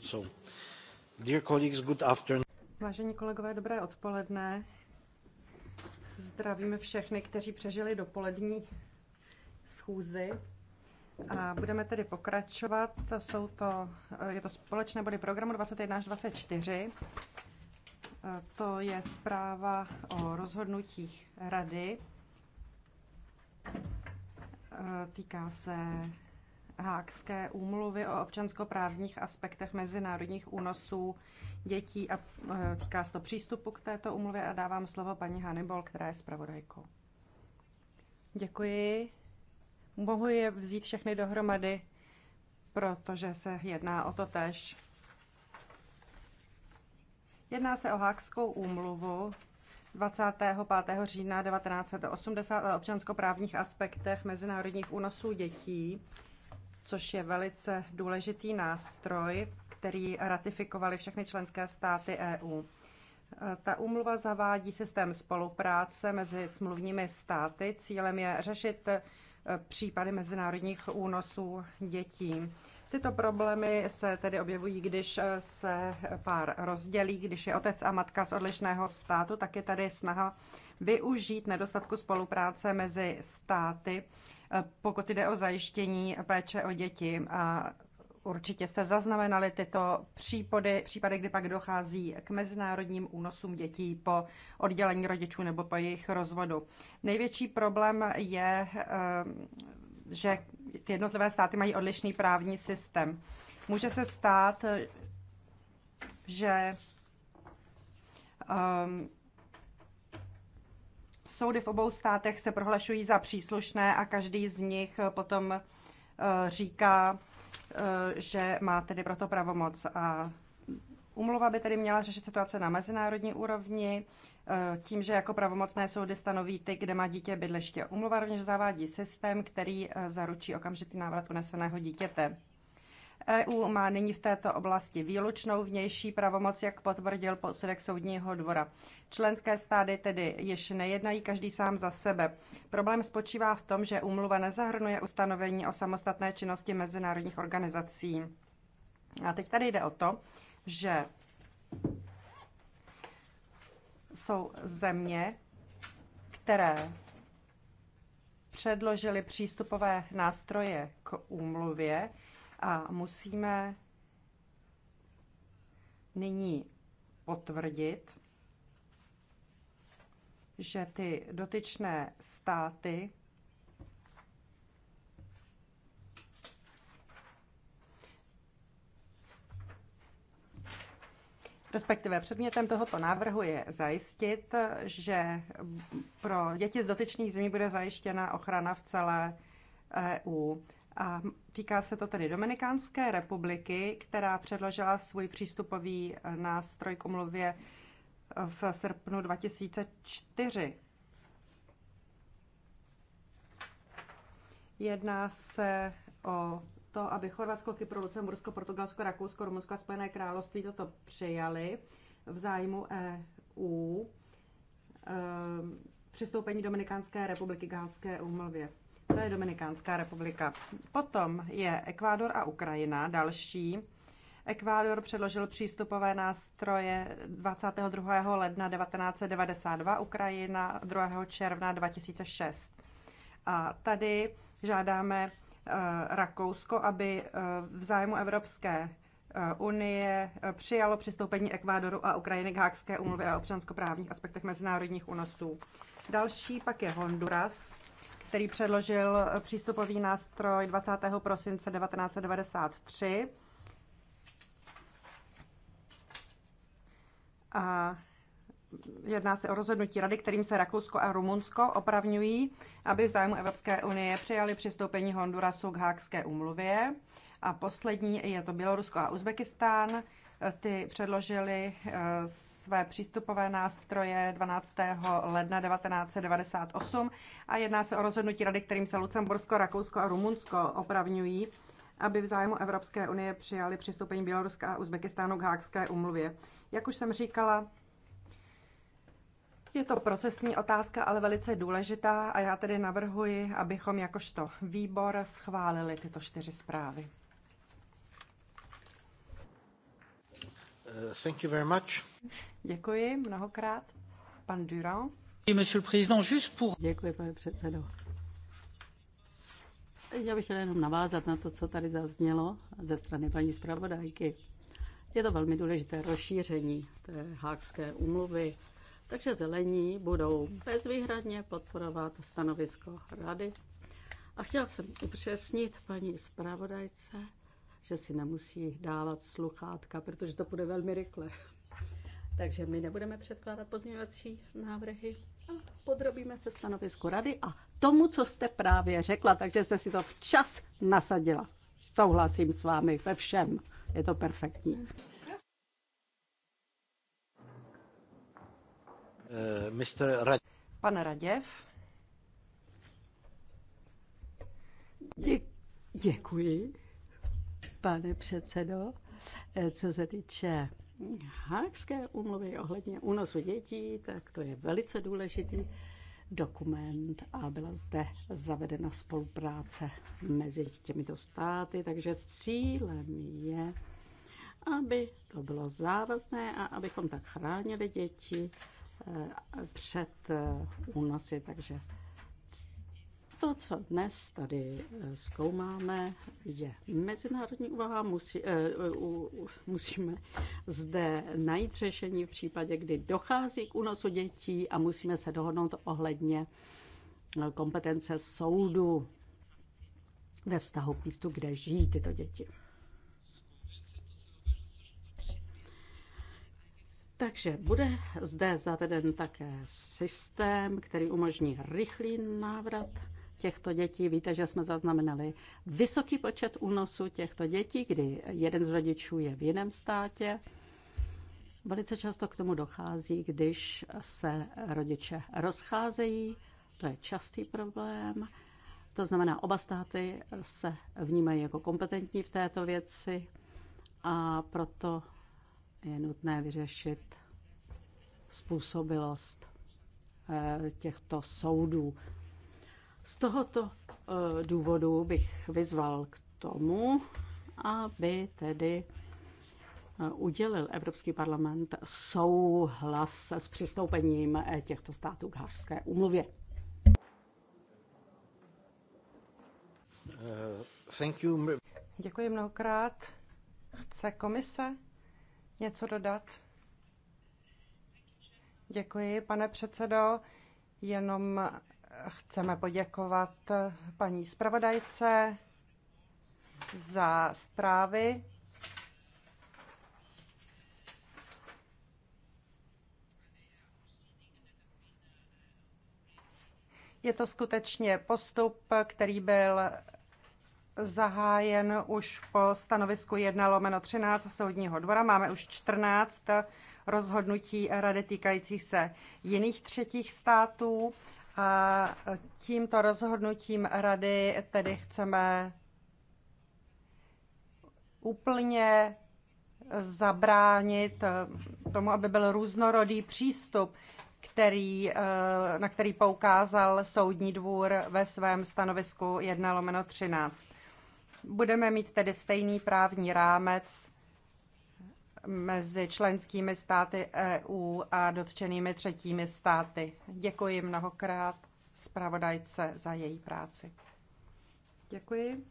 So, dear colleagues, good afternoon. Vážení kolegové, dobré odpoledne. Zdravíme všechny, kteří přežili dopolední schůzi. A budeme tedy pokračovat. Jsou to, je to společné body programu 21 až 24. To je zpráva o rozhodnutích rady. Týká se Hákské úmluvy o občanskoprávních aspektech mezinárodních únosů dětí a e, týká se to přístupu k této úmluvě a dávám slovo paní Hannibal, která je zpravodajkou. Děkuji. Mohu je vzít všechny dohromady, protože se jedná o to tež. Jedná se o Hákskou úmluvu 25. října 1980 o občanskoprávních aspektech mezinárodních únosů dětí což je velice důležitý nástroj, který ratifikovaly všechny členské státy EU. Ta úmluva zavádí systém spolupráce mezi smluvními státy. Cílem je řešit eh, případy mezinárodních únosů dětí. Tyto problémy se tedy objevují, když eh, se pár rozdělí, když je otec a matka z odlišného státu, tak je tady snaha využít nedostatku spolupráce mezi státy pokud jde o zajištění péče o děti. A určitě jste zaznamenali tyto případy, případy, kdy pak dochází k mezinárodním únosům dětí po oddělení rodičů nebo po jejich rozvodu. Největší problém je, eh, že ty jednotlivé státy mají odlišný právní systém. Může se stát, že ehm, Soudy v obou státech se prohlašují za příslušné a každý z nich eh, potom eh, říká, eh, že má tedy proto pravomoc. A umluva by tedy měla řešit situace na mezinárodní úrovni, tím, že jako pravomocné soudy stanoví ty, kde má dítě bydliště. Umluva rovněž zavádí systém, který zaručí okamžitý návrat uneseného dítěte. EU má nyní v této oblasti výlučnou vnější pravomoc, jak potvrdil posudek Soudního dvora. Členské stády tedy již nejednají každý sám za sebe. Problém spočívá v tom, že úmluva nezahrnuje ustanovení o samostatné činnosti mezinárodních organizací. A teď tady jde o to, že jsou země, které předložily přístupové nástroje k úmluvě, a musíme nyní potvrdit, že ty dotyčné státy Respektive předmětem tohoto návrhu je zajistit, že pro děti z dotyčných zemí bude zajištěna ochrana v celé EU. A týká se to tedy Dominikánské republiky, která předložila svůj přístupový eh, nástroj k umluvě eh, v srpnu 2004. Jedná se o to, aby Chorvatsko, Kypro, Lucembursko, Portugalsko, Rakousko, Rumunsko a Spojené království toto přijali v zájmu EU eh, přistoupení Dominikánské republiky k Hánské umluvě to je Dominikánská republika. Potom je Ekvádor a Ukrajina, další. Ekvádor předložil přístupové nástroje 22. ledna 1992, Ukrajina 2. června 2006. A tady žádáme eh, Rakousko, aby eh, v zájmu Evropské eh, unie přijalo přistoupení Ekvádoru a Ukrajiny k Hákské umluvě a občanskoprávních aspektech mezinárodních únosů. Další pak je Honduras který předložil eh, přístupový nástroj 20. prosince 1993. A jedná se o rozhodnutí rady, kterým se Rakousko a Rumunsko opravňují, aby v zájmu Evropské unie přijali přistoupení Hondurasu k Hákské úmluvě. A poslední je to Bělorusko a Uzbekistán, ty předložili eh, své přístupové nástroje 12. ledna 1998 a jedná se o rozhodnutí rady, kterým se Lucembursko, Rakousko a Rumunsko opravňují, aby v zájmu Evropské unie přijali přistoupení Běloruska a Uzbekistánu k Hákské umluvě. Jak už jsem říkala, je to procesní otázka, ale velice důležitá a já tedy navrhuji, abychom jakožto výbor schválili tyto čtyři zprávy. Thank you very much. Děkuji mnohokrát. Pan Durand. Děkuji, pane předsedo. Já bych chtěla jenom navázat na to, co tady zaznělo ze strany paní zpravodajky. Je to velmi důležité rozšíření té hákské umluvy, takže zelení budou bezvýhradně podporovat stanovisko rady. A chtěla jsem upřesnit paní zpravodajce, že si nemusí dávat sluchátka, protože to bude velmi rychle. Takže my nebudeme předkládat pozměňovací návrhy a podrobíme se stanovisku rady a tomu, co jste právě řekla, takže jste si to včas nasadila. Souhlasím s vámi ve všem. Je to perfektní. Eh, Pane Raděv. děkuji pane předsedo. Eh, co se týče Hákské umluvy ohledně únosu dětí, tak to je velice důležitý dokument a byla zde zavedena spolupráce mezi těmito státy, takže cílem je, aby to bylo závazné a abychom tak chránili děti eh, před eh, únosy, takže to, co dnes tady eh, zkoumáme, je mezinárodní úvaha. Musí, uh, musíme zde najít řešení v případě, kdy dochází k únosu dětí a musíme se dohodnout ohledně eh, kompetence soudu ve vztahu k místu, kde žijí tyto děti. Takže bude zde zaveden také systém, který umožní rychlý návrat těchto dětí. Víte, že jsme zaznamenali vysoký počet únosů těchto dětí, kdy jeden z rodičů je v jiném státě. Velice často k tomu dochází, když se rodiče rozcházejí. To je častý problém. To znamená, oba státy se vnímají jako kompetentní v této věci a proto je nutné vyřešit způsobilost eh, těchto soudů z tohoto eh, důvodu bych vyzval k tomu, aby tedy eh, udělil Evropský parlament souhlas s přistoupením eh, těchto států k Hářské umluvě. Děkuji mnohokrát. Chce komise něco dodat? Děkuji, pane předsedo. Jenom chceme poděkovat paní zpravodajce za zprávy. Je to skutečně postup, který byl zahájen už po stanovisku 1 lomeno 13 soudního dvora. Máme už 14 rozhodnutí rady týkajících se jiných třetích států. A tímto rozhodnutím rady tedy chceme úplně zabránit eh, tomu, aby byl různorodý přístup, který, eh, na který poukázal Soudní dvůr ve svém stanovisku 1 lomeno 13. Budeme mít tedy stejný právní rámec mezi členskými státy EU a dotčenými třetími státy. Děkuji mnohokrát zpravodajce za její práci. Děkuji.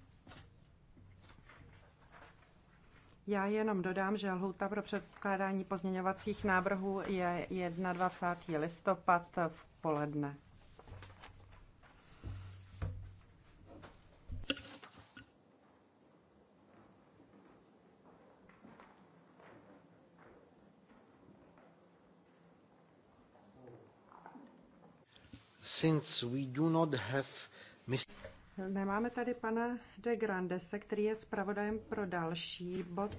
Já jenom dodám, že lhůta pro předkládání pozměňovacích návrhů je 21. listopad v poledne. since we do not have Nemáme tady pana de Grandese, který je zpravodajem pro další bod,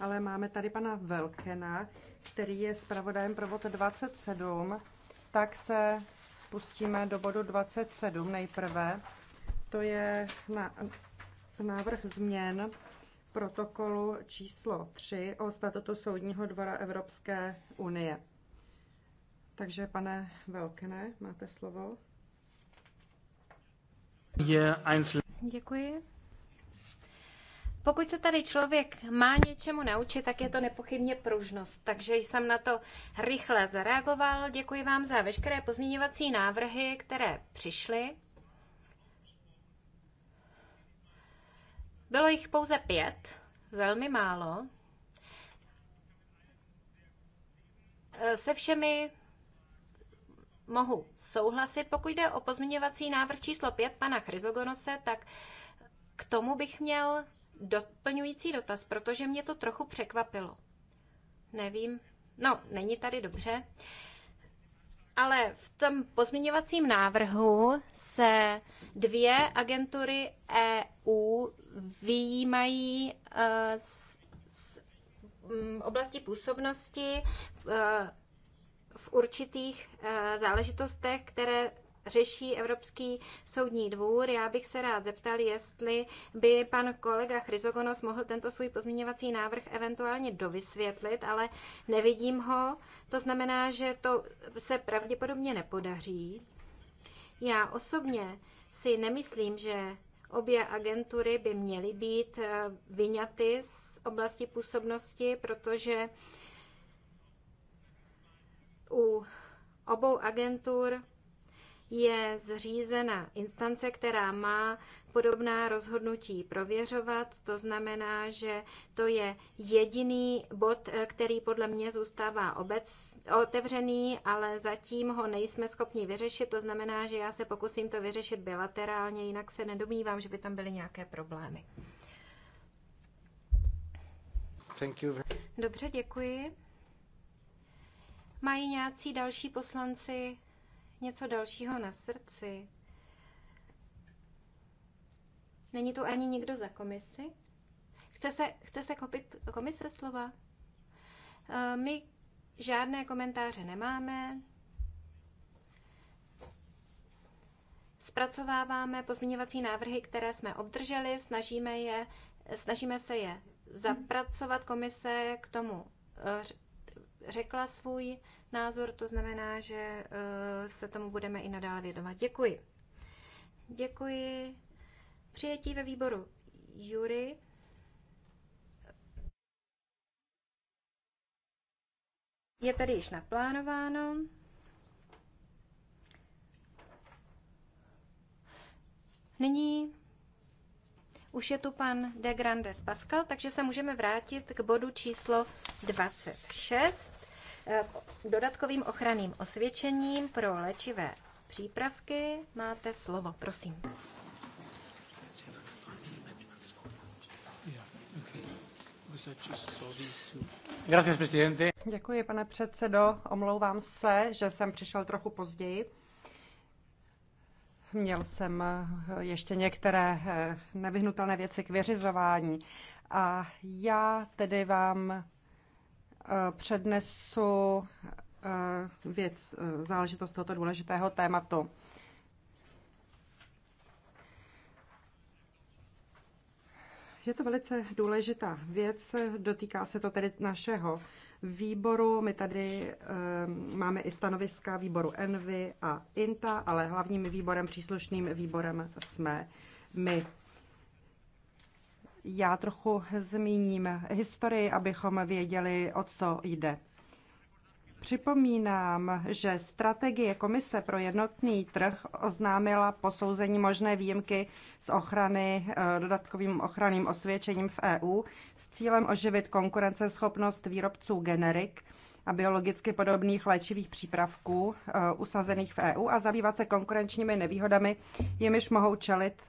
ale máme tady pana Velkena, který je zpravodajem pro bod 27, tak se pustíme do bodu 27 nejprve. To je na, návrh změn protokolu číslo 3 o statutu Soudního dvora Evropské unie. Takže pane Velkene, máte slovo. Je Děkuji. Pokud se tady člověk má něčemu naučit, tak je to nepochybně pružnost. Takže jsem na to rychle zareagoval. Děkuji vám za veškeré pozměňovací návrhy, které přišly. Bylo jich pouze pět, velmi málo. Se všemi mohu souhlasit. Pokud jde o pozměňovací návrh číslo 5 pana Chryzogonose, tak k tomu bych měl doplňující dotaz, protože mě to trochu překvapilo. Nevím, no, není tady dobře. Ale v tom pozměňovacím návrhu se dvě agentury EU výjímají eh, z mm, oblasti působnosti eh, určitých eh, záležitostech, které řeší Evropský soudní dvůr. Já bych se rád zeptal, jestli by pan kolega Chryzogonos mohl tento svůj pozměňovací návrh eventuálně dovysvětlit, ale nevidím ho. To znamená, že to se pravděpodobně nepodaří. Já osobně si nemyslím, že obě agentury by měly být eh, vyňaty z oblasti působnosti, protože u obou agentur je zřízena instance, která má podobná rozhodnutí prověřovat. To znamená, že to je jediný bod, eh, který podle mě zůstává obec, otevřený, ale zatím ho nejsme schopni vyřešit. To znamená, že já se pokusím to vyřešit bilaterálně, jinak se nedomnívám, že by tam byly nějaké problémy. Dobře, děkuji. Mají nějací další poslanci něco dalšího na srdci? Není tu ani nikdo za komisi? Chce se, chce se kopit komise slova? Eh, my žádné komentáře nemáme. Zpracováváme pozměňovací návrhy, které jsme obdrželi, snažíme, je, snažíme se je zapracovat. Komise k tomu eh, řekla svůj názor, to znamená, že eh, se tomu budeme i nadále vědovat. Děkuji. Děkuji. Přijetí ve výboru Jury. Je tady již naplánováno. Nyní už je tu pan de Grandes Pascal, takže se můžeme vrátit k bodu číslo 26. Eh, k dodatkovým ochranným osvědčením pro léčivé přípravky. Máte slovo, prosím. Děkuji, pane předsedo. Omlouvám se, že jsem přišel trochu později. Měl jsem eh, ještě některé eh, nevyhnutelné věci k vyřizování. A já tedy vám Eh, přednesu eh, věc, eh, záležitost tohoto důležitého tématu. Je to velice důležitá věc, dotýká se to tedy našeho výboru. My tady máme i stanoviska výboru Envy a INTA, ale hlavním výborem, příslušným výborem jsme my. Já trochu zmíním historii, abychom věděli, o co jde. Připomínám, že strategie Komise pro jednotný trh oznámila posouzení možné výjimky z ochrany eh, dodatkovým ochranným osvědčením v EU s cílem oživit konkurenceschopnost výrobců generik a biologicky podobných léčivých přípravků eh, usazených v EU a zabývat se konkurenčními nevýhodami, jimiž mohou čelit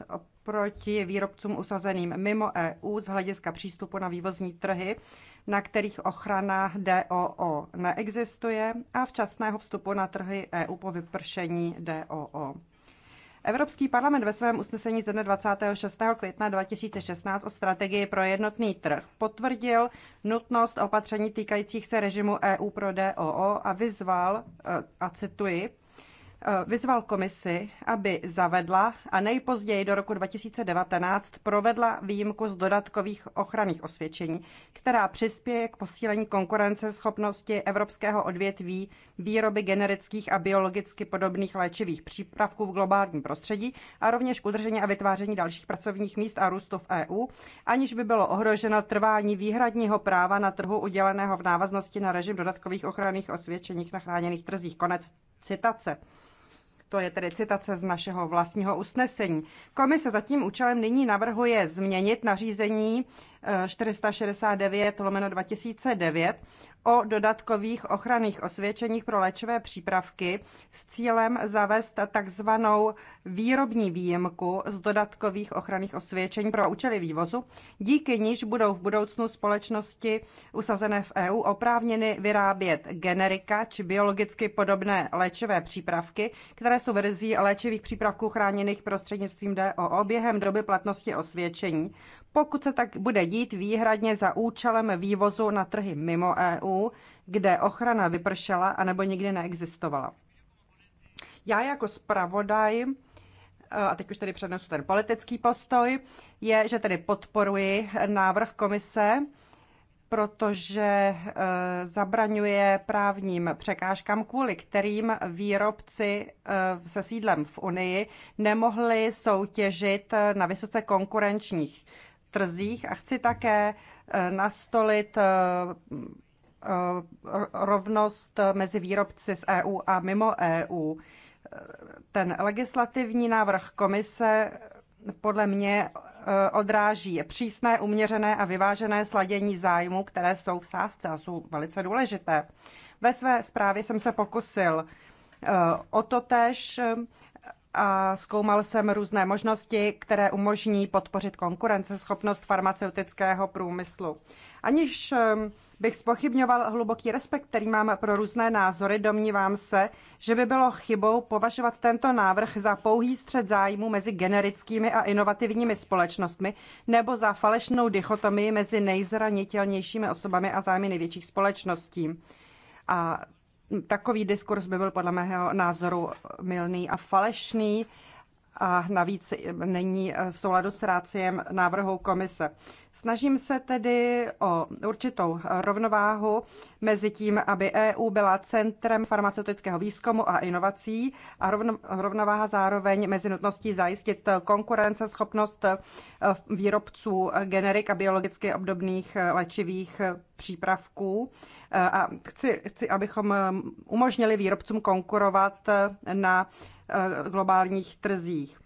proti výrobcům usazeným mimo EU z hlediska přístupu na vývozní trhy, na kterých ochrana DOO neexistuje a včasného vstupu na trhy EU po vypršení DOO. Evropský parlament ve svém usnesení ze dne 26. května 2016 o strategii pro jednotný trh potvrdil nutnost opatření týkajících se režimu EU pro DOO a vyzval, e, a cituji, Eh, vyzval komisi, aby zavedla a nejpozději do roku 2019 provedla výjimku z dodatkových ochranných osvědčení, která přispěje k posílení konkurenceschopnosti evropského odvětví výroby generických a biologicky podobných léčivých přípravků v globálním prostředí a rovněž k udržení a vytváření dalších pracovních míst a růstu v EU, aniž by bylo ohroženo trvání výhradního práva na trhu uděleného v návaznosti na režim dodatkových ochranných osvědčeních na chráněných trzích. Konec citace. To je tedy citace z našeho vlastního usnesení. Komise za tím účelem nyní navrhuje změnit nařízení 469 lomeno 2009 o dodatkových ochranných osvědčeních pro léčivé přípravky s cílem zavést takzvanou výrobní výjimku z dodatkových ochranných osvědčení pro účely vývozu, díky níž budou v budoucnu společnosti usazené v EU oprávněny vyrábět generika či biologicky podobné léčivé přípravky, které jsou verzí léčivých přípravků chráněných prostřednictvím DOO během doby platnosti osvědčení, pokud se tak bude dít výhradně za účelem vývozu na trhy mimo EU, kde ochrana vypršela anebo nikdy neexistovala. Já jako zpravodaj, eh, a teď už tady přednesu ten politický postoj, je, že tedy podporuji návrh komise, protože eh, zabraňuje právním překážkám, kvůli kterým výrobci eh, se sídlem v Unii nemohli soutěžit na vysoce konkurenčních trzích a chci také eh, nastolit eh, eh, rovnost mezi výrobci z EU a mimo EU. Ten legislativní návrh komise podle mě odráží přísné, uměřené a vyvážené sladění zájmů, které jsou v sázce a jsou velice důležité. Ve své zprávě jsem se pokusil o to tež a zkoumal jsem různé možnosti, které umožní podpořit konkurenceschopnost farmaceutického průmyslu. Aniž ehm, bych spochybňoval hluboký respekt, který mám pro různé názory, domnívám se, že by bylo chybou považovat tento návrh za pouhý střed zájmu mezi generickými a inovativními společnostmi nebo za falešnou dichotomii mezi nejzranitelnějšími osobami a zájmy největších společností. A Takový diskurs by byl podle mého názoru milný a falešný a navíc není v souladu s ráciem návrhu komise. Snažím se tedy o určitou rovnováhu mezi tím, aby EU byla centrem farmaceutického výzkumu a inovací a rovnováha zároveň mezi nutností zajistit konkurenceschopnost výrobců generik a biologicky obdobných léčivých přípravků a chci, chci, abychom um, umožnili výrobcům konkurovat uh, na uh, globálních trzích.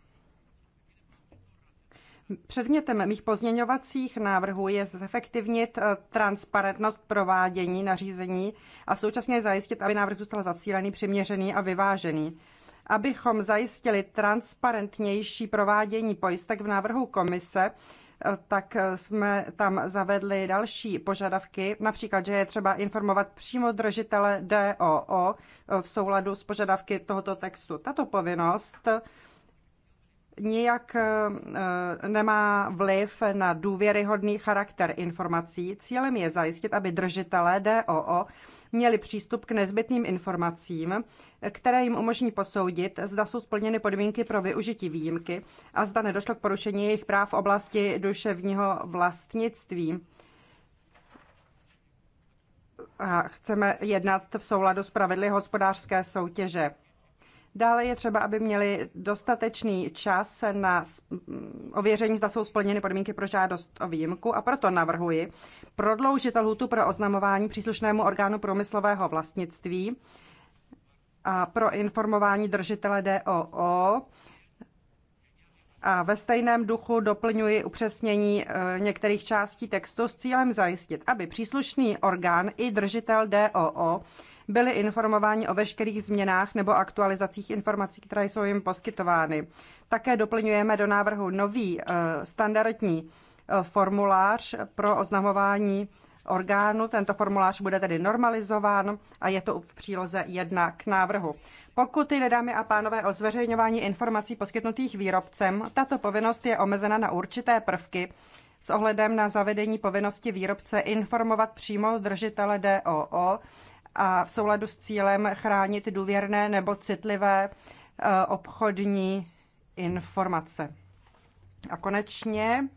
Předmětem mých pozměňovacích návrhů je zefektivnit uh, transparentnost provádění nařízení a současně zajistit, aby návrh zůstal zacílený, přiměřený a vyvážený. Abychom zajistili transparentnější provádění pojistek v návrhu komise, tak jsme tam zavedli další požadavky, například, že je třeba informovat přímo držitele DOO v souladu s požadavky tohoto textu. Tato povinnost nijak eh, nemá vliv na důvěryhodný charakter informací. Cílem je zajistit, aby držitele DOO měli přístup k nezbytným informacím, které jim umožní posoudit, zda jsou splněny podmínky pro využití výjimky a zda nedošlo k porušení jejich práv v oblasti duševního vlastnictví. A chceme jednat v souladu s pravidly hospodářské soutěže. Dále je třeba, aby měli dostatečný čas na ověření, zda jsou splněny podmínky pro žádost o výjimku a proto navrhuji prodloužit lhutu pro oznamování příslušnému orgánu průmyslového vlastnictví a pro informování držitele DOO a ve stejném duchu doplňuji upřesnění e, některých částí textu s cílem zajistit, aby příslušný orgán i držitel DOO byli informováni o veškerých změnách nebo aktualizacích informací, které jsou jim poskytovány. Také doplňujeme do návrhu nový eh, standardní eh, formulář pro oznamování orgánu. Tento formulář bude tedy normalizován a je to v příloze 1 k návrhu. Pokud jde, dámy a pánové, o zveřejňování informací poskytnutých výrobcem, tato povinnost je omezena na určité prvky s ohledem na zavedení povinnosti výrobce informovat přímo držitele DOO a v souladu s cílem chránit důvěrné nebo citlivé eh, obchodní informace. A konečně,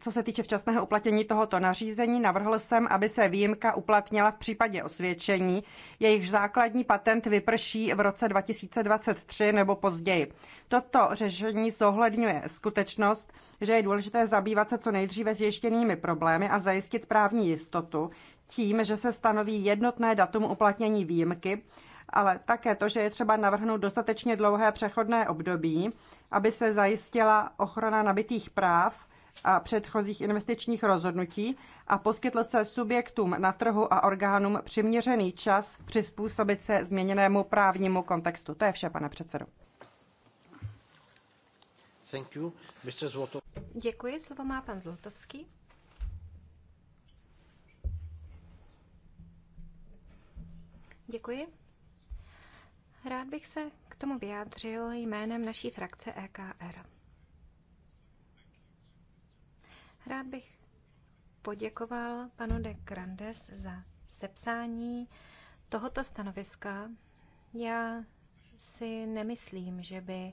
co se týče včasného uplatnění tohoto nařízení, navrhl jsem, aby se výjimka uplatnila v případě osvědčení, jejichž základní patent vyprší v roce 2023 nebo později. Toto řešení zohledňuje skutečnost, že je důležité zabývat se co nejdříve zjištěnými problémy a zajistit právní jistotu, tím, že se stanoví jednotné datum uplatnění výjimky, ale také to, že je třeba navrhnout dostatečně dlouhé přechodné období, aby se zajistila ochrana nabitých práv a předchozích investičních rozhodnutí a poskytl se subjektům na trhu a orgánům přiměřený čas přizpůsobit se změněnému právnímu kontextu. To je vše, pane předsedo. Thank you. Mr. Děkuji, slovo má pan Zlotovský. Děkuji. Rád bych se k tomu vyjádřil jménem naší frakce EKR. Rád bych poděkoval panu de Grandes za sepsání tohoto stanoviska. Já si nemyslím, že by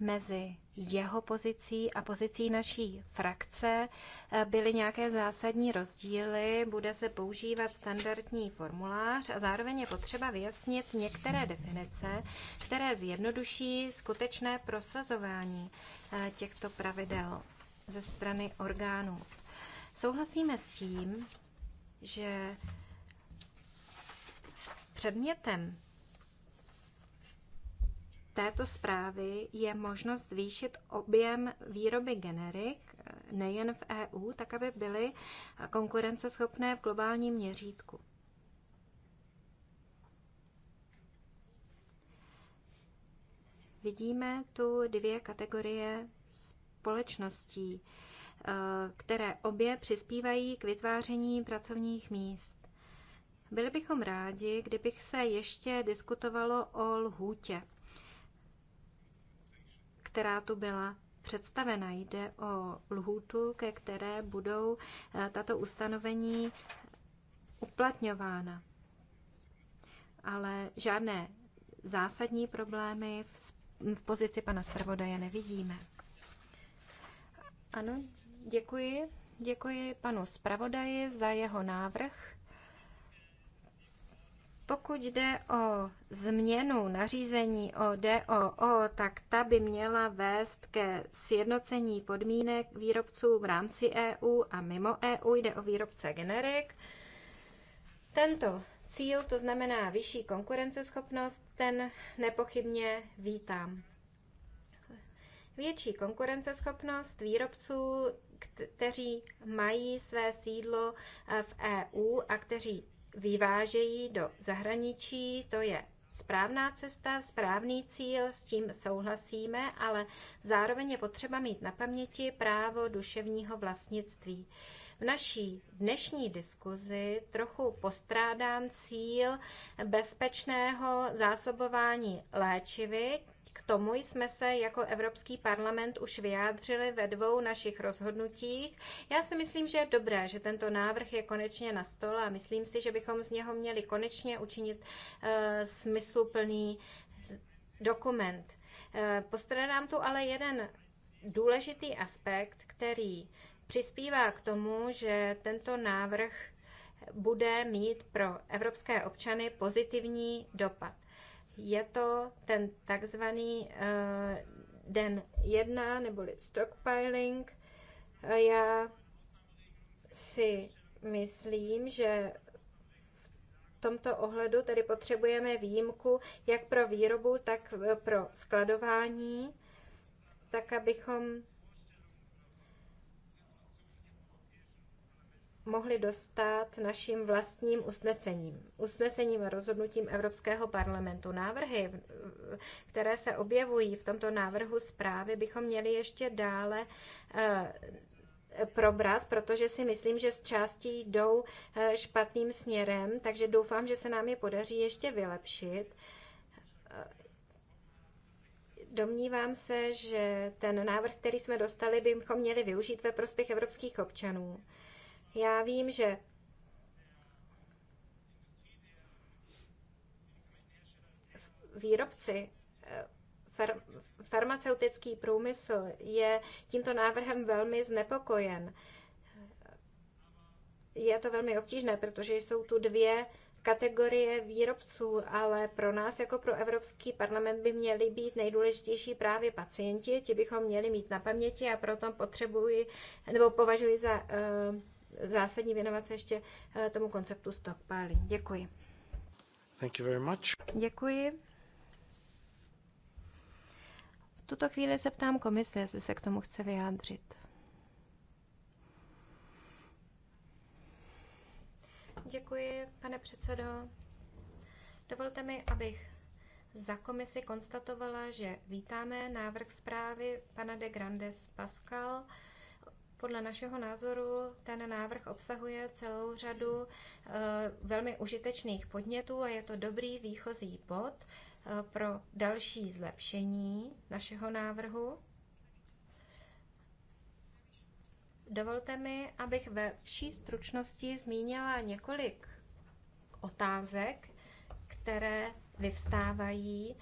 mezi jeho pozicí a pozicí naší frakce eh, byly nějaké zásadní rozdíly. Bude se používat standardní formulář a zároveň je potřeba vyjasnit některé definice, které zjednoduší skutečné prosazování eh, těchto pravidel ze strany orgánů. Souhlasíme s tím, že předmětem této zprávy je možnost zvýšit objem výroby generik eh, nejen v EU, tak aby byly eh, konkurenceschopné v globálním měřítku. Vidíme tu dvě kategorie společností, eh, které obě přispívají k vytváření pracovních míst. Byli bychom rádi, kdybych se ještě diskutovalo o lhůtě která tu byla představena. Jde o lhůtu, ke které budou eh, tato ustanovení uplatňována. Ale žádné zásadní problémy v pozici pana zpravodaje nevidíme. Ano, děkuji. Děkuji panu zpravodaji za jeho návrh. Pokud jde o změnu nařízení o DOO, tak ta by měla vést ke sjednocení podmínek výrobců v rámci EU a mimo EU. Jde o výrobce generik. Tento cíl, to znamená vyšší konkurenceschopnost, ten nepochybně vítám. Větší konkurenceschopnost výrobců, kteří mají své sídlo v EU a kteří vyvážejí do zahraničí. To je správná cesta, správný cíl, s tím souhlasíme, ale zároveň je potřeba mít na paměti právo duševního vlastnictví. V naší dnešní diskuzi trochu postrádám cíl bezpečného zásobování léčivy, k tomu jsme se jako Evropský parlament už vyjádřili ve dvou našich rozhodnutích. Já si myslím, že je dobré, že tento návrh je konečně na stole a myslím si, že bychom z něho měli konečně učinit e, smysluplný dokument. E, eh, postradám tu ale jeden důležitý aspekt, který přispívá k tomu, že tento návrh bude mít pro evropské občany pozitivní dopad. Je to ten takzvaný eh, den jedna neboli stockpiling. Já si myslím, že v tomto ohledu tedy potřebujeme výjimku jak pro výrobu, tak pro skladování, tak abychom mohli dostat naším vlastním usnesením, usnesením a rozhodnutím Evropského parlamentu. Návrhy, které se objevují v tomto návrhu zprávy, bychom měli ještě dále eh, probrat, protože si myslím, že z částí jdou eh, špatným směrem, takže doufám, že se nám je podaří ještě vylepšit. Eh, domnívám se, že ten návrh, který jsme dostali, bychom měli využít ve prospěch evropských občanů. Já vím, že výrobci eh, far, farmaceutický průmysl je tímto návrhem velmi znepokojen. Je to velmi obtížné, protože jsou tu dvě kategorie výrobců, ale pro nás jako pro Evropský parlament by měli být nejdůležitější právě pacienti, ti bychom měli mít na paměti a proto potřebuji nebo považuji za uh, zásadní věnovat se ještě eh, tomu konceptu stockpiling. Děkuji. Thank you very much. Děkuji. V tuto chvíli se ptám komise, jestli se k tomu chce vyjádřit. Děkuji, pane předsedo. Dovolte mi, abych za komisi konstatovala, že vítáme návrh zprávy pana de Grandes Pascal. Podle našeho názoru ten návrh obsahuje celou řadu eh, velmi užitečných podnětů a je to dobrý výchozí bod eh, pro další zlepšení našeho návrhu. Dovolte mi, abych ve vší stručnosti zmínila několik otázek, které vyvstávají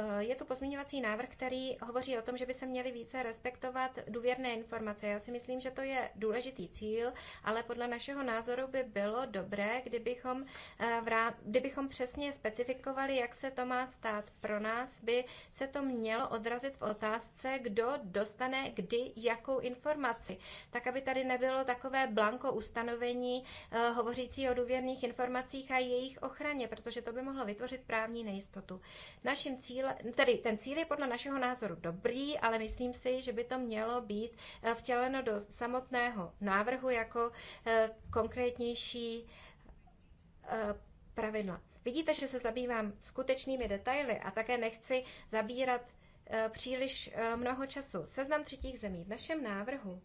Eh, je tu pozměňovací návrh, který hovoří o tom, že by se měly více respektovat důvěrné informace. Já si myslím, že to je důležitý cíl, ale podle našeho názoru by bylo dobré, kdybychom, eh, kdybychom přesně specifikovali, jak se to má stát. Pro nás by se to mělo odrazit v otázce, kdo dostane kdy jakou informaci. Tak, aby tady nebylo takové blanko ustanovení eh, hovořící o důvěrných informacích a jejich ochraně, protože to by mohlo vytvořit právní nejistotu. Naším cílem cíle, tedy ten cíl je podle našeho názoru dobrý, ale myslím si, že by to mělo být eh, vtěleno do samotného návrhu jako eh, konkrétnější eh, pravidla. Vidíte, že se zabývám skutečnými detaily a také nechci zabírat příliš mnoho času. Seznam třetích zemí v našem návrhu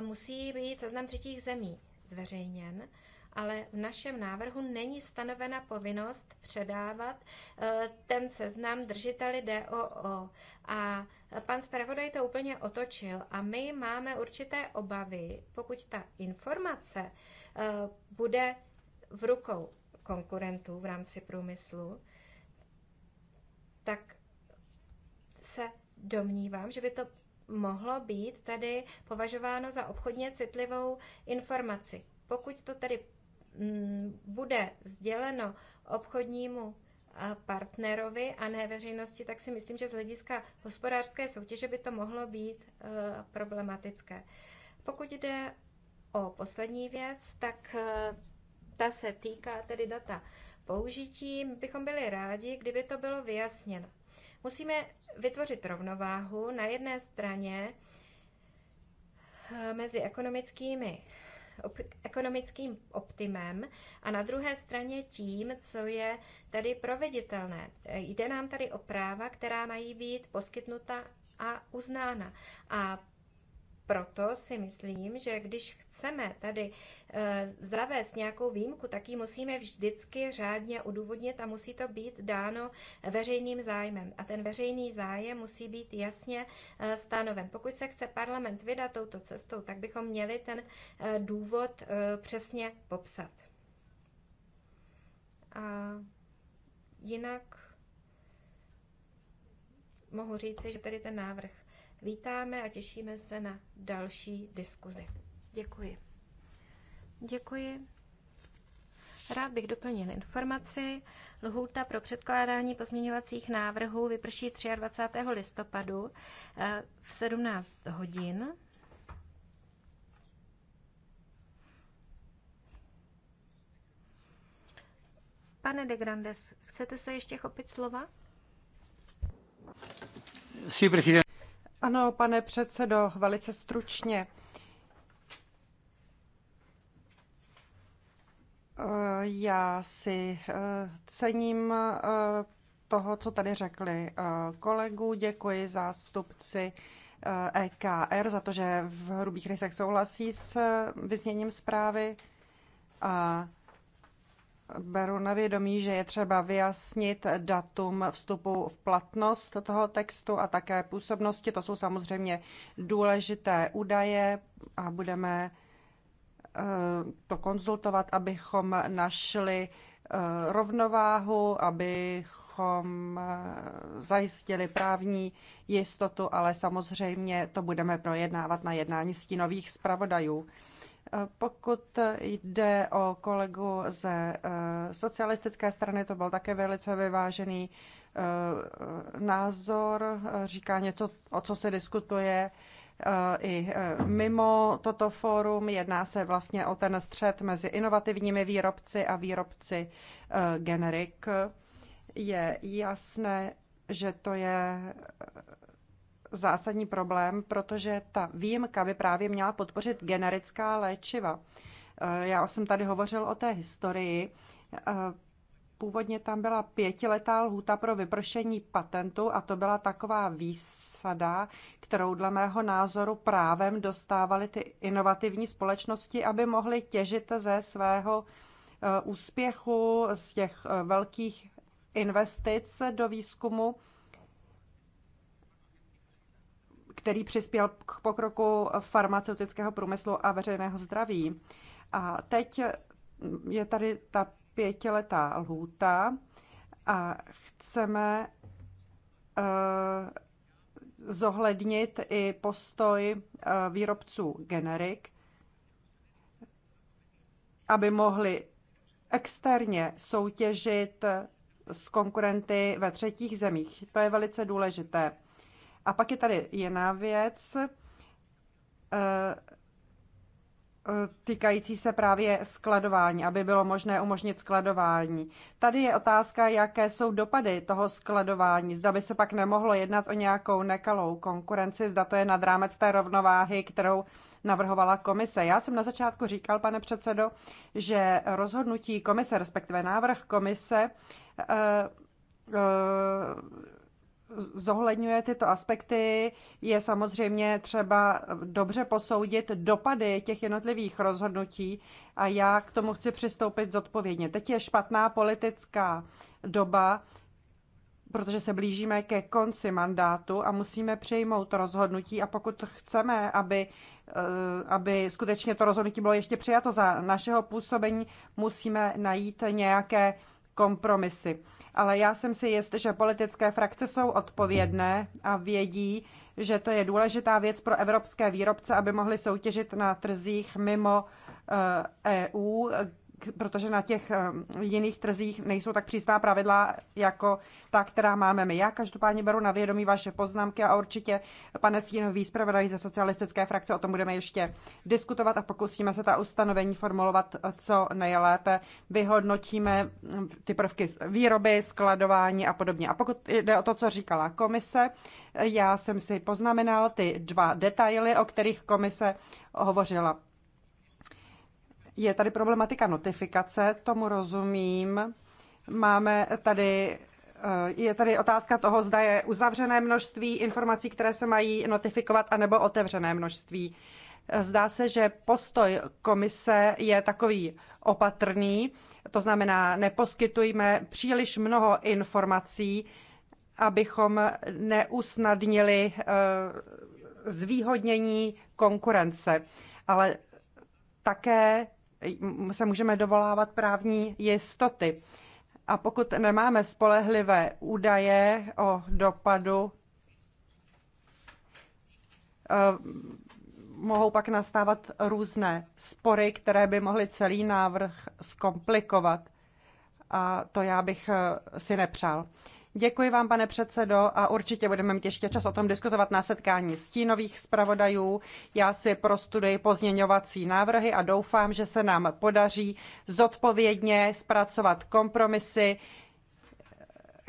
musí být seznam třetích zemí zveřejněn ale v našem návrhu není stanovena povinnost předávat eh, ten seznam držiteli DOO. A pan zpravodaj to úplně otočil a my máme určité obavy, pokud ta informace eh, bude v rukou konkurentů v rámci průmyslu, tak se domnívám, že by to mohlo být tedy považováno za obchodně citlivou informaci. Pokud to tedy Mm, bude sděleno obchodnímu eh, partnerovi a ne veřejnosti, tak si myslím, že z hlediska hospodářské soutěže by to mohlo být eh, problematické. Pokud jde o poslední věc, tak eh, ta se týká tedy data použití. My bychom byli rádi, kdyby to bylo vyjasněno. Musíme vytvořit rovnováhu na jedné straně mezi ekonomickými ekonomickým optimem a na druhé straně tím, co je tady proveditelné. Jde nám tady o práva, která mají být poskytnuta a uznána. A proto si myslím, že když chceme tady eh, zavést nějakou výjimku, tak ji musíme vždycky řádně udůvodnit a musí to být dáno veřejným zájmem. A ten veřejný zájem musí být jasně eh, stanoven. Pokud se chce parlament vydat touto cestou, tak bychom měli ten eh, důvod přesně popsat. A jinak mohu říci, že tady ten návrh vítáme a těšíme se na další diskuzi. Děkuji. Děkuji. Rád bych doplnil informaci. Lhůta pro předkládání pozměňovacích návrhů vyprší 23. listopadu eh, v 17 hodin. Pane de Grandes, chcete se ještě chopit slova? Sí, ano, pane předsedo, velice stručně. Eh, já si eh, cením eh, toho, co tady řekli kolegu. Děkuji zástupci EKR e za to, že v hrubých rysech souhlasí s vyzněním zprávy. A beru na vědomí, že je třeba vyjasnit datum vstupu v platnost toho textu a také působnosti. To jsou samozřejmě důležité údaje a budeme eh, to konzultovat, abychom našli eh, rovnováhu, abychom eh, zajistili právní jistotu, ale samozřejmě to budeme projednávat na jednání stínových zpravodajů. Eh, pokud jde o kolegu ze eh, socialistické strany, to byl také velice vyvážený eh, názor, říká něco, o co se diskutuje i mimo toto fórum. Jedná se vlastně o ten střed mezi inovativními výrobci a výrobci generik. Je jasné, že to je zásadní problém, protože ta výjimka by právě měla podpořit generická léčiva. Eh, já jsem tady hovořil o té historii. Eh, původně tam byla pětiletá lhůta pro vypršení patentu a to byla taková výsada, kterou dle mého názoru právem dostávaly ty inovativní společnosti, aby mohly těžit ze svého eh, úspěchu, z těch velkých investic do výzkumu který přispěl k pokroku farmaceutického průmyslu a veřejného zdraví. A teď je tady ta pětiletá lhůta a chceme eh, zohlednit i postoj eh, výrobců generik, aby mohli externě soutěžit s konkurenty ve třetích zemích. To je velice důležité. A pak je tady jiná věc, eh, eh, týkající se právě skladování, aby bylo možné umožnit skladování. Tady je otázka, jaké jsou dopady toho skladování. Zda by se pak nemohlo jednat o nějakou nekalou konkurenci, zda to je nad rámec té rovnováhy, kterou navrhovala komise. Já jsem na začátku říkal, pane předsedo, že rozhodnutí komise, respektive návrh komise, eh, zohledňuje tyto aspekty, je samozřejmě třeba dobře posoudit dopady těch jednotlivých rozhodnutí a já k tomu chci přistoupit zodpovědně. Teď je špatná politická doba, protože se blížíme ke konci mandátu a musíme přijmout rozhodnutí a pokud chceme, aby, eh, aby skutečně to rozhodnutí bylo ještě přijato za našeho působení, musíme najít nějaké kompromisy. Ale já jsem si jist, že politické frakce jsou odpovědné a vědí, že to je důležitá věc pro evropské výrobce, aby mohli soutěžit na trzích mimo EU, eh, e protože na těch eh, jiných trzích nejsou tak přísná pravidla jako ta, která máme my. Já každopádně beru na vědomí vaše poznámky a určitě, pane Stínový, zpravodaj ze socialistické frakce, o tom budeme ještě diskutovat a pokusíme se ta ustanovení formulovat eh, co nejlépe. Vyhodnotíme hm, ty prvky výroby, skladování a podobně. A pokud jde o to, co říkala komise, eh, já jsem si poznamenal ty dva detaily, o kterých komise hovořila je tady problematika notifikace, tomu rozumím. Máme tady eh, je tady otázka toho, zda je uzavřené množství informací, které se mají notifikovat, anebo otevřené množství. Zdá se, že postoj komise je takový opatrný, to znamená, neposkytujme příliš mnoho informací, abychom neusnadnili eh, zvýhodnění konkurence. Ale také se můžeme dovolávat právní jistoty. A pokud nemáme spolehlivé údaje o dopadu, eh, mohou pak nastávat různé spory, které by mohly celý návrh zkomplikovat. A to já bych eh, si nepřál. Děkuji vám, pane předsedo, a určitě budeme mít ještě čas o tom diskutovat na setkání stínových zpravodajů. Já si prostuduji pozměňovací návrhy a doufám, že se nám podaří zodpovědně zpracovat kompromisy,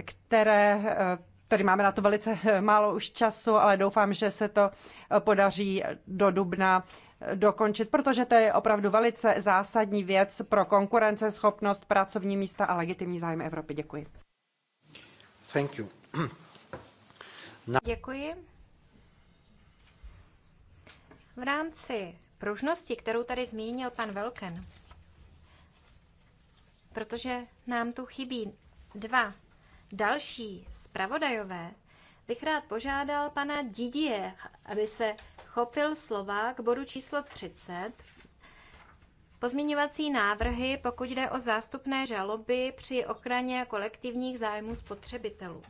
které eh, Tady máme na to velice málo už času, ale doufám, že se to podaří do dubna eh, dokončit, protože to je opravdu velice zásadní věc pro konkurenceschopnost, pracovní místa a legitimní zájem Evropy. Děkuji. Děkuji. V rámci pružnosti, kterou tady zmínil pan Velken, protože nám tu chybí dva další zpravodajové, bych rád požádal pana Didier, aby se chopil slova k bodu číslo 30 Pozměňovací návrhy, pokud jde o zástupné žaloby při ochraně kolektivních zájmů spotřebitelů.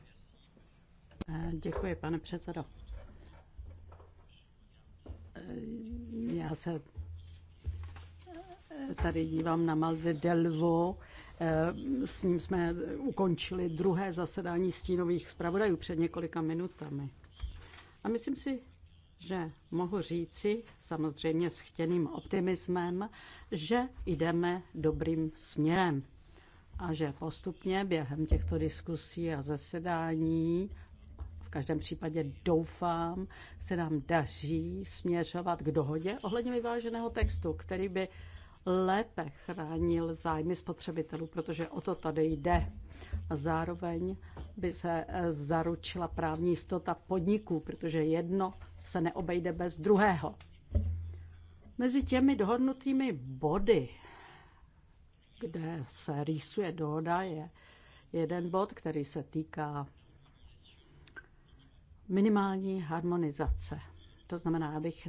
Eh, děkuji, pane předsedo. Eh, já se eh, tady dívám na Malve Delvo. S ním jsme ukončili druhé zasedání stínových zpravodajů před několika minutami. A myslím si, že mohu říci, samozřejmě s chtěným optimismem, že jdeme dobrým směrem a že postupně během těchto diskusí a zasedání, v každém případě doufám, se nám daří směřovat k dohodě ohledně vyváženého textu, který by lépe chránil zájmy spotřebitelů, protože o to tady jde. A zároveň by se zaručila právní jistota podniků, protože jedno se neobejde bez druhého. Mezi těmi dohodnutými body, kde se rýsuje dohoda, je jeden bod, který se týká minimální harmonizace. To znamená, abych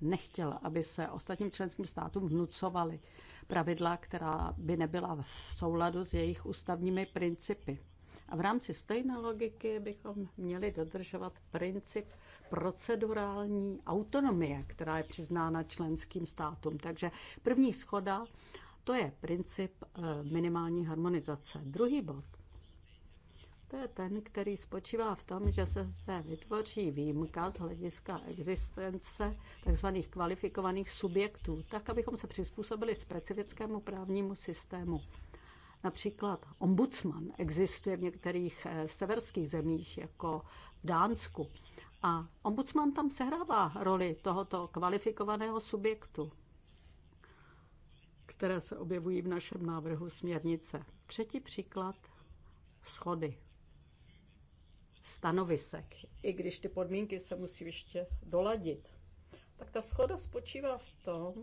nechtěla, aby se ostatním členským státům vnucovaly pravidla, která by nebyla v souladu s jejich ústavními principy. A v rámci stejné logiky bychom měli dodržovat princip procedurální autonomie, která je přiznána členským státům. Takže první schoda, to je princip eh, minimální harmonizace. Druhý bod, to je ten, který spočívá v tom, že se zde vytvoří výjimka z hlediska existence tzv. kvalifikovaných subjektů, tak, abychom se přizpůsobili specifickému právnímu systému. Například ombudsman existuje v některých eh, severských zemích, jako v Dánsku. A ombudsman tam sehrává roli tohoto kvalifikovaného subjektu, které se objevují v našem návrhu směrnice. Třetí příklad schody stanovisek, i když ty podmínky se musí ještě doladit. Tak ta schoda spočívá v tom,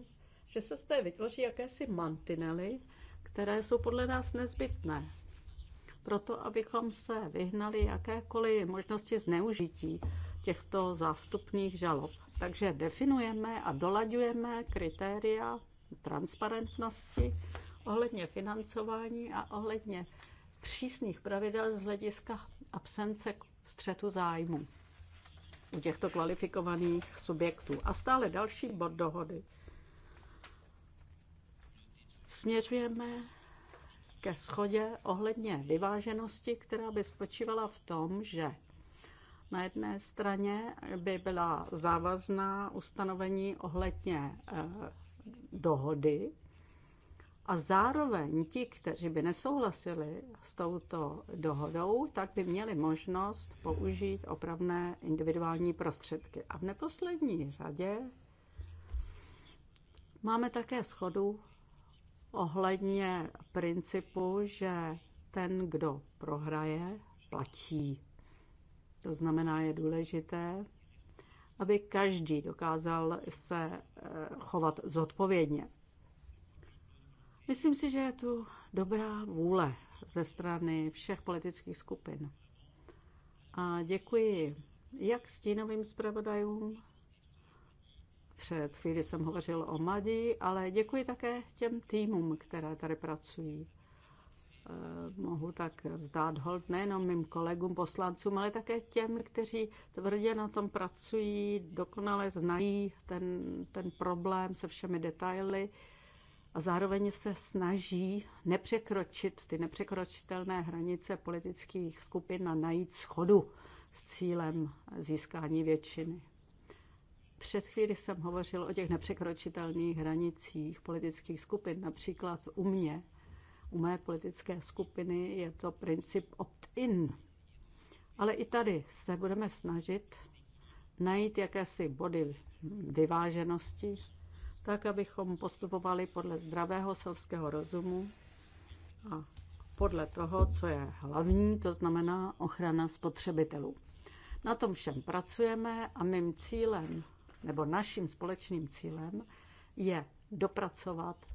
že se z té vytvoří jakési mantinely, které jsou podle nás nezbytné. Proto, abychom se vyhnali jakékoliv možnosti zneužití těchto zástupných žalob. Takže definujeme a dolaďujeme kritéria transparentnosti ohledně financování a ohledně přísných pravidel z hlediska absence střetu zájmu u těchto kvalifikovaných subjektů. A stále další bod dohody. Směřujeme ke schodě ohledně vyváženosti, která by spočívala v tom, že na jedné straně by byla závazná ustanovení ohledně eh, dohody a zároveň ti, kteří by nesouhlasili s touto dohodou, tak by měli možnost použít opravné individuální prostředky. A v neposlední řadě máme také schodu ohledně principu, že ten, kdo prohraje, platí. To znamená, je důležité, aby každý dokázal se eh, chovat zodpovědně. Myslím si, že je tu dobrá vůle ze strany všech politických skupin. A děkuji jak stínovým zpravodajům, před chvíli jsem hovořil o Madi, ale děkuji také těm týmům, které tady pracují. Eh, mohu tak vzdát hold nejenom mým kolegům poslancům, ale také těm, kteří tvrdě na tom pracují, dokonale znají ten, ten problém se všemi detaily a zároveň se snaží nepřekročit ty nepřekročitelné hranice politických skupin a najít schodu s cílem získání většiny. Před chvíli jsem hovořil o těch nepřekročitelných hranicích politických skupin, například u mě u mé politické skupiny je to princip opt-in. Ale i tady se budeme snažit najít jakési body vyváženosti, tak, abychom postupovali podle zdravého selského rozumu a podle toho, co je hlavní, to znamená ochrana spotřebitelů. Na tom všem pracujeme a mým cílem, nebo naším společným cílem, je dopracovat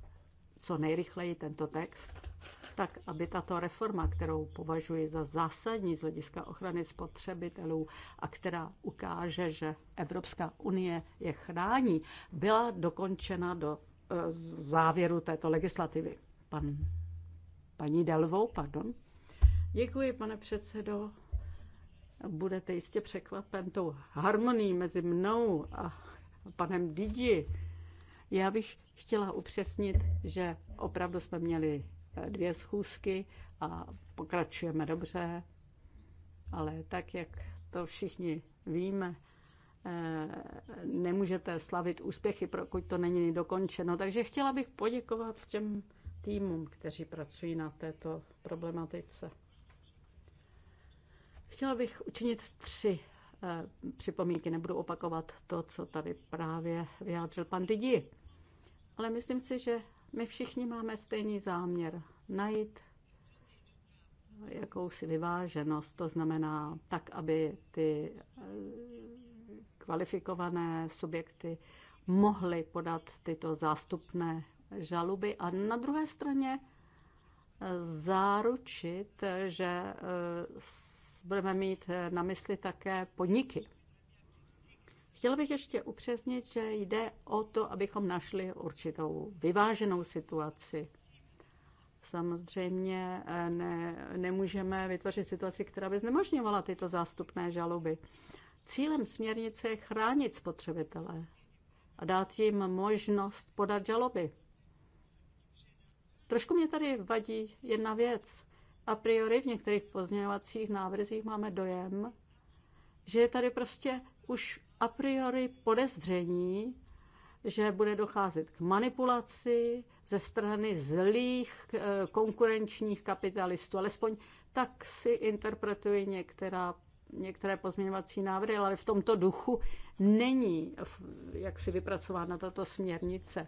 co nejrychleji tento text, tak aby tato reforma, kterou považuji za zásadní z hlediska ochrany spotřebitelů a která ukáže, že Evropská unie je chrání, byla dokončena do e, závěru této legislativy. Pan, paní Delvou, pardon. Děkuji, pane předsedo. Budete jistě překvapen tou harmonií mezi mnou a panem Didi já bych chtěla upřesnit, že opravdu jsme měli eh, dvě schůzky a pokračujeme dobře, ale tak, jak to všichni víme, eh, nemůžete slavit úspěchy, pokud to není dokončeno. Takže chtěla bych poděkovat těm týmům, kteří pracují na této problematice. Chtěla bych učinit tři eh, připomínky. Nebudu opakovat to, co tady právě vyjádřil pan Didi ale myslím si, že my všichni máme stejný záměr najít jakousi vyváženost, to znamená tak, aby ty eh, kvalifikované subjekty mohly podat tyto zástupné žaluby a na druhé straně eh, záručit, eh, že budeme mít na mysli také podniky. Chtěla bych ještě upřesnit, že jde o to, abychom našli určitou vyváženou situaci. Samozřejmě eh, ne, nemůžeme vytvořit situaci, která by znemožňovala tyto zástupné žaloby. Cílem směrnice je chránit spotřebitele a dát jim možnost podat žaloby. Trošku mě tady vadí jedna věc. A priori v některých pozměňovacích návrzích máme dojem, že je tady prostě už a priori podezření, že bude docházet k manipulaci ze strany zlých eh, konkurenčních kapitalistů. Alespoň tak si interpretuji některá, některé pozměňovací návrhy, ale v tomto duchu není jak si vypracována tato směrnice.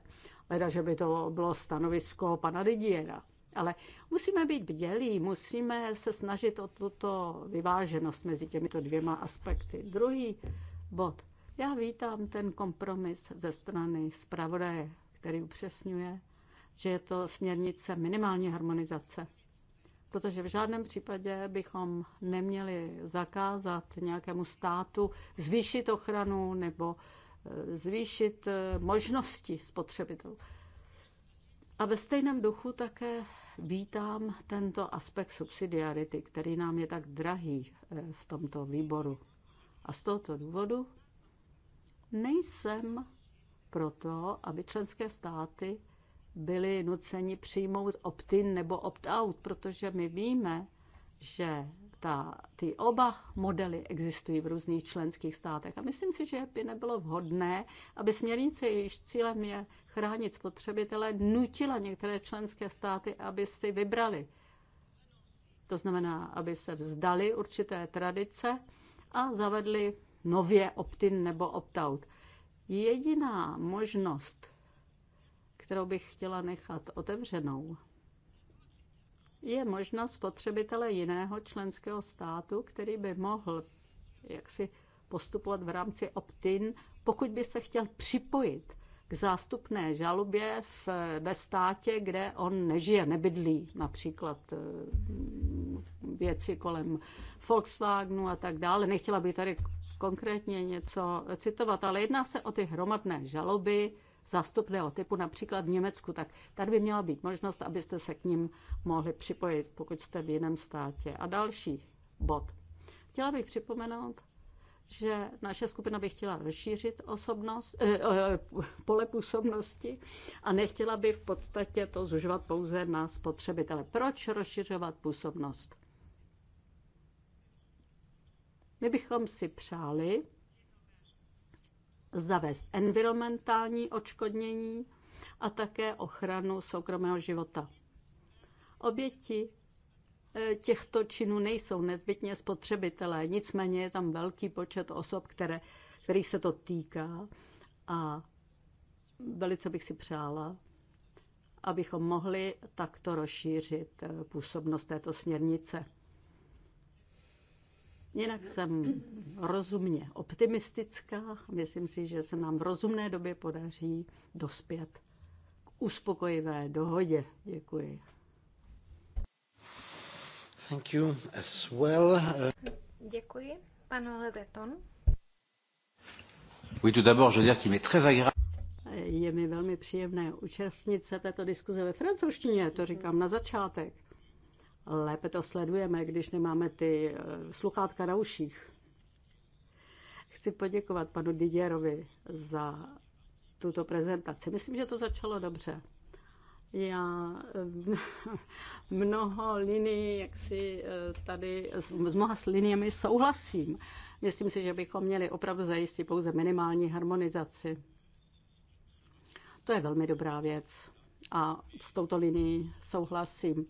Leda, že by to bylo stanovisko pana Didiera. Ale musíme být bdělí, musíme se snažit o tuto vyváženost mezi těmito dvěma aspekty. Druhý bod. Já vítám ten kompromis ze strany zpravodaje, který upřesňuje, že je to směrnice minimální harmonizace. Protože v žádném případě bychom neměli zakázat nějakému státu zvýšit ochranu nebo e, zvýšit e, možnosti spotřebitelů. A ve stejném duchu také vítám tento aspekt subsidiarity, který nám je tak drahý e, v tomto výboru. A z tohoto důvodu nejsem proto, aby členské státy byly nuceni přijmout opt-in nebo opt-out, protože my víme, že ta, ty oba modely existují v různých členských státech. A myslím si, že by nebylo vhodné, aby směrnice, jejíž cílem je chránit spotřebitele, nutila některé členské státy, aby si vybrali. To znamená, aby se vzdali určité tradice a zavedli nově opt-in nebo opt-out. Jediná možnost, kterou bych chtěla nechat otevřenou, je možnost spotřebitele jiného členského státu, který by mohl jaksi postupovat v rámci opt-in, pokud by se chtěl připojit k zástupné žalobě v, ve státě, kde on nežije, nebydlí, například eh, věci kolem Volkswagenu a tak dále. Nechtěla bych tady konkrétně něco citovat, ale jedná se o ty hromadné žaloby zastupného typu, například v Německu, tak tady by měla být možnost, abyste se k ním mohli připojit, pokud jste v jiném státě. A další bod. Chtěla bych připomenout, že naše skupina by chtěla rozšířit osobnost, eh, eh pole působnosti a nechtěla by v podstatě to zužovat pouze na spotřebitele. Proč rozšiřovat působnost? My bychom si přáli zavést environmentální očkodnění a také ochranu soukromého života. Oběti eh, těchto činů nejsou nezbytně spotřebitelé, nicméně je tam velký počet osob, které, kterých se to týká a velice bych si přála, abychom mohli takto rozšířit eh, působnost této směrnice. Jinak jsem rozumně optimistická. Myslím si, že se nám v rozumné době podaří dospět k uspokojivé dohodě. Děkuji. Thank you as well. Děkuji. panu Lebreton. Oui, tout d'abord, je veux dire qu'il m'est très agréable. Je mi velmi příjemné účastnit se této diskuze ve francouzštině, to říkám na začátek. Lépe to sledujeme, když nemáme ty eh, sluchátka na uších. Chci poděkovat panu Didierovi za tuto prezentaci. Myslím, že to začalo dobře. Já eh, mnoho linií, jak si eh, tady s, s mnoha s liniemi souhlasím. Myslím si, že bychom měli opravdu zajistit pouze minimální harmonizaci. To je velmi dobrá věc a s touto linií souhlasím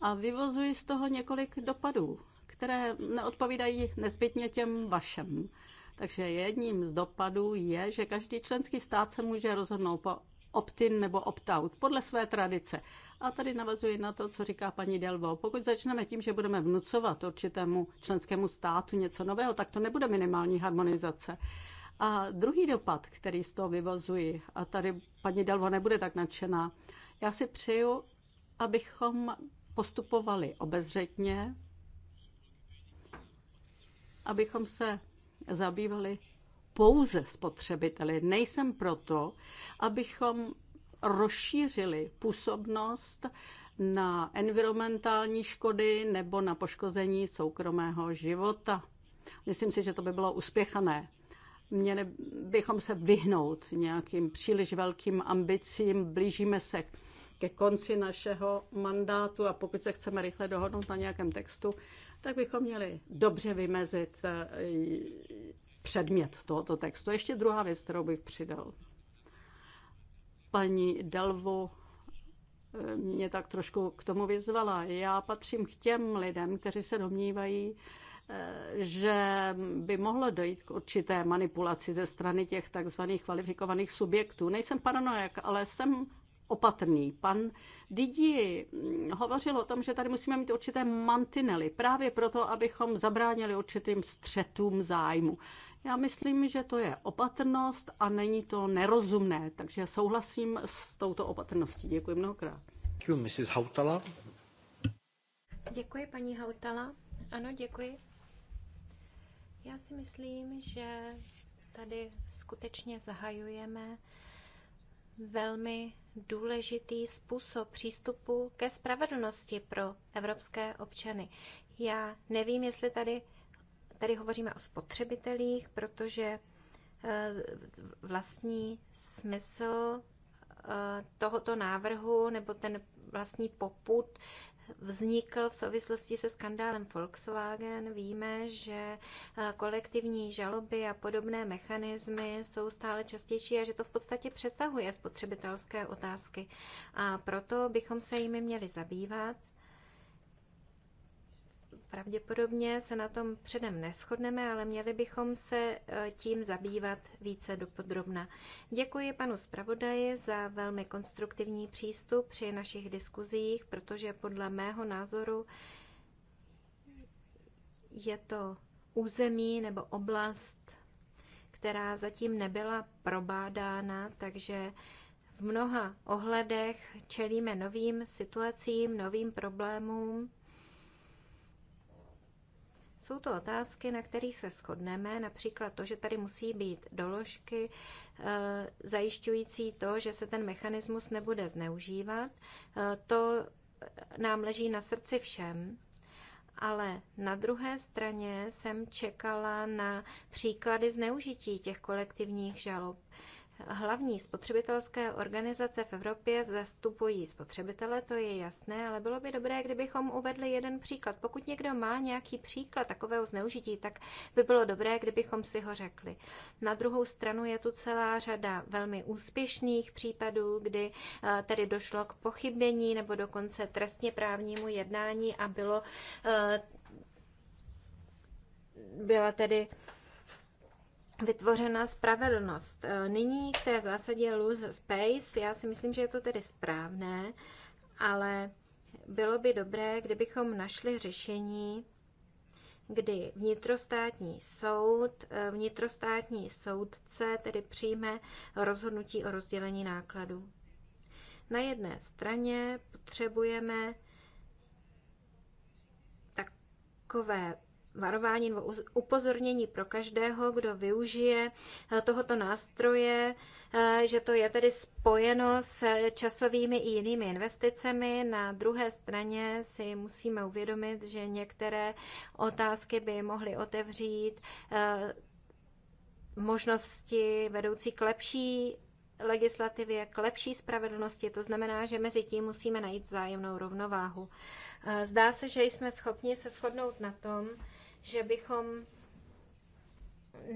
a vyvozuji z toho několik dopadů, které neodpovídají nezbytně těm vašem. Takže jedním z dopadů je, že každý členský stát se může rozhodnout po opt-in nebo opt-out podle své tradice. A tady navazuji na to, co říká paní Delvo. Pokud začneme tím, že budeme vnucovat určitému členskému státu něco nového, tak to nebude minimální harmonizace. A druhý dopad, který z toho vyvozuji, a tady paní Delvo nebude tak nadšená, já si přeju, abychom postupovali obezřetně, abychom se zabývali pouze spotřebiteli. Nejsem proto, abychom rozšířili působnost na environmentální škody nebo na poškození soukromého života. Myslím si, že to by bylo uspěchané. Měli bychom se vyhnout nějakým příliš velkým ambicím, blížíme se ke konci našeho mandátu a pokud se chceme rychle dohodnout na nějakém textu, tak bychom měli dobře vymezit eh, předmět tohoto textu. Ještě druhá věc, kterou bych přidal. Paní Delvo eh, mě tak trošku k tomu vyzvala. Já patřím k těm lidem, kteří se domnívají, eh, že by mohlo dojít k určité manipulaci ze strany těch takzvaných kvalifikovaných subjektů. Nejsem paranoik, ale jsem opatrný. Pan Didi mm, hovořil o tom, že tady musíme mít určité mantinely, právě proto, abychom zabránili určitým střetům zájmu. Já myslím, že to je opatrnost a není to nerozumné, takže souhlasím s touto opatrností. Děkuji mnohokrát. Děkuji, Mrs. Hautala. Děkuji, paní Hautala. Ano, děkuji. Já si myslím, že tady skutečně zahajujeme velmi důležitý způsob přístupu ke spravedlnosti pro evropské občany. Já nevím, jestli tady, tady hovoříme o spotřebitelích, protože eh, vlastní smysl eh, tohoto návrhu nebo ten vlastní poput vznikl v souvislosti se skandálem Volkswagen. Víme, že eh, kolektivní žaloby a podobné mechanismy jsou stále častější a že to v podstatě přesahuje spotřebitelské otázky. A proto bychom se jimi měli zabývat. Pravděpodobně se na tom předem neschodneme, ale měli bychom se e, tím zabývat více dopodrobna. Děkuji panu zpravodaji za velmi konstruktivní přístup při našich diskuzích, protože podle mého názoru je to území nebo oblast, která zatím nebyla probádána, takže v mnoha ohledech čelíme novým situacím, novým problémům jsou to otázky, na kterých se shodneme, například to, že tady musí být doložky eh, zajišťující to, že se ten mechanismus nebude zneužívat. Eh, to nám leží na srdci všem, ale na druhé straně jsem čekala na příklady zneužití těch kolektivních žalob. Hlavní spotřebitelské organizace v Evropě zastupují spotřebitele, to je jasné, ale bylo by dobré, kdybychom uvedli jeden příklad. Pokud někdo má nějaký příklad takového zneužití, tak by bylo dobré, kdybychom si ho řekli. Na druhou stranu je tu celá řada velmi úspěšných případů, kdy eh, tedy došlo k pochybení nebo dokonce trestně právnímu jednání a bylo eh, byla tedy vytvořena spravedlnost. Eh, nyní k té zásadě lose space, já si myslím, že je to tedy správné, ale bylo by dobré, kdybychom našli řešení, kdy vnitrostátní soud, eh, vnitrostátní soudce tedy přijme rozhodnutí o rozdělení nákladů. Na jedné straně potřebujeme takové varování nebo upozornění pro každého, kdo využije eh, tohoto nástroje, eh, že to je tedy spojeno s eh, časovými i jinými investicemi. Na druhé straně si musíme uvědomit, že některé otázky by mohly otevřít možnosti vedoucí k lepší legislativě, k lepší spravedlnosti. To znamená, že mezi tím musíme najít vzájemnou rovnováhu. Zdá se, že jsme schopni se shodnout na tom, že bychom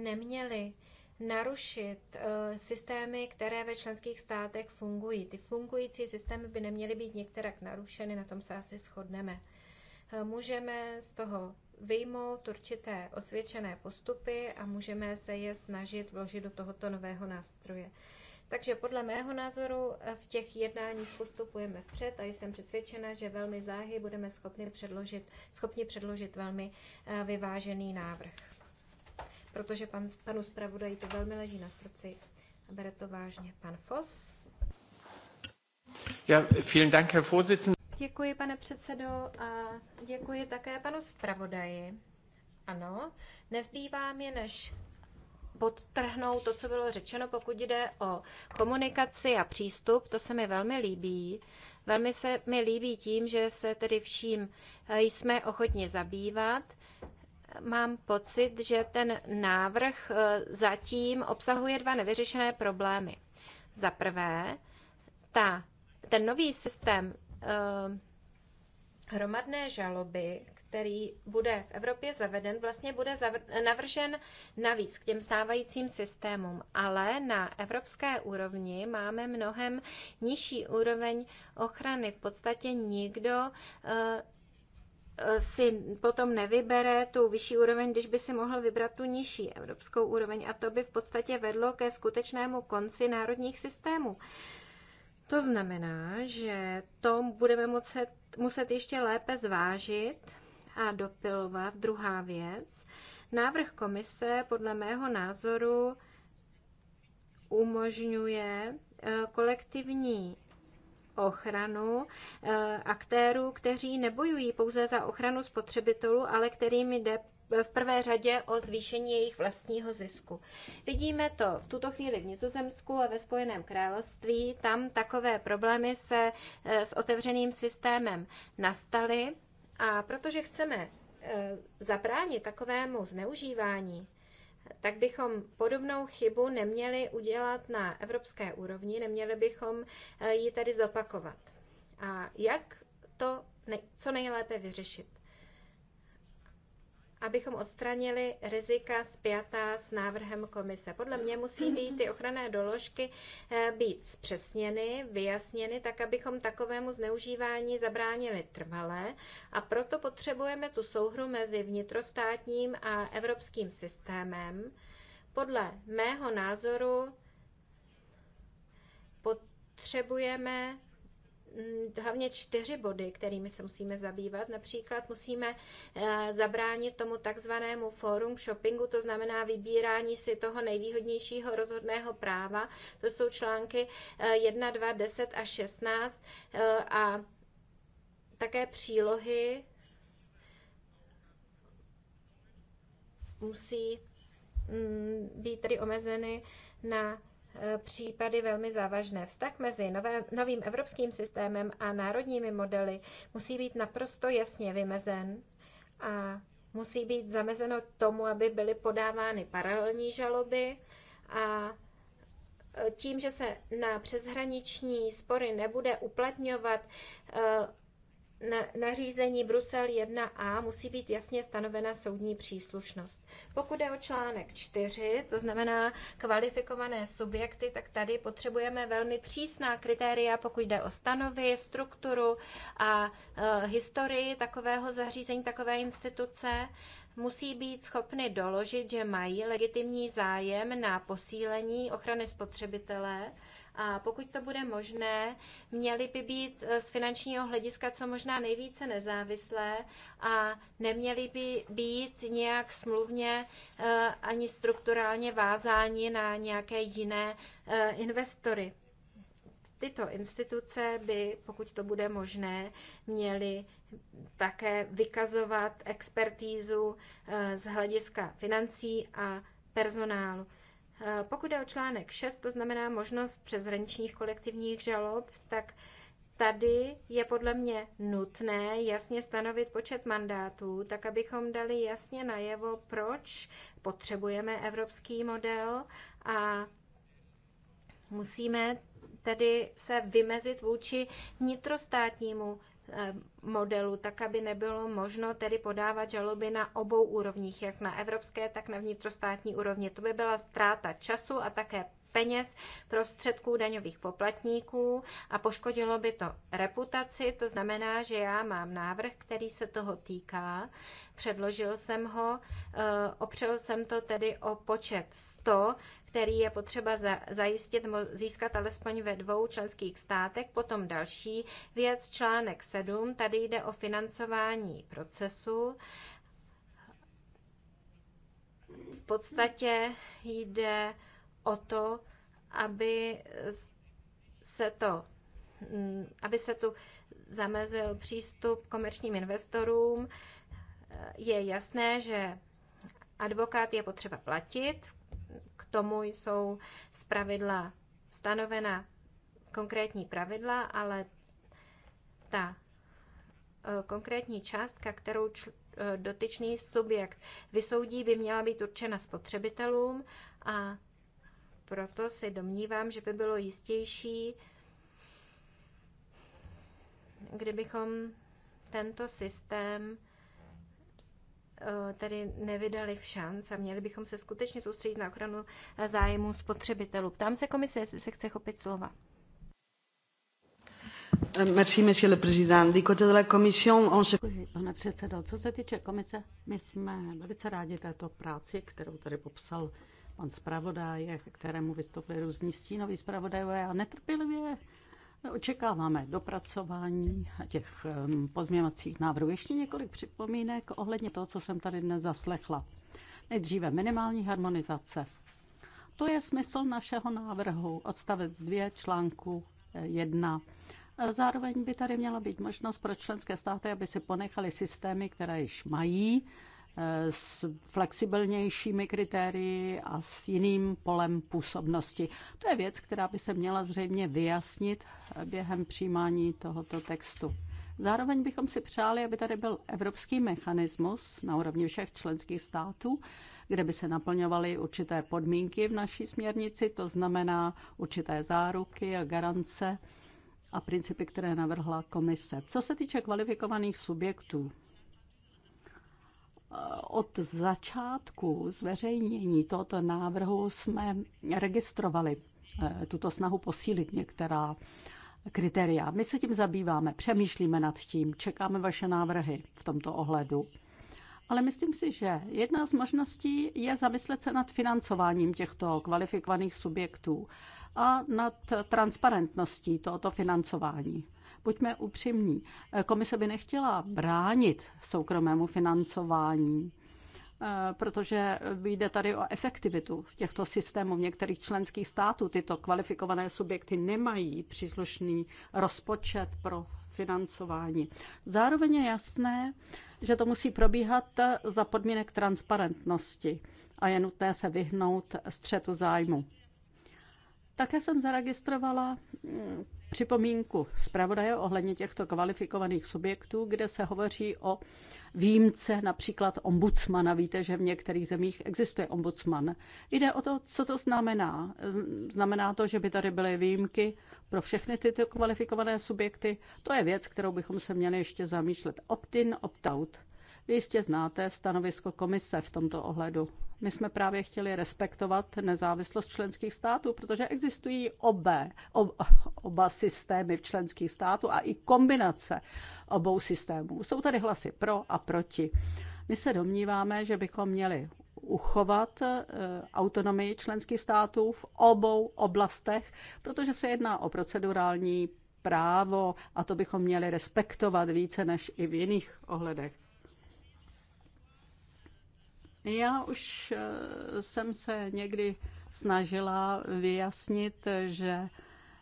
neměli narušit eh, systémy, které ve členských státech fungují. Ty fungující systémy by neměly být některak narušeny, na tom se asi shodneme. Eh, můžeme z toho vyjmout určité osvědčené postupy a můžeme se je snažit vložit do tohoto nového nástroje. Takže podle mého názoru eh, v těch jednáních postupujeme vpřed a jsem přesvědčena, že velmi záhy budeme schopni předložit, schopni předložit velmi eh, vyvážený návrh. Protože pan, panu zpravodaji to velmi leží na srdci a bere to vážně. Pan Fos. Ja, vielen Dank, Herr Vorsitzender. Děkuji, pane předsedo, a děkuji také panu zpravodaji. Ano, nezbývá mi než podtrhnout to, co bylo řečeno, pokud jde o komunikaci a přístup. To se mi velmi líbí. Velmi se mi líbí tím, že se tedy vším eh, jsme ochotni zabývat. Mám pocit, že ten návrh eh, zatím obsahuje dva nevyřešené problémy. Za prvé, ta, ten nový systém eh, hromadné žaloby, který bude v Evropě zaveden, vlastně bude navržen navíc k těm stávajícím systémům. Ale na evropské úrovni máme mnohem nižší úroveň ochrany. V podstatě nikdo eh, eh, si potom nevybere tu vyšší úroveň, když by si mohl vybrat tu nižší evropskou úroveň. A to by v podstatě vedlo ke skutečnému konci národních systémů. To znamená, že to budeme muset, muset ještě lépe zvážit a dopilovat. Druhá věc, návrh komise podle mého názoru umožňuje eh, kolektivní ochranu eh, aktérů, kteří nebojují pouze za ochranu spotřebitelů, ale kterým jde v prvé řadě o zvýšení jejich vlastního zisku. Vidíme to v tuto chvíli v Nizozemsku a ve Spojeném království. Tam takové problémy se eh, s otevřeným systémem nastaly. A protože chceme eh, zabránit takovému zneužívání, tak bychom podobnou chybu neměli udělat na evropské úrovni, neměli bychom eh, ji tady zopakovat. A jak to co nejlépe vyřešit? abychom odstranili rizika zpětá s návrhem komise. Podle mě musí být ty ochranné doložky eh, být zpřesněny, vyjasněny, tak abychom takovému zneužívání zabránili trvalé a proto potřebujeme tu souhru mezi vnitrostátním a evropským systémem. Podle mého názoru potřebujeme Mm, hlavně čtyři body, kterými se musíme zabývat. Například musíme eh, zabránit tomu takzvanému forum shoppingu, to znamená vybírání si toho nejvýhodnějšího rozhodného práva. To jsou články 1, 2, 10 a 16 eh, a také přílohy musí mm, být tedy omezeny na Eh, případy velmi závažné. Vztah mezi novým evropským systémem a národními modely musí být naprosto jasně vymezen a musí být zamezeno tomu, aby byly podávány paralelní žaloby a eh, tím, že se na přeshraniční spory nebude uplatňovat eh, nařízení Brusel 1a musí být jasně stanovena soudní příslušnost. Pokud je o článek 4, to znamená kvalifikované subjekty, tak tady potřebujeme velmi přísná kritéria, pokud jde o stanovy, strukturu a e, historii takového zařízení, takové instituce musí být schopny doložit, že mají legitimní zájem na posílení ochrany spotřebitele a pokud to bude možné, měly by být eh, z finančního hlediska co možná nejvíce nezávislé a neměly by být nějak smluvně eh, ani strukturálně vázáni na nějaké jiné eh, investory. Tyto instituce by, pokud to bude možné, měly také vykazovat expertízu z hlediska financí a personálu. Eh, pokud je o článek 6, to znamená možnost přeshraničních kolektivních žalob, tak tady je podle mě nutné jasně stanovit počet mandátů, tak abychom dali jasně najevo, proč potřebujeme evropský model a musíme tedy se vymezit vůči nitrostátnímu. Eh, modelu, tak aby nebylo možno tedy podávat žaloby na obou úrovních, jak na evropské, tak na vnitrostátní úrovni. To by byla ztráta času a také peněz, prostředků daňových poplatníků a poškodilo by to reputaci. To znamená, že já mám návrh, který se toho týká. Předložil jsem ho, eh, opřel jsem to tedy o počet 100, který je potřeba zajistit, získat alespoň ve dvou členských státech. Potom další věc, článek 7, tady jde o financování procesu. V podstatě jde o to, aby se to aby se tu zamezil přístup komerčním investorům. Je jasné, že advokát je potřeba platit, k tomu jsou z pravidla stanovena konkrétní pravidla, ale ta eh, konkrétní částka, kterou eh, dotyčný subjekt vysoudí, by měla být určena spotřebitelům a proto se domnívám, že by bylo jistější, kdybychom tento systém eh, tedy nevydali v šanc a měli bychom se skutečně soustředit na ochranu eh, zájmu spotřebitelů. Ptám se komise, jestli se chce chopit slova. Merci, monsieur le président. Du côté de la commission, on se... Pane předsedo, co se týče komise, my jsme velice rádi této práci, kterou tady popsal pan zpravodaj, kterému vystoupili různí stínoví zpravodajové a netrpělivě očekáváme dopracování těch pozměvacích návrhů. Ještě několik připomínek ohledně toho, co jsem tady dnes zaslechla. Nejdříve minimální harmonizace. To je smysl našeho návrhu, odstavec 2 článku 1. Eh, zároveň by tady měla být možnost pro členské státy, aby si ponechali systémy, které již mají, Eh, s flexibilnějšími kritérii a s jiným polem působnosti. To je věc, která by se měla zřejmě vyjasnit během přijímání tohoto textu. Zároveň bychom si přáli, aby tady byl evropský mechanismus na úrovni všech členských států, kde by se naplňovaly určité podmínky v naší směrnici, to znamená určité záruky a garance a principy, které navrhla komise. Co se týče kvalifikovaných subjektů, od začátku zveřejnění tohoto návrhu jsme registrovali eh, tuto snahu posílit některá kritéria. My se tím zabýváme, přemýšlíme nad tím, čekáme vaše návrhy v tomto ohledu. Ale myslím si, že jedna z možností je zamyslet se nad financováním těchto kvalifikovaných subjektů a nad transparentností tohoto financování. Buďme upřímní. Eh, komise by nechtěla bránit soukromému financování eh, protože jde tady o efektivitu těchto systémů. V některých členských států tyto kvalifikované subjekty nemají příslušný rozpočet pro financování. Zároveň je jasné, že to musí probíhat eh, za podmínek transparentnosti a je nutné se vyhnout střetu zájmu. Také jsem zaregistrovala mm, připomínku zpravodaje ohledně těchto kvalifikovaných subjektů, kde se hovoří o výjimce například ombudsmana. Víte, že v některých zemích existuje ombudsman. Jde o to, co to znamená. Znamená to, že by tady byly výjimky pro všechny tyto kvalifikované subjekty. To je věc, kterou bychom se měli ještě zamýšlet. Opt-in, opt-out. Vy jistě znáte stanovisko komise v tomto ohledu. My jsme právě chtěli respektovat nezávislost členských států, protože existují obé, ob, oba systémy v členských států a i kombinace obou systémů. Jsou tady hlasy pro a proti. My se domníváme, že bychom měli uchovat eh, autonomii členských států v obou oblastech, protože se jedná o procedurální právo a to bychom měli respektovat více než i v jiných ohledech. Já už eh, jsem se někdy snažila vyjasnit, že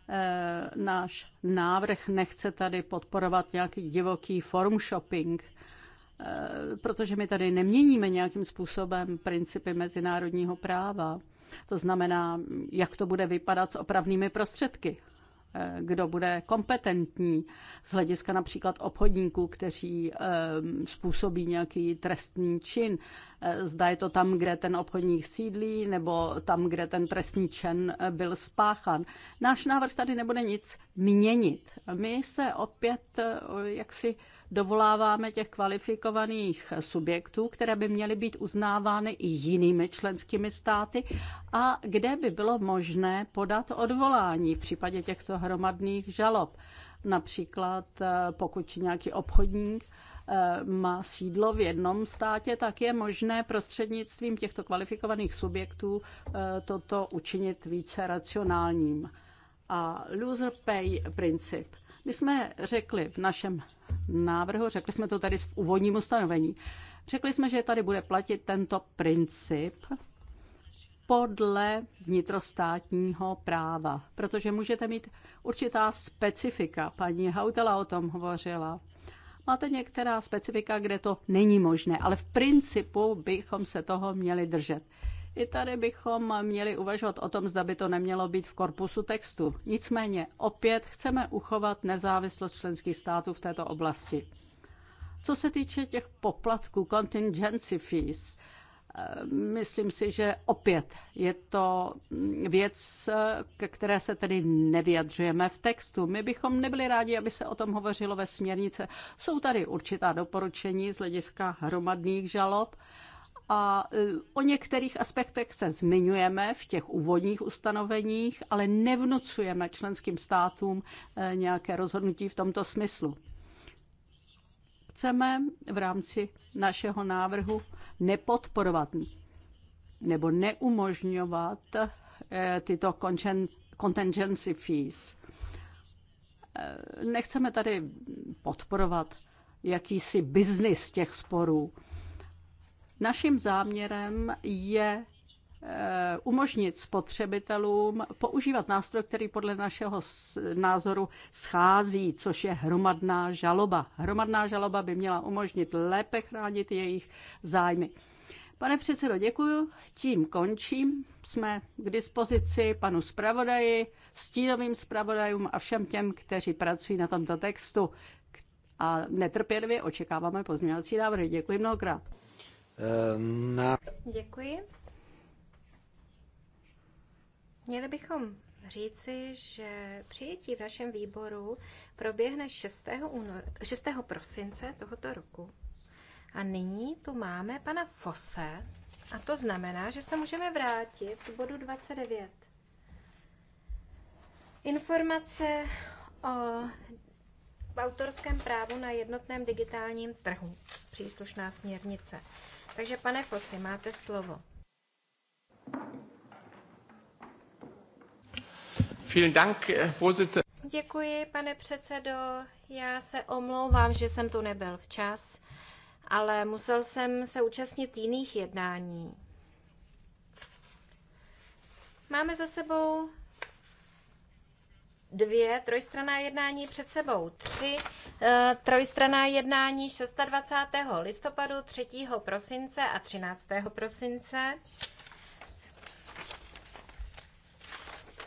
eh, náš návrh nechce tady podporovat nějaký divoký form shopping, eh, protože my tady neměníme nějakým způsobem principy mezinárodního práva. To znamená, jak to bude vypadat s opravnými prostředky. Eh, kdo bude kompetentní z hlediska například obchodníků, kteří eh, způsobí nějaký trestný čin. Eh, zda je to tam, kde ten obchodník sídlí, nebo tam, kde ten trestný čin byl spáchan. Náš návrh tady nebude nic měnit. My se opět jaksi dovoláváme těch kvalifikovaných subjektů, které by měly být uznávány i jinými členskými státy a kde by bylo možné podat odvolání v případě těchto hromadných žalob. Například eh, pokud nějaký obchodník eh, má sídlo v jednom státě, tak je možné prostřednictvím těchto kvalifikovaných subjektů eh, toto učinit více racionálním. A loser pay princip. My jsme řekli v našem návrhu, řekli jsme to tady v úvodním ustanovení, řekli jsme, že tady bude platit tento princip podle vnitrostátního práva, protože můžete mít určitá specifika. Paní Hautela o tom hovořila. Máte některá specifika, kde to není možné, ale v principu bychom se toho měli držet. I tady bychom měli uvažovat o tom, zda by to nemělo být v korpusu textu. Nicméně opět chceme uchovat nezávislost členských států v této oblasti. Co se týče těch poplatků, contingency fees, eh, myslím si, že opět je to věc, ke které se tedy nevyjadřujeme v textu. My bychom nebyli rádi, aby se o tom hovořilo ve směrnice. Jsou tady určitá doporučení z hlediska hromadných žalob, a e, o některých aspektech se zmiňujeme v těch úvodních ustanoveních, ale nevnucujeme členským státům e, nějaké rozhodnutí v tomto smyslu. Chceme v rámci našeho návrhu nepodporovat nebo neumožňovat e, tyto contingency fees. Nechceme tady podporovat jakýsi biznis těch sporů Naším záměrem je eh, umožnit spotřebitelům používat nástroj, který podle našeho názoru schází, což je hromadná žaloba. Hromadná žaloba by měla umožnit lépe chránit jejich zájmy. Pane předsedo, děkuji. Tím končím. Jsme k dispozici panu zpravodaji, stínovým zpravodajům a všem těm, kteří pracují na tomto textu. A netrpělivě očekáváme pozměňovací návrhy. Děkuji mnohokrát. Ehm, na... Děkuji. Měli bychom říci, že přijetí v našem výboru proběhne 6. Únor, 6. prosince tohoto roku. A nyní tu máme pana Fose, a to znamená, že se můžeme vrátit k bodu 29. Informace o autorském právu na jednotném digitálním trhu, příslušná směrnice. Takže pane Fosy, máte slovo. Eh, Děkuji, pane předsedo. Já se omlouvám, že jsem tu nebyl včas, ale musel jsem se účastnit jiných jednání. Máme za sebou dvě trojstraná jednání před sebou, tři eh, trojstranná trojstraná jednání 26. listopadu, 3. prosince a 13. prosince.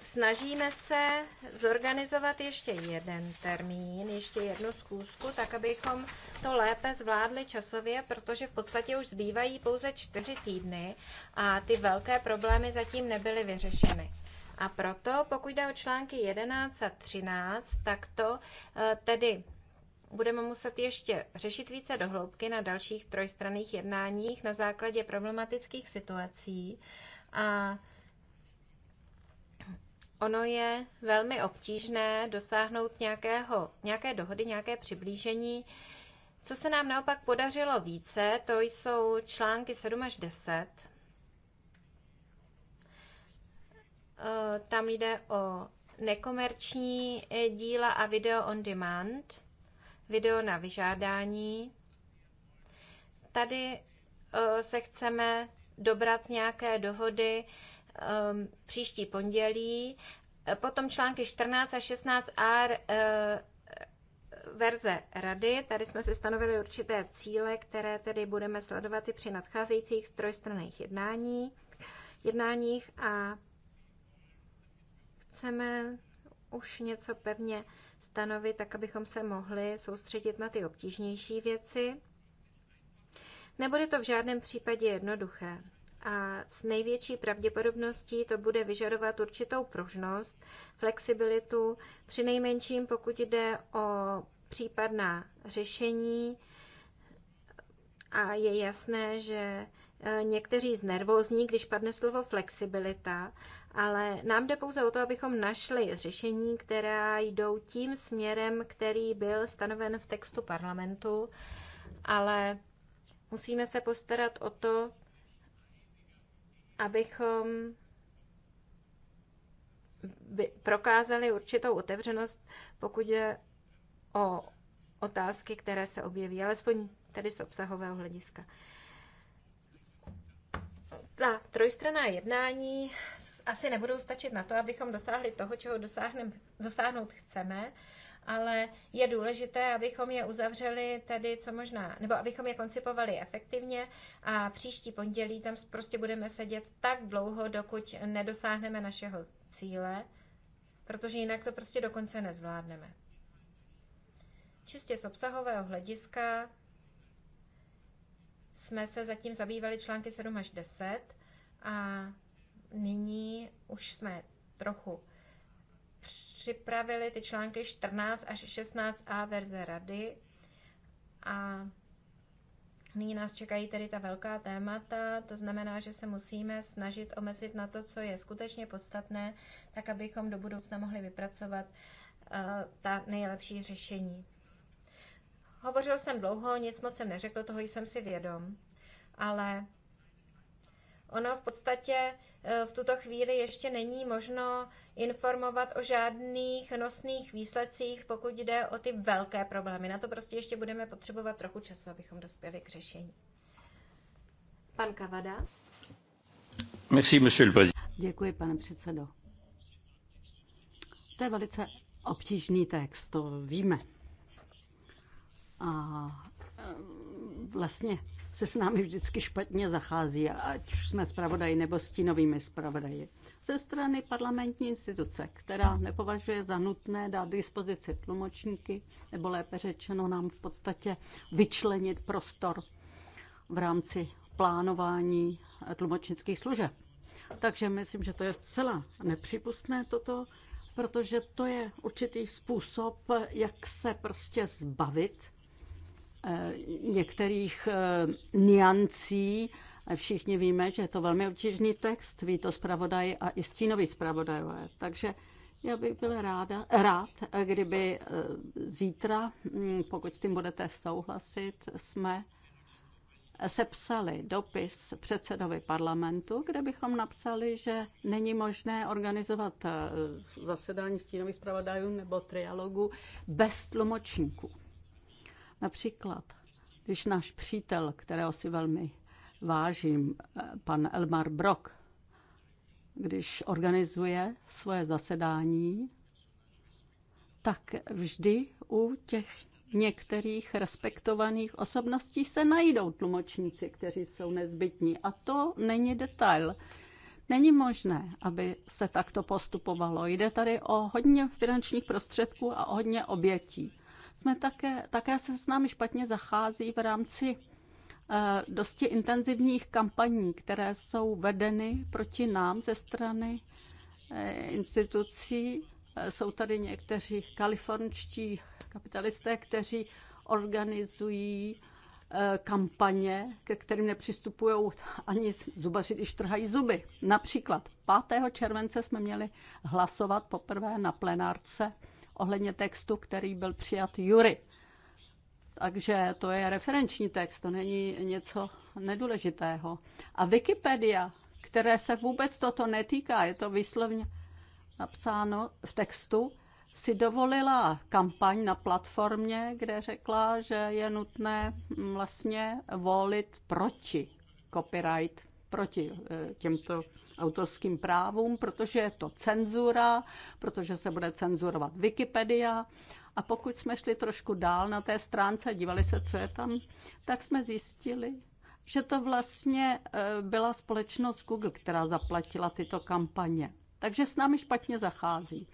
Snažíme se zorganizovat ještě jeden termín, ještě jednu zkoušku, tak abychom to lépe zvládli časově, protože v podstatě už zbývají pouze čtyři týdny a ty velké problémy zatím nebyly vyřešeny. A proto, pokud jde o články 11 a 13, tak to eh, tedy budeme muset ještě řešit více dohloubky na dalších trojstranných jednáních na základě problematických situací. A ono je velmi obtížné dosáhnout nějakého, nějaké dohody, nějaké přiblížení. Co se nám naopak podařilo více, to jsou články 7 až 10, Eh, tam jde o nekomerční eh, díla a video on demand, video na vyžádání. Tady eh, se chceme dobrat nějaké dohody ehm, příští pondělí. Potom články 14 a 16a verze rady. Tady jsme si stanovili určité cíle, které tedy budeme sledovat i při nadcházejících trojstranných jednání, jednáních a chceme už něco pevně stanovit, tak abychom se mohli soustředit na ty obtížnější věci. Nebude to v žádném případě jednoduché a s největší pravděpodobností to bude vyžadovat určitou pružnost, flexibilitu, při nejmenším pokud jde o případná řešení a je jasné, že Eh, někteří znervózní, když padne slovo flexibilita, ale nám jde pouze o to, abychom našli řešení, která jdou tím směrem, který byl stanoven v textu parlamentu, ale musíme se postarat o to, abychom prokázali určitou otevřenost, pokud je o otázky, které se objeví, alespoň tedy z obsahového hlediska ta trojstraná jednání asi nebudou stačit na to, abychom dosáhli toho, čeho dosáhnout chceme, ale je důležité, abychom je uzavřeli tedy co možná, nebo abychom je koncipovali efektivně a příští pondělí tam prostě budeme sedět tak dlouho, dokud nedosáhneme našeho cíle, protože jinak to prostě dokonce nezvládneme. Čistě z obsahového hlediska jsme se zatím zabývali články 7 až 10 a nyní už jsme trochu připravili ty články 14 až 16a verze rady a nyní nás čekají tedy ta velká témata, to znamená, že se musíme snažit omezit na to, co je skutečně podstatné, tak abychom do budoucna mohli vypracovat uh, ta nejlepší řešení. Hovořil jsem dlouho, nic moc jsem neřekl, toho jsem si vědom, ale Ono v podstatě e, v tuto chvíli ještě není možno informovat o žádných nosných výsledcích, pokud jde o ty velké problémy. Na to prostě ještě budeme potřebovat trochu času, abychom dospěli k řešení. Pan Kavada. Merci, monsieur le Děkuji, pane předsedo. To je velice obtížný text, to víme. A e, vlastně se s námi vždycky špatně zachází, ať už jsme zpravodaji nebo stínovými zpravodaji. Ze strany parlamentní instituce, která nepovažuje za nutné dát dispozici tlumočníky, nebo lépe řečeno nám v podstatě vyčlenit prostor v rámci plánování tlumočnických služeb. Takže myslím, že to je zcela nepřípustné toto, protože to je určitý způsob, jak se prostě zbavit Eh, některých eh, niancí. Všichni víme, že je to velmi obtížný text, ví to zpravodaj a i stínový zpravodajové. Takže já bych byl ráda, rád, kdyby eh, zítra, hm, pokud s tím budete souhlasit, jsme sepsali dopis předsedovi parlamentu, kde bychom napsali, že není možné organizovat zasedání stínových zpravodajů nebo trialogu bez tlumočníků. Například, když náš přítel, kterého si velmi vážím, pan Elmar Brock, když organizuje svoje zasedání, tak vždy u těch některých respektovaných osobností se najdou tlumočníci, kteří jsou nezbytní. A to není detail. Není možné, aby se takto postupovalo. Jde tady o hodně finančních prostředků a o hodně obětí jsme také, také se s námi špatně zachází v rámci eh, dosti intenzivních kampaní, které jsou vedeny proti nám ze strany eh, institucí. Eh, jsou tady někteří kalifornští kapitalisté, kteří organizují kampaně, ke kterým nepřistupují ani zubaři, když trhají zuby. Například 5. července jsme měli hlasovat poprvé na plenárce ohledně textu, který byl přijat Jury. Takže to je referenční text, to není něco nedůležitého. A Wikipedia, které se vůbec toto netýká, je to výslovně napsáno v textu, si dovolila kampaň na platformě, kde řekla, že je nutné mm, vlastně volit proti copyright, proti eh, těmto autorským právům, protože je to cenzura, protože se bude cenzurovat Wikipedia. A pokud jsme šli trošku dál na té stránce a dívali se, co je tam, tak jsme zjistili, že to vlastně e, byla společnost Google, která zaplatila tyto kampaně. Takže s námi špatně zachází.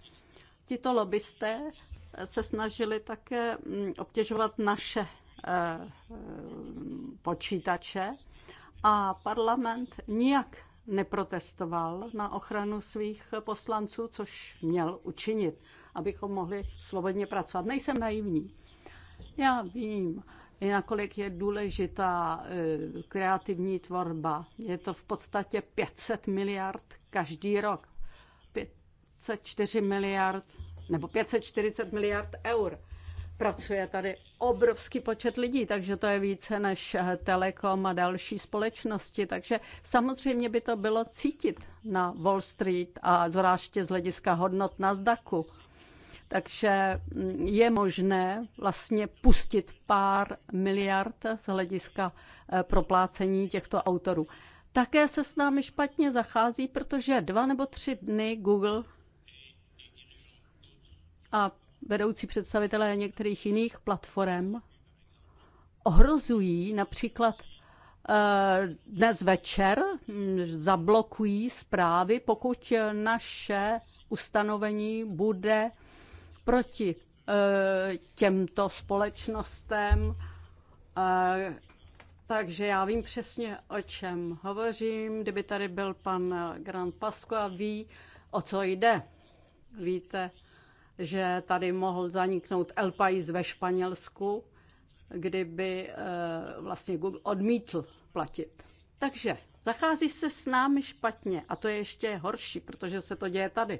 Tito lobbysté e, se snažili také mm, obtěžovat naše e, počítače a parlament nijak neprotestoval na ochranu svých poslanců, což měl učinit, abychom mohli svobodně pracovat. Nejsem naivní. Já vím, nakolik je důležitá e, kreativní tvorba. Je to v podstatě 500 miliard každý rok. 504 miliard nebo 540 miliard eur pracuje tady obrovský počet lidí, takže to je více než eh, Telekom a další společnosti. Takže samozřejmě by to bylo cítit na Wall Street a zvláště z hlediska hodnot na zdaku. Takže mm, je možné vlastně pustit pár miliard z hlediska eh, proplácení těchto autorů. Také se s námi špatně zachází, protože dva nebo tři dny Google a vedoucí představitelé některých jiných platform ohrozují například eh, dnes večer hm, zablokují zprávy, pokud naše ustanovení bude proti eh, těmto společnostem. Eh, takže já vím přesně, o čem hovořím. Kdyby tady byl pan Grand Pasqua, ví, o co jde. Víte, že tady mohl zaniknout El País ve Španělsku, kdyby eh, vlastně Google odmítl platit. Takže zachází se s námi špatně a to je ještě horší, protože se to děje tady.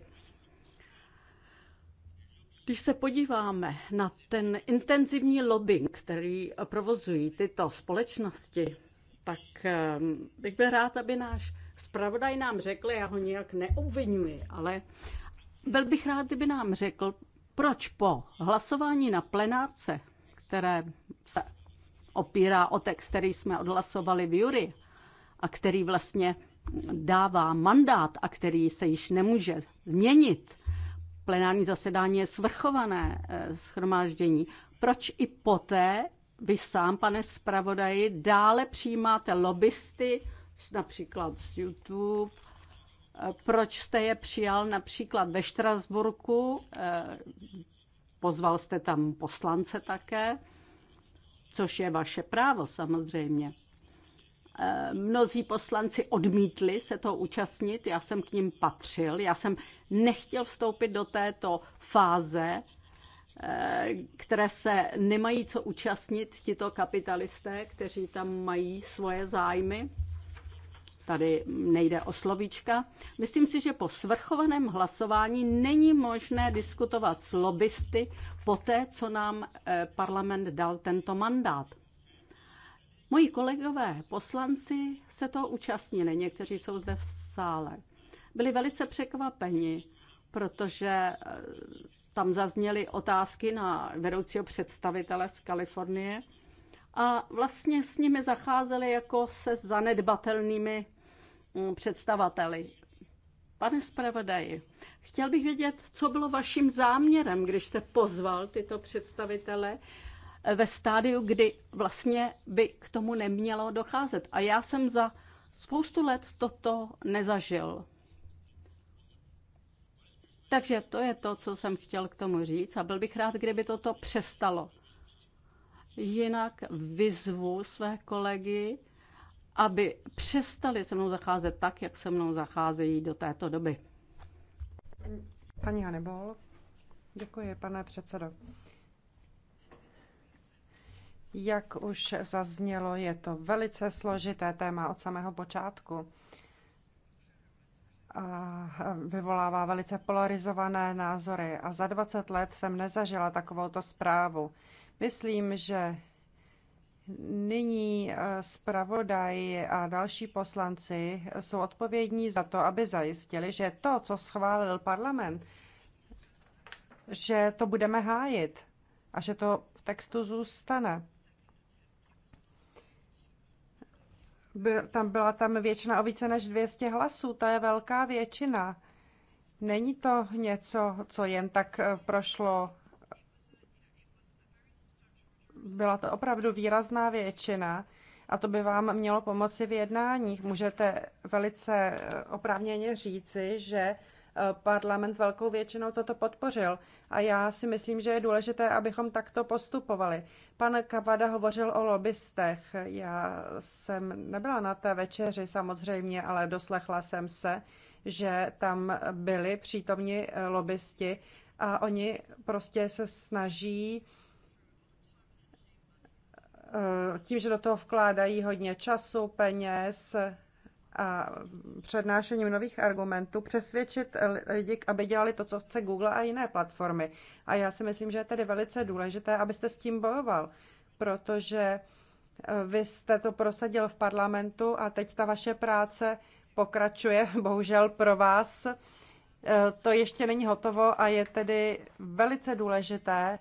Když se podíváme na ten intenzivní lobbying, který provozují tyto společnosti, tak ehm, bych byl rád, aby náš spravodaj nám řekl, já ho nijak neobvinuji, ale byl bych rád, kdyby nám řekl, proč po hlasování na plenárce, které se opírá o text, který jsme odhlasovali v jury a který vlastně dává mandát a který se již nemůže změnit, plenární zasedání je svrchované eh, schromáždění, proč i poté vy sám, pane zpravodaji, dále přijímáte lobbysty, například z YouTube, proč jste je přijal například ve Štrasburku, eh, pozval jste tam poslance také, což je vaše právo samozřejmě. Eh, mnozí poslanci odmítli se to účastnit, já jsem k ním patřil, já jsem nechtěl vstoupit do této fáze, eh, které se nemají co účastnit tito kapitalisté, kteří tam mají svoje zájmy. Tady nejde o slovíčka. Myslím si, že po svrchovaném hlasování není možné diskutovat s lobbysty po té, co nám eh, parlament dal tento mandát. Moji kolegové poslanci se toho účastnili, někteří jsou zde v sále. Byli velice překvapeni, protože eh, tam zazněly otázky na vedoucího představitele z Kalifornie a vlastně s nimi zacházeli jako se zanedbatelnými Eh, představateli. Pane zpravodaji, chtěl bych vědět, co bylo vaším záměrem, když jste pozval tyto představitele eh, ve stádiu, kdy vlastně by k tomu nemělo docházet. A já jsem za spoustu let toto nezažil. Takže to je to, co jsem chtěl k tomu říct a byl bych rád, kdyby toto přestalo. Jinak vyzvu své kolegy, aby přestali se mnou zacházet tak, jak se mnou zacházejí do této doby. Paní Hanebol, děkuji, pane předsedo. Jak už zaznělo, je to velice složité téma od samého počátku. A vyvolává velice polarizované názory a za 20 let jsem nezažila takovouto zprávu. Myslím, že Nyní eh, zpravodaj a další poslanci jsou odpovědní za to, aby zajistili, že to, co schválil parlament, že to budeme hájit a že to v textu zůstane. Byl, tam byla tam většina o více než 200 hlasů, to je velká většina. Není to něco, co jen tak eh, prošlo byla to opravdu výrazná většina a to by vám mělo pomoci v jednáních. Můžete velice eh, oprávněně říci, že eh, parlament velkou většinou toto podpořil a já si myslím, že je důležité, abychom takto postupovali. Pan Kavada hovořil o lobbystech. Já jsem nebyla na té večeři samozřejmě, ale doslechla jsem se, že tam byli přítomni eh, lobbysti a oni prostě se snaží uh, Eh, tím, že do toho vkládají hodně času, peněz a přednášením nových argumentů, přesvědčit lidi, aby dělali to, co chce Google a jiné platformy. A já si myslím, že je tedy velice důležité, abyste s tím bojoval, protože eh, vy jste to prosadil v parlamentu a teď ta vaše práce pokračuje, bohužel pro vás. Eh, to ještě není hotovo a je tedy velice důležité,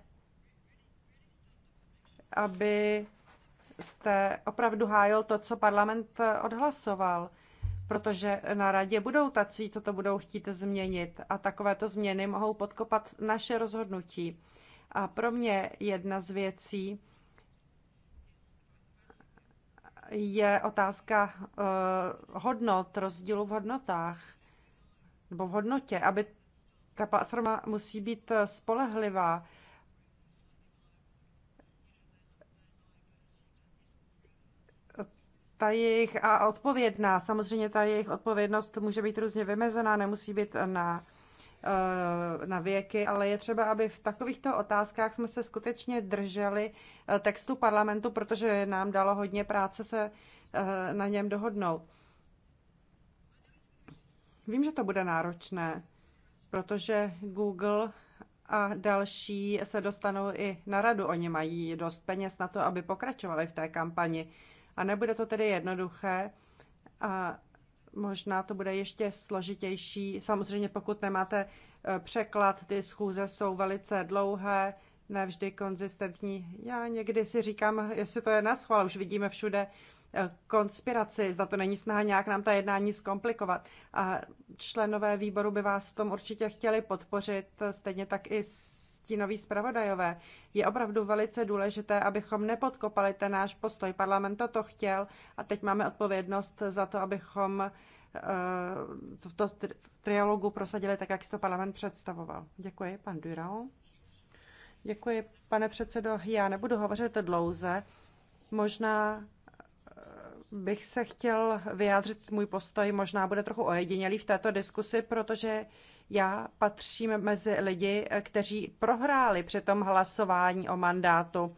aby jste opravdu hájil to, co parlament odhlasoval, protože na radě budou tací, co to budou chtít změnit a takovéto změny mohou podkopat naše rozhodnutí. A pro mě jedna z věcí je otázka uh, hodnot, rozdílu v hodnotách nebo v hodnotě, aby ta platforma musí být eh, spolehlivá ta jejich a odpovědná. Samozřejmě ta jejich odpovědnost může být různě vymezená, nemusí být na, eh, na věky, ale je třeba, aby v takovýchto otázkách jsme se skutečně drželi eh, textu parlamentu, protože nám dalo hodně práce se eh, na něm dohodnout. Vím, že to bude náročné, protože Google a další se dostanou i na radu. Oni mají dost peněz na to, aby pokračovali v té kampani. A nebude to tedy jednoduché. A možná to bude ještě složitější. Samozřejmě, pokud nemáte e, překlad, ty schůze jsou velice dlouhé, vždy konzistentní. Já někdy si říkám, jestli to je na schvál, už vidíme všude e, konspiraci, Za to není snaha nějak nám ta jednání zkomplikovat. A členové výboru by vás v tom určitě chtěli podpořit, stejně tak i s stínoví zpravodajové. Je opravdu velice důležité, abychom nepodkopali ten náš postoj. Parlament to chtěl a teď máme odpovědnost za to, abychom v, eh, to, v trialogu prosadili tak, jak si to parlament představoval. Děkuji, pan Durao. Děkuji, pane předsedo. Já nebudu hovořit dlouze. Možná eh, bych se chtěl vyjádřit můj postoj, možná bude trochu ojedinělý v této diskusi, protože já patřím mezi lidi, kteří prohráli při tom hlasování o mandátu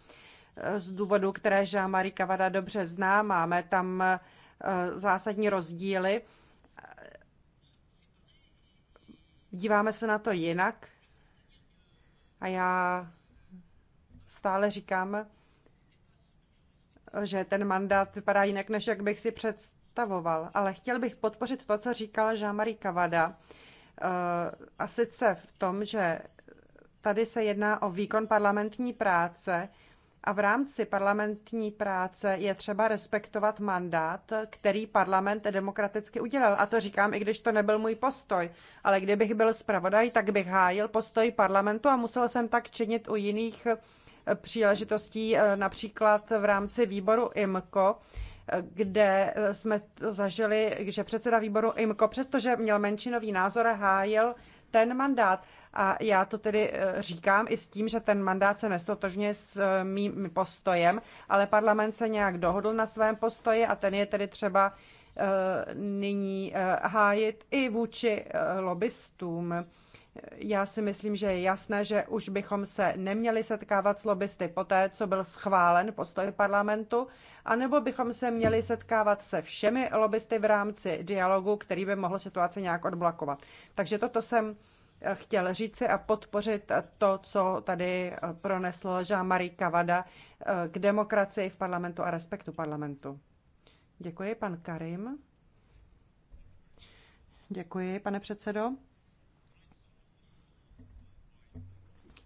z důvodu, které Jean-Marie Cavada dobře zná. Máme tam eh, zásadní rozdíly. Díváme se na to jinak a já stále říkám, že ten mandát vypadá jinak, než jak bych si představoval. Ale chtěl bych podpořit to, co říkala Jean-Marie Cavada, Eh, a sice v tom, že tady se jedná o výkon parlamentní práce a v rámci parlamentní práce je třeba respektovat mandát, který parlament demokraticky udělal. A to říkám, i když to nebyl můj postoj. Ale kdybych byl zpravodaj, tak bych hájil postoj parlamentu a musel jsem tak činit u jiných příležitostí, eh, například v rámci výboru IMCO, kde eh, jsme to zažili, že předseda výboru IMKO, přestože měl menšinový názor, hájil ten mandát. A já to tedy eh, říkám i s tím, že ten mandát se nestotožňuje s eh, mým postojem, ale parlament se nějak dohodl na svém postoji a ten je tedy třeba nyní hájit i vůči lobbystům. Já si myslím, že je jasné, že už bychom se neměli setkávat s lobbysty poté, co byl schválen postoj parlamentu, anebo bychom se měli setkávat se všemi lobbysty v rámci dialogu, který by mohl situaci nějak odblokovat. Takže toto jsem eh, chtěl říci a podpořit eh, to, co tady eh, pronesl Jean-Marie Kavada k demokracii v parlamentu a respektu parlamentu. Děkuji, pan Karim. Děkuji, pane předsedo.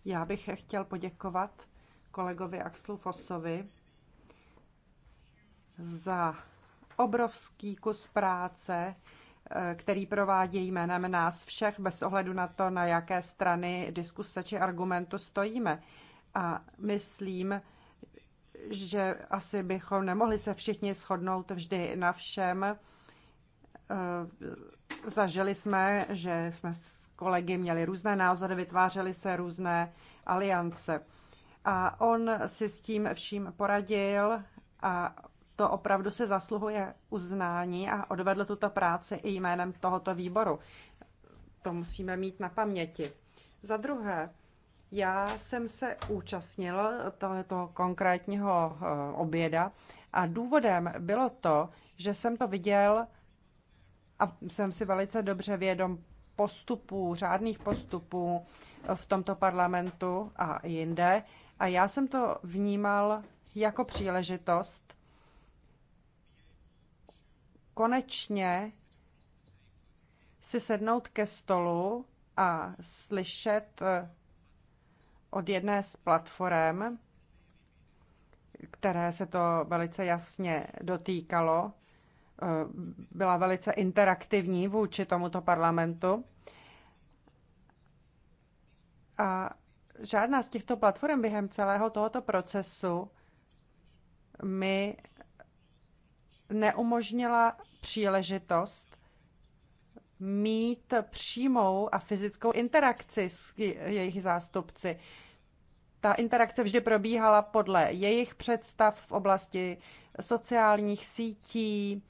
Já bych chtěl poděkovat kolegovi Axlu Fosovi za obrovský kus práce, eh, který provádějí jménem nás všech, bez ohledu na to, na jaké strany diskuse či argumentu stojíme. A myslím, že asi bychom nemohli se všichni shodnout vždy na všem. Eh, zažili jsme, že jsme kolegy měli různé názory, vytvářely se různé aliance. A on si s tím vším poradil a to opravdu se zasluhuje uznání a odvedl tuto práci i jménem tohoto výboru. To musíme mít na paměti. Za druhé, já jsem se účastnil tohoto konkrétního eh, oběda a důvodem bylo to, že jsem to viděl a jsem si velice dobře vědom postupů, řádných postupů v tomto parlamentu a jinde. A já jsem to vnímal jako příležitost konečně si sednout ke stolu a slyšet eh, od jedné z platform, které se to velice jasně dotýkalo, Eh, byla velice interaktivní vůči tomuto parlamentu. A žádná z těchto platform během celého tohoto procesu mi neumožnila příležitost mít přímou a fyzickou interakci s jejich zástupci. Ta interakce vždy probíhala podle jejich představ v oblasti sociálních sítí,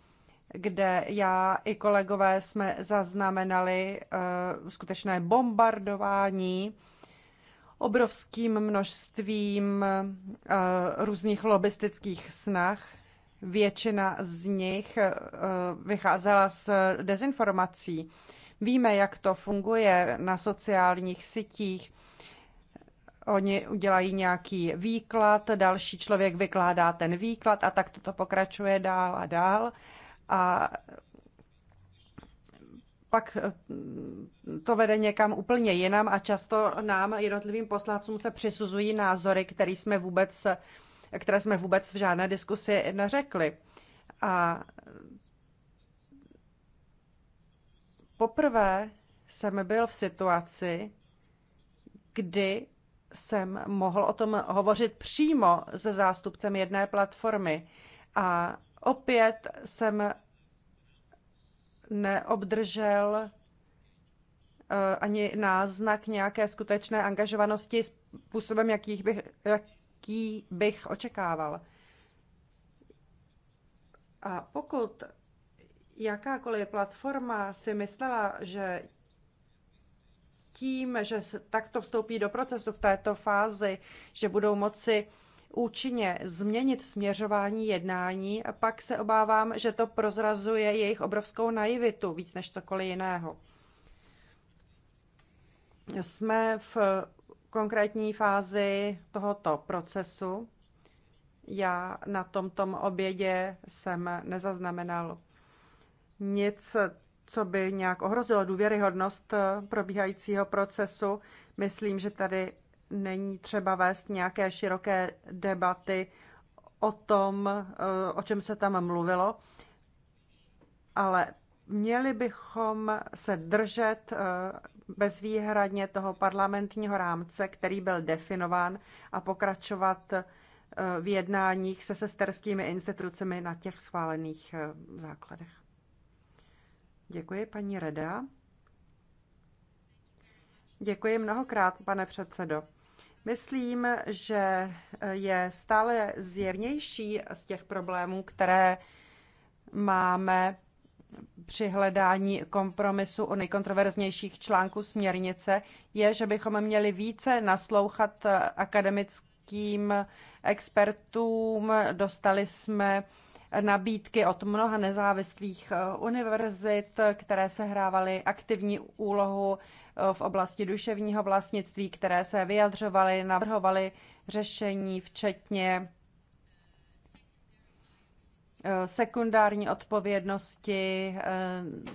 kde já i kolegové jsme zaznamenali eh, skutečné bombardování obrovským množstvím eh, různých lobistických snah. Většina z nich eh, vycházela z dezinformací. Víme, jak to funguje na sociálních sítích. Oni udělají nějaký výklad, další člověk vykládá ten výklad a tak to pokračuje dál a dál a pak eh, to vede někam úplně jinam a často nám, jednotlivým poslancům, se přisuzují názory, které jsme vůbec, které jsme vůbec v žádné diskusi neřekli. A poprvé jsem byl v situaci, kdy jsem mohl o tom hovořit přímo se zástupcem jedné platformy. A Opět jsem neobdržel eh, ani náznak nějaké skutečné angažovanosti způsobem, jakých bych, jaký bych očekával. A pokud jakákoliv platforma si myslela, že tím, že takto vstoupí do procesu v této fázi, že budou moci účinně změnit směřování jednání, pak se obávám, že to prozrazuje jejich obrovskou naivitu víc než cokoliv jiného. Jsme v konkrétní fázi tohoto procesu. Já na tomto obědě jsem nezaznamenal nic, co by nějak ohrozilo důvěryhodnost probíhajícího procesu. Myslím, že tady není třeba vést nějaké široké debaty o tom, eh, o čem se tam mluvilo, ale měli bychom se držet eh, bezvýhradně toho parlamentního rámce, který byl definován a pokračovat eh, v jednáních se sesterskými institucemi na těch schválených základech. Děkuji, paní Reda. Děkuji mnohokrát, pane předsedo. Myslím, že eh, je stále zjevnější z těch problémů, které máme při hledání kompromisu o nejkontroverznějších článků směrnice, je, že bychom měli více naslouchat eh, akademickým expertům. Dostali jsme nabídky od mnoha nezávislých eh, univerzit, které se hrávaly aktivní úlohu eh, v oblasti duševního vlastnictví, které se vyjadřovaly, navrhovaly řešení, včetně eh, sekundární odpovědnosti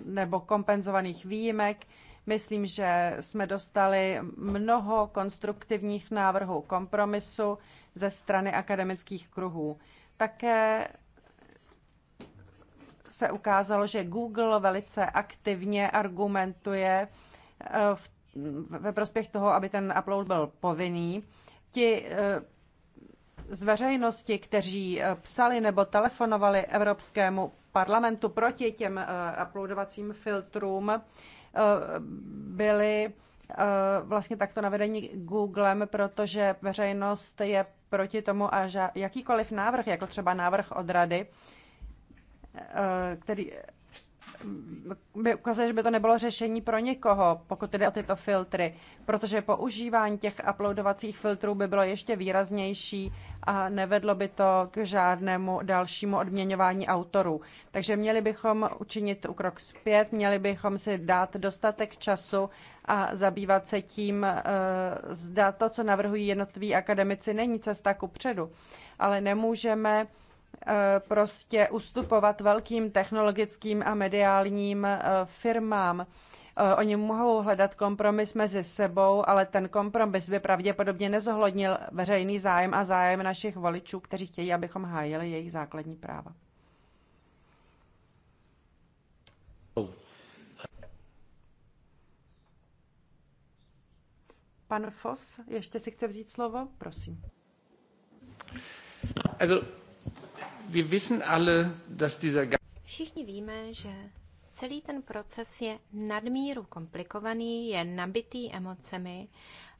nebo kompenzovaných výjimek. Myslím, že jsme dostali mnoho konstruktivních návrhů kompromisu ze strany akademických kruhů. Také se ukázalo, že Google velice aktivně argumentuje eh, v, ve prospěch toho, aby ten upload byl povinný. Ti eh, z veřejnosti, kteří eh, psali nebo telefonovali Evropskému parlamentu proti těm uploadovacím filtrům, byli vlastně takto navedení Googlem, protože veřejnost je proti tomu a jakýkoliv návrh, jako třeba návrh od rady, Eh, který eh, by ukazuje, že by to nebylo řešení pro někoho, pokud jde o tyto filtry, protože používání těch uploadovacích filtrů by bylo ještě výraznější a nevedlo by to k žádnému dalšímu odměňování autorů. Takže měli bychom učinit krok zpět, měli bychom si dát dostatek času a zabývat se tím, eh, zda to, co navrhují jednotliví akademici, není cesta ku předu. Ale nemůžeme Eh, prostě ustupovat velkým technologickým a mediálním eh, firmám. Eh, oni mohou hledat kompromis mezi sebou, ale ten kompromis by pravděpodobně nezohlednil veřejný zájem a zájem našich voličů, kteří chtějí, abychom hájili jejich základní práva. Pan Fos ještě si chce vzít slovo? Prosím. Also, Všichni víme, že celý ten proces je nadmíru komplikovaný, je nabitý emocemi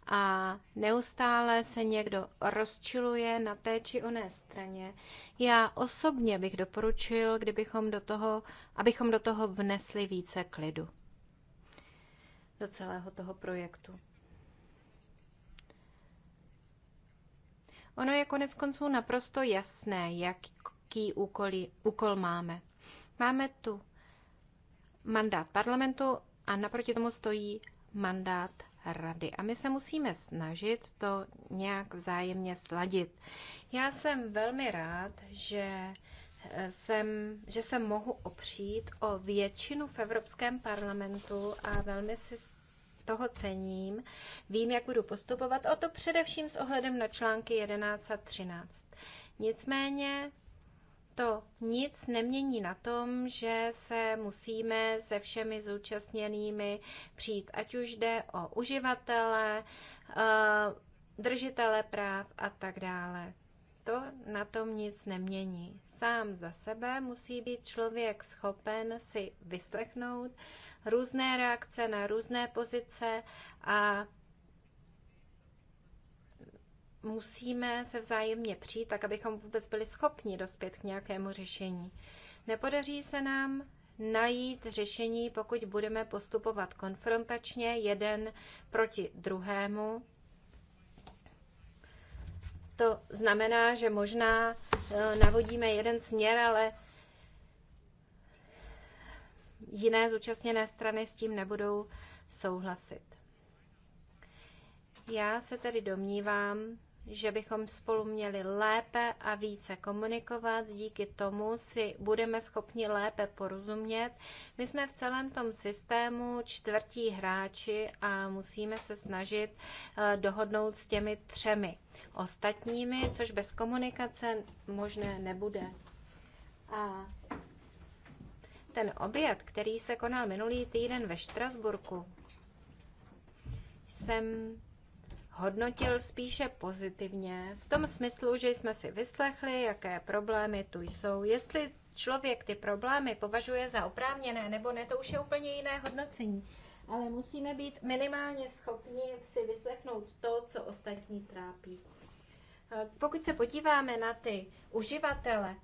a neustále se někdo rozčiluje na té či oné straně. Já osobně bych doporučil, kdybychom do toho, abychom do toho vnesli více klidu do celého toho projektu. Ono je konec konců naprosto jasné, jak jaký úkol, úkol máme. Máme tu mandát parlamentu a naproti tomu stojí mandát rady. A my se musíme snažit to nějak vzájemně sladit. Já jsem velmi rád, že eh, jsem, že se mohu opřít o většinu v Evropském parlamentu a velmi si toho cením. Vím, jak budu postupovat, o to především s ohledem na články 11 a 13. Nicméně to nic nemění na tom, že se musíme se všemi zúčastněnými přijít, ať už jde o uživatele, eh, držitele práv a tak dále. To na tom nic nemění. Sám za sebe musí být člověk schopen si vyslechnout různé reakce na různé pozice a musíme se vzájemně přijít, tak abychom vůbec byli schopni dospět k nějakému řešení. Nepodaří se nám najít řešení, pokud budeme postupovat konfrontačně jeden proti druhému. To znamená, že možná e, navodíme jeden směr, ale jiné zúčastněné strany s tím nebudou souhlasit. Já se tedy domnívám, že bychom spolu měli lépe a více komunikovat, díky tomu si budeme schopni lépe porozumět. My jsme v celém tom systému čtvrtí hráči a musíme se snažit eh, dohodnout s těmi třemi ostatními, což bez komunikace možné nebude. A ten oběd, který se konal minulý týden ve Štrasburku, jsem hodnotil spíše pozitivně, v tom smyslu, že jsme si vyslechli, jaké problémy tu jsou, jestli člověk ty problémy považuje za oprávněné nebo ne, to už je úplně jiné hodnocení. Ale musíme být minimálně schopni si vyslechnout to, co ostatní trápí. Eh, pokud se podíváme na ty uživatele,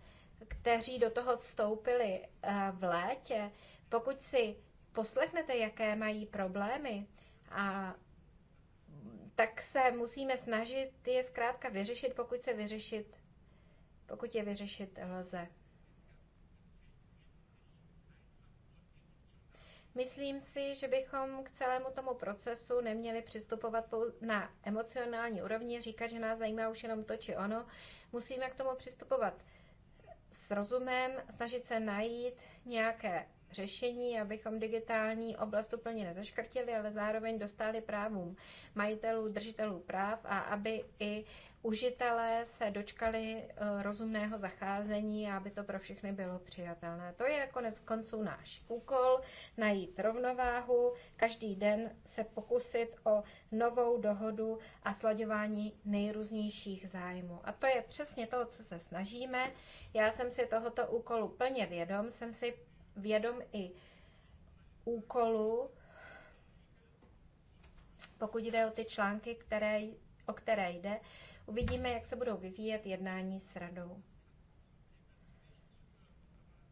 kteří do toho vstoupili eh, v létě, pokud si poslechnete, jaké mají problémy a tak se musíme snažit je zkrátka vyřešit, pokud se vyřešit, pokud je vyřešit lze. Myslím si, že bychom k celému tomu procesu neměli přistupovat na emocionální úrovni, říkat, že nás zajímá už jenom to či ono. Musíme k tomu přistupovat s rozumem, snažit se najít nějaké řešení, abychom digitální oblast úplně nezaškrtili, ale zároveň dostali právům majitelů, držitelů práv a aby i užitelé se dočkali eh, rozumného zacházení a aby to pro všechny bylo přijatelné. To je konec konců náš úkol, najít rovnováhu, každý den se pokusit o novou dohodu a slaďování nejrůznějších zájmů. A to je přesně to, co se snažíme. Já jsem si tohoto úkolu plně vědom, jsem si vědom i úkolu, pokud jde o ty články, které, o které jde. Uvidíme, jak se budou vyvíjet jednání s radou.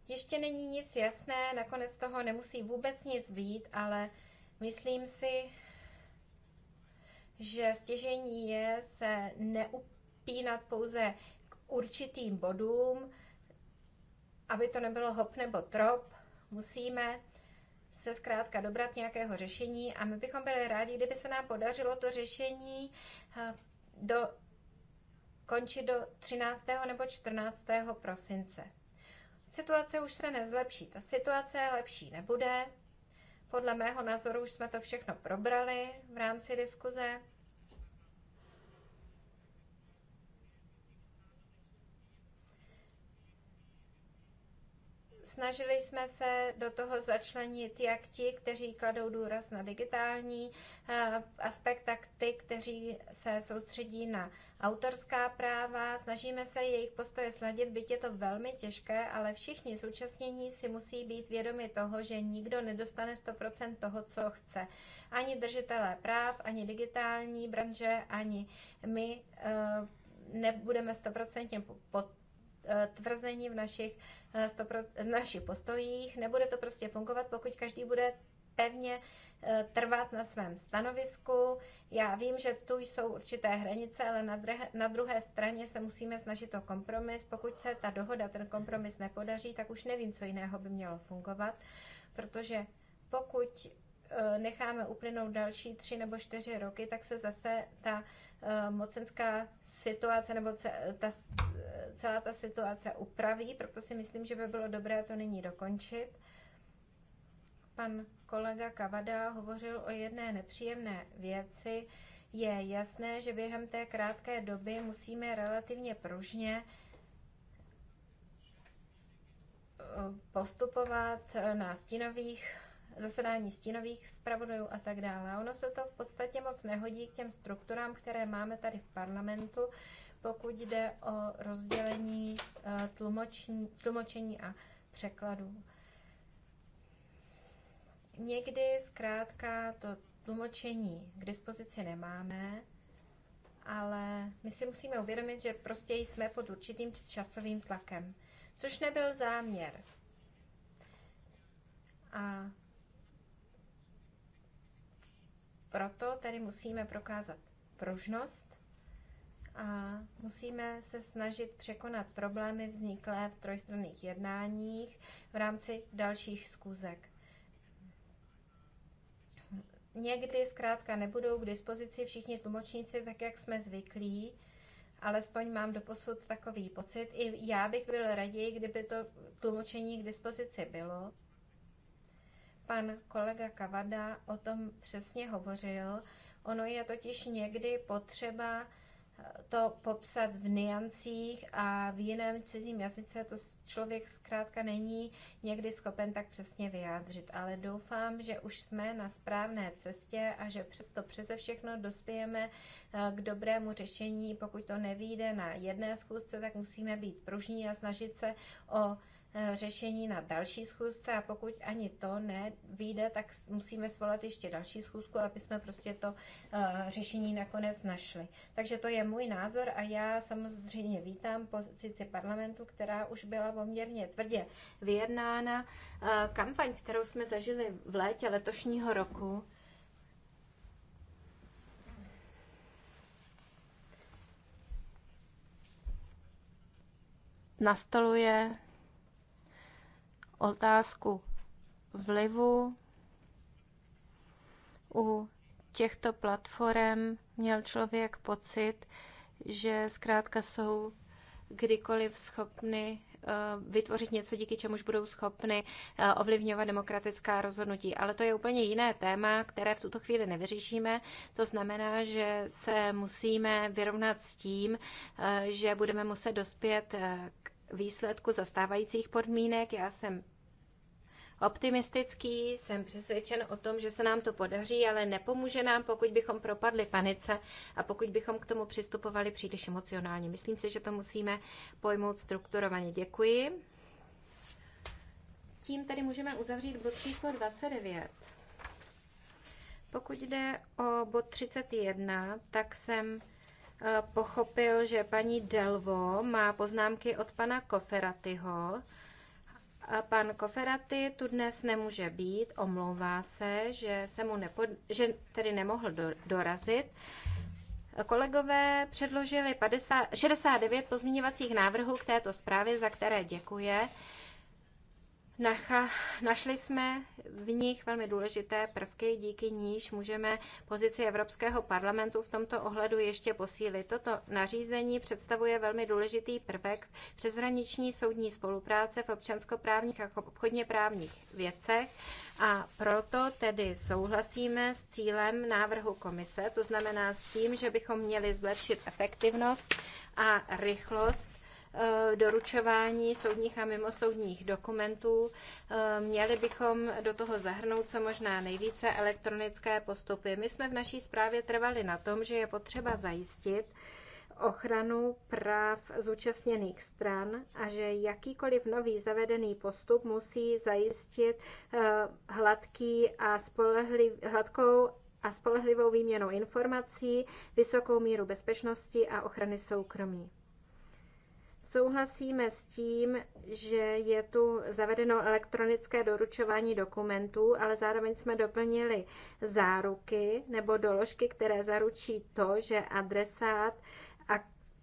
Ještě není nic jasné, nakonec toho nemusí vůbec nic být, ale myslím si, že stěžení je se neupínat pouze k určitým bodům, aby to nebylo hop nebo trop, Musíme se zkrátka dobrat nějakého řešení a my bychom byli rádi, kdyby se nám podařilo to řešení eh, do, končit do 13. nebo 14. prosince. Situace už se nezlepší, ta situace lepší nebude. Podle mého názoru už jsme to všechno probrali v rámci diskuze. Snažili jsme se do toho začlenit jak ti, kteří kladou důraz na digitální eh, aspekt, tak ty, kteří se soustředí na autorská práva. Snažíme se jejich postoje sladit, byť je to velmi těžké, ale všichni zúčastnění si musí být vědomi toho, že nikdo nedostane 100% toho, co chce. Ani držitelé práv, ani digitální branže, ani my eh, nebudeme stoprocentně podporovat Eh, tvrzení v našich, eh, v našich postojích. Nebude to prostě fungovat, pokud každý bude pevně eh, trvat na svém stanovisku. Já vím, že tu jsou určité hranice, ale na druhé, na druhé straně se musíme snažit o kompromis. Pokud se ta dohoda, ten kompromis nepodaří, tak už nevím, co jiného by mělo fungovat, protože pokud Eh, necháme uplynout další tři nebo čtyři roky, tak se zase ta eh, mocenská situace nebo ta, celá ta situace upraví, proto si myslím, že by bylo dobré to nyní dokončit. Pan kolega Kavada hovořil o jedné nepříjemné věci. Je jasné, že během té krátké doby musíme relativně pružně eh, postupovat na stínových zasedání stínových zpravodajů a tak dále. Ono se to v podstatě moc nehodí k těm strukturám, které máme tady v parlamentu, pokud jde o rozdělení eh, tlumočení, tlumočení a překladů. Někdy zkrátka to tlumočení k dispozici nemáme, ale my si musíme uvědomit, že prostě jsme pod určitým časovým tlakem, což nebyl záměr. A Proto tedy musíme prokázat pružnost a musíme se snažit překonat problémy vzniklé v trojstranných jednáních v rámci dalších zkůzek. Někdy zkrátka nebudou k dispozici všichni tlumočníci tak, jak jsme zvyklí, alespoň mám doposud takový pocit. I já bych byl raději, kdyby to tlumočení k dispozici bylo. Pan kolega Kavada o tom přesně hovořil. Ono je totiž někdy potřeba eh, to popsat v niancích a v jiném cizím jazyce to člověk zkrátka není někdy schopen tak přesně vyjádřit. Ale doufám, že už jsme na správné cestě a že přesto přeze všechno dospějeme eh, k dobrému řešení. Pokud to nevíde na jedné zkusce, tak musíme být pružní a snažit se o Eh, řešení na další schůzce a pokud ani to nevíde, tak musíme svolat ještě další schůzku, aby jsme prostě to eh, řešení nakonec našli. Takže to je můj názor a já samozřejmě vítám pozici parlamentu, která už byla poměrně tvrdě vyjednána. Eh, kampaň, kterou jsme zažili v létě letošního roku, nastoluje otázku vlivu u těchto platform měl člověk pocit, že zkrátka jsou kdykoliv schopny eh, vytvořit něco, díky čemuž budou schopny eh, ovlivňovat demokratická rozhodnutí. Ale to je úplně jiné téma, které v tuto chvíli nevyřešíme. To znamená, že se musíme vyrovnat s tím, eh, že budeme muset dospět k výsledku zastávajících podmínek. Já jsem optimistický, jsem přesvědčen o tom, že se nám to podaří, ale nepomůže nám, pokud bychom propadli panice a pokud bychom k tomu přistupovali příliš emocionálně. Myslím si, že to musíme pojmout strukturovaně. Děkuji. Tím tedy můžeme uzavřít bod číslo 29. Pokud jde o bod 31, tak jsem Eh, pochopil, že paní Delvo má poznámky od pana Koferatyho. A pan Koferaty tu dnes nemůže být, omlouvá se, že, se mu nepo, že tedy nemohl do, dorazit. Kolegové předložili 50, 69 pozměňovacích návrhů k této zprávě, za které děkuje. Nacha, našli jsme v nich velmi důležité prvky, díky níž můžeme pozici Evropského parlamentu v tomto ohledu ještě posílit. Toto nařízení představuje velmi důležitý prvek přeshraniční soudní spolupráce v občanskoprávních a obchodně právních věcech a proto tedy souhlasíme s cílem návrhu komise, to znamená s tím, že bychom měli zlepšit efektivnost a rychlost Eh, doručování soudních a mimosoudních dokumentů. Eh, měli bychom do toho zahrnout co možná nejvíce elektronické postupy. My jsme v naší zprávě trvali na tom, že je potřeba zajistit, ochranu práv zúčastněných stran a že jakýkoliv nový zavedený postup musí zajistit eh, hladký a spolehlivý, hladkou a spolehlivou výměnu informací, vysokou míru bezpečnosti a ochrany soukromí. Souhlasíme s tím, že je tu zavedeno elektronické doručování dokumentů, ale zároveň jsme doplnili záruky nebo doložky, které zaručí to, že adresát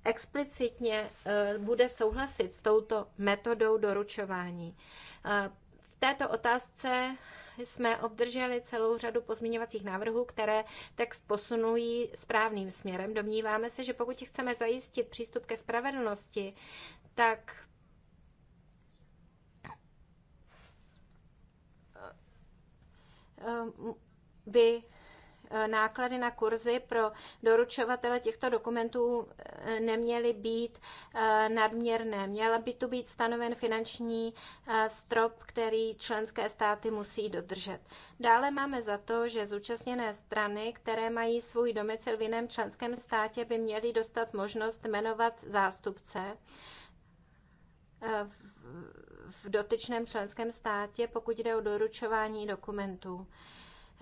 explicitně e, bude souhlasit s touto metodou doručování. E, v této otázce jsme obdrželi celou řadu pozměňovacích návrhů, které text posunují správným směrem. Domníváme se, že pokud chceme zajistit přístup ke spravedlnosti, tak eh, by Eh, náklady na kurzy pro doručovatele těchto dokumentů eh, neměly být eh, nadměrné. Měla by tu být stanoven finanční strop, který členské státy musí dodržet. Dále máme za to, že zúčastněné strany, které mají svůj domicil v jiném členském státě, by měly dostat možnost jmenovat zástupce v dotyčném členském státě, pokud jde o doručování dokumentů.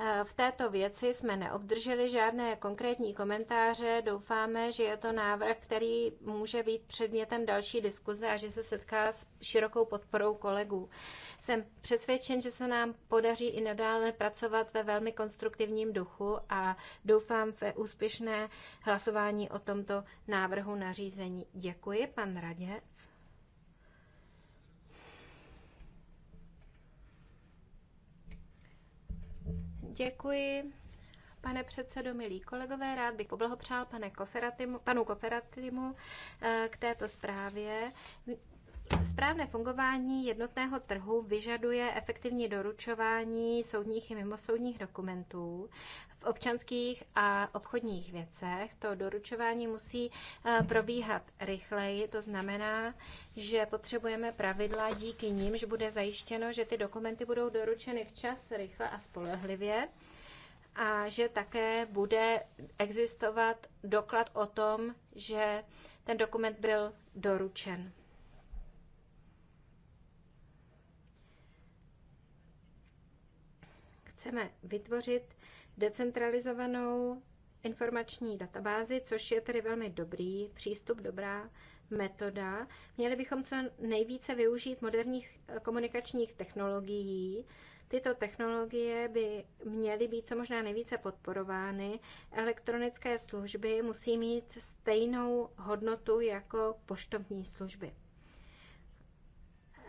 Eh, v této věci jsme neobdrželi žádné konkrétní komentáře. Doufáme, že je to návrh, který může být předmětem další diskuze a že se setká s širokou podporou kolegů. Jsem přesvědčen, že se nám podaří i nadále pracovat ve velmi konstruktivním duchu a doufám ve úspěšné hlasování o tomto návrhu nařízení. Děkuji, pan radě. Děkuji. Pane předsedo, milí kolegové, rád bych poblahopřál pane Koferatimu, panu Koferatimu eh, k této zprávě. Správné fungování jednotného trhu vyžaduje efektivní doručování soudních i mimosoudních dokumentů v občanských a obchodních věcech. To doručování musí eh, probíhat rychleji, to znamená, že potřebujeme pravidla, díky nimž bude zajištěno, že ty dokumenty budou doručeny včas, rychle a spolehlivě a že také bude existovat doklad o tom, že ten dokument byl doručen. chceme vytvořit decentralizovanou informační databázi, což je tedy velmi dobrý přístup, dobrá metoda. Měli bychom co nejvíce využít moderních eh, komunikačních technologií. Tyto technologie by měly být co možná nejvíce podporovány. Elektronické služby musí mít stejnou hodnotu jako poštovní služby.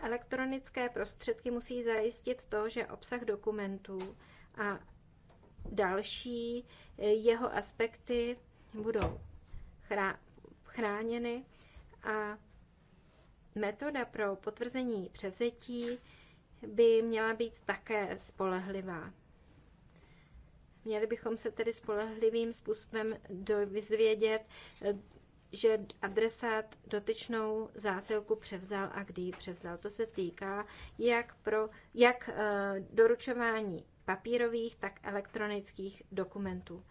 Elektronické prostředky musí zajistit to, že obsah dokumentů a další eh, jeho aspekty budou chráněny a metoda pro potvrzení převzetí by měla být také spolehlivá. Měli bychom se tedy spolehlivým způsobem dozvědět, eh, že adresát dotyčnou zásilku převzal a kdy ji převzal. To se týká jak, pro, jak eh, doručování papírových, tak elektronických dokumentů.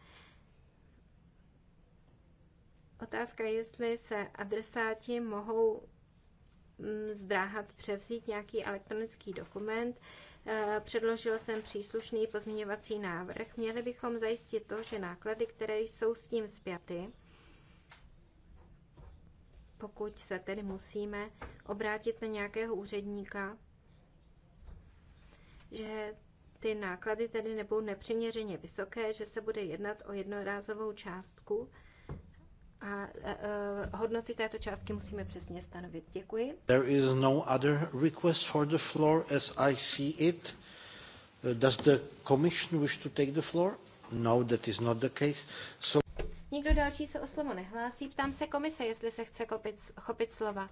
Otázka, jestli se adresáti mohou mm, zdráhat převzít nějaký elektronický dokument. Eh, předložil jsem příslušný pozměňovací návrh. Měli bychom zajistit to, že náklady, které jsou s tím zpěty, pokud se tedy musíme obrátit na nějakého úředníka, že ty náklady tedy nebudou nepřiměřeně vysoké, že se bude jednat o jednorázovou částku a uh, hodnoty této částky musíme přesně stanovit. Děkuji. There is no other request for the floor as I see it. Does the commission wish to take the floor? No, that is not the case. So Nikdo další se o slovo nehlásí. Ptám se komise, jestli se chce kopit, chopit slova.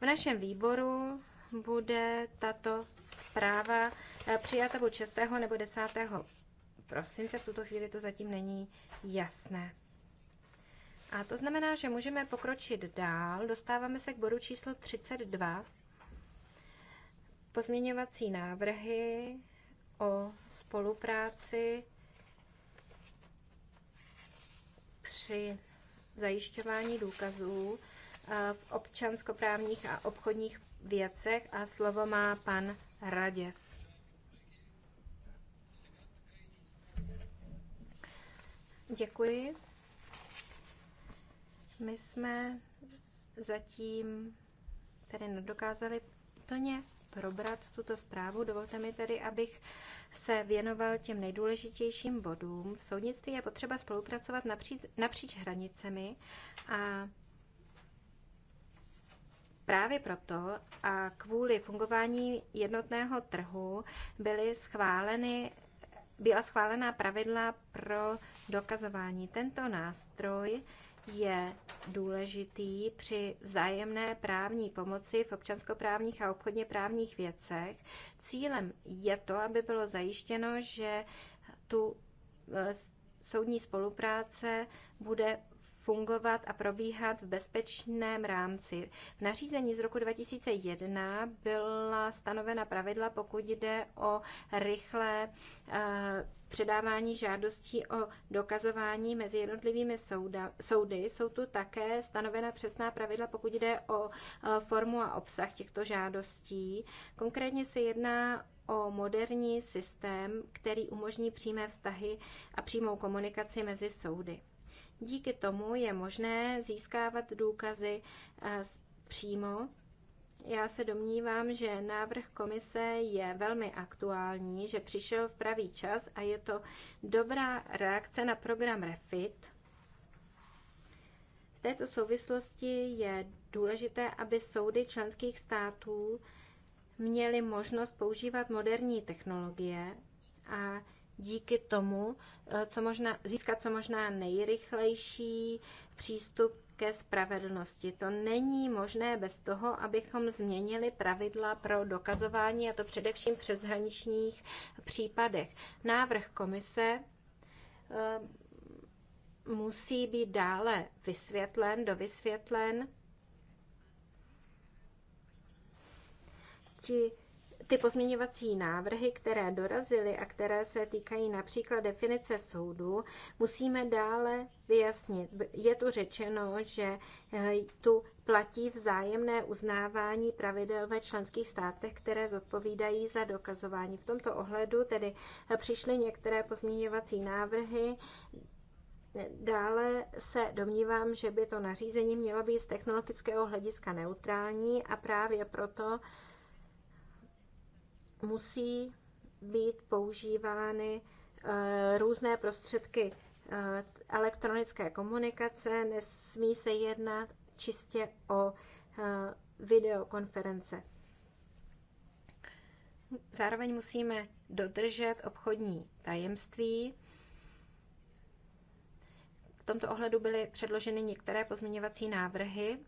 V našem výboru bude tato zpráva eh, přijata buď 6. nebo 10. prosince. V tuto chvíli to zatím není jasné. A to znamená, že můžeme pokročit dál. Dostáváme se k bodu číslo 32. Pozměňovací návrhy o spolupráci při zajišťování důkazů eh, v občanskoprávních a obchodních věcech a slovo má pan Raděv. Děkuji. My jsme zatím tedy nedokázali plně probrat tuto zprávu. Dovolte mi tedy, abych se věnoval těm nejdůležitějším bodům. V soudnictví je potřeba spolupracovat napříč, napříč hranicemi a Právě proto a kvůli fungování jednotného trhu byly schváleny, byla schválená pravidla pro dokazování. Tento nástroj je důležitý při vzájemné právní pomoci v občanskoprávních a obchodně právních věcech. Cílem je to, aby bylo zajištěno, že tu e, soudní spolupráce bude fungovat a probíhat v bezpečném rámci. V nařízení z roku 2001 byla stanovena pravidla, pokud jde o rychlé e, předávání žádostí o dokazování mezi jednotlivými souda, soudy. Jsou tu také stanovena přesná pravidla, pokud jde o e, formu a obsah těchto žádostí. Konkrétně se jedná o moderní systém, který umožní přímé vztahy a přímou komunikaci mezi soudy. Díky tomu je možné získávat důkazy e, přímo já se domnívám, že návrh komise je velmi aktuální, že přišel v pravý čas a je to dobrá reakce na program REFIT. V této souvislosti je důležité, aby soudy členských států měly možnost používat moderní technologie a díky tomu eh, co možná, získat co možná nejrychlejší přístup ke spravedlnosti. To není možné bez toho, abychom změnili pravidla pro dokazování, a to především v přeshraničních případech. Návrh komise eh, musí být dále vysvětlen, dovysvětlen. Ti ty pozměňovací návrhy, které dorazily a které se týkají například definice soudu, musíme dále vyjasnit. Je tu řečeno, že eh, tu platí vzájemné uznávání pravidel ve členských státech, které zodpovídají za dokazování. V tomto ohledu tedy eh, přišly některé pozměňovací návrhy, Dále se domnívám, že by to nařízení mělo být z technologického hlediska neutrální a právě proto musí být používány eh, různé prostředky eh, elektronické komunikace, nesmí se jednat čistě o eh, videokonference. Zároveň musíme dodržet obchodní tajemství. V tomto ohledu byly předloženy některé pozměňovací návrhy.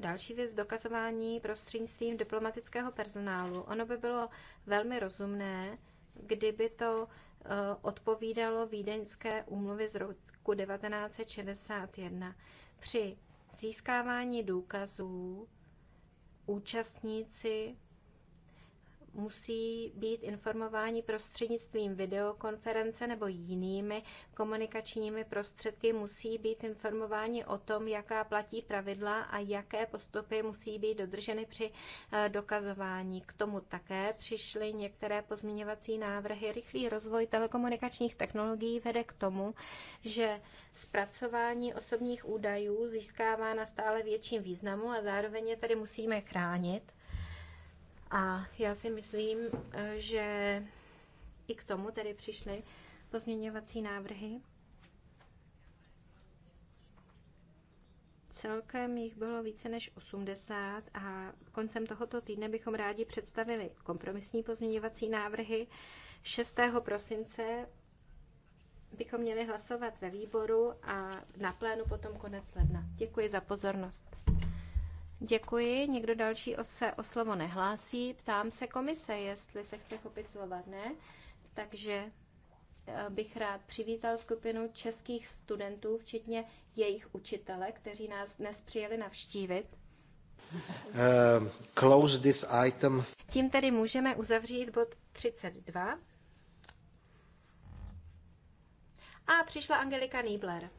další věc dokazování prostřednictvím diplomatického personálu. Ono by bylo velmi rozumné, kdyby to eh, odpovídalo Vídeňské úmluvě z roku 1961. Při získávání důkazů účastníci musí být informováni prostřednictvím videokonference nebo jinými komunikačními prostředky, musí být informováni o tom, jaká platí pravidla a jaké postupy musí být dodrženy při eh, dokazování. K tomu také přišly některé pozměňovací návrhy. Rychlý rozvoj telekomunikačních technologií vede k tomu, že zpracování osobních údajů získává na stále větším významu a zároveň je tady musíme chránit. A já si myslím, eh, že i k tomu tedy přišly pozměňovací návrhy. Celkem jich bylo více než 80 a koncem tohoto týdne bychom rádi představili kompromisní pozměňovací návrhy. 6. prosince bychom měli hlasovat ve výboru a na plénu potom konec ledna. Děkuji za pozornost. Děkuji. Někdo další se o slovo nehlásí. Ptám se komise, jestli se chce chopit slova. Ne. Takže eh, bych rád přivítal skupinu českých studentů, včetně jejich učitele, kteří nás dnes přijeli navštívit. Uh, close this item. Tím tedy můžeme uzavřít bod 32. A přišla Angelika Niebler.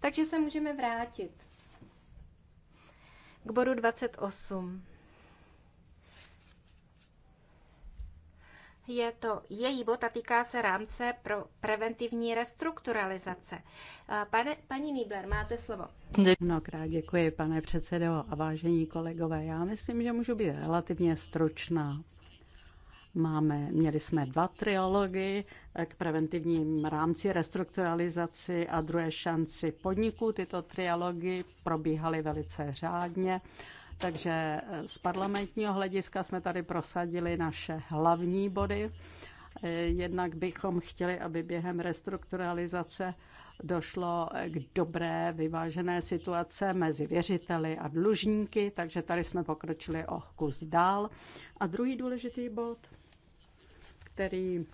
Takže se můžeme vrátit. K bodu 28. Je to její bod a týká se rámce pro preventivní restrukturalizace. Eh, pane, paní Nýbler, máte slovo. Mnohokrát děkuji, pane předsedo a vážení kolegové. Já myslím, že můžu být relativně stručná. Máme, měli jsme dva triology k preventivním rámci restrukturalizaci a druhé šanci podniků. Tyto triology probíhaly velice řádně. Takže eh, z parlamentního hlediska jsme tady prosadili naše hlavní body. Eh, jednak bychom chtěli, aby během restrukturalizace došlo eh, k dobré vyvážené situace mezi věřiteli a dlužníky, takže tady jsme pokročili o kus dál. A druhý důležitý bod který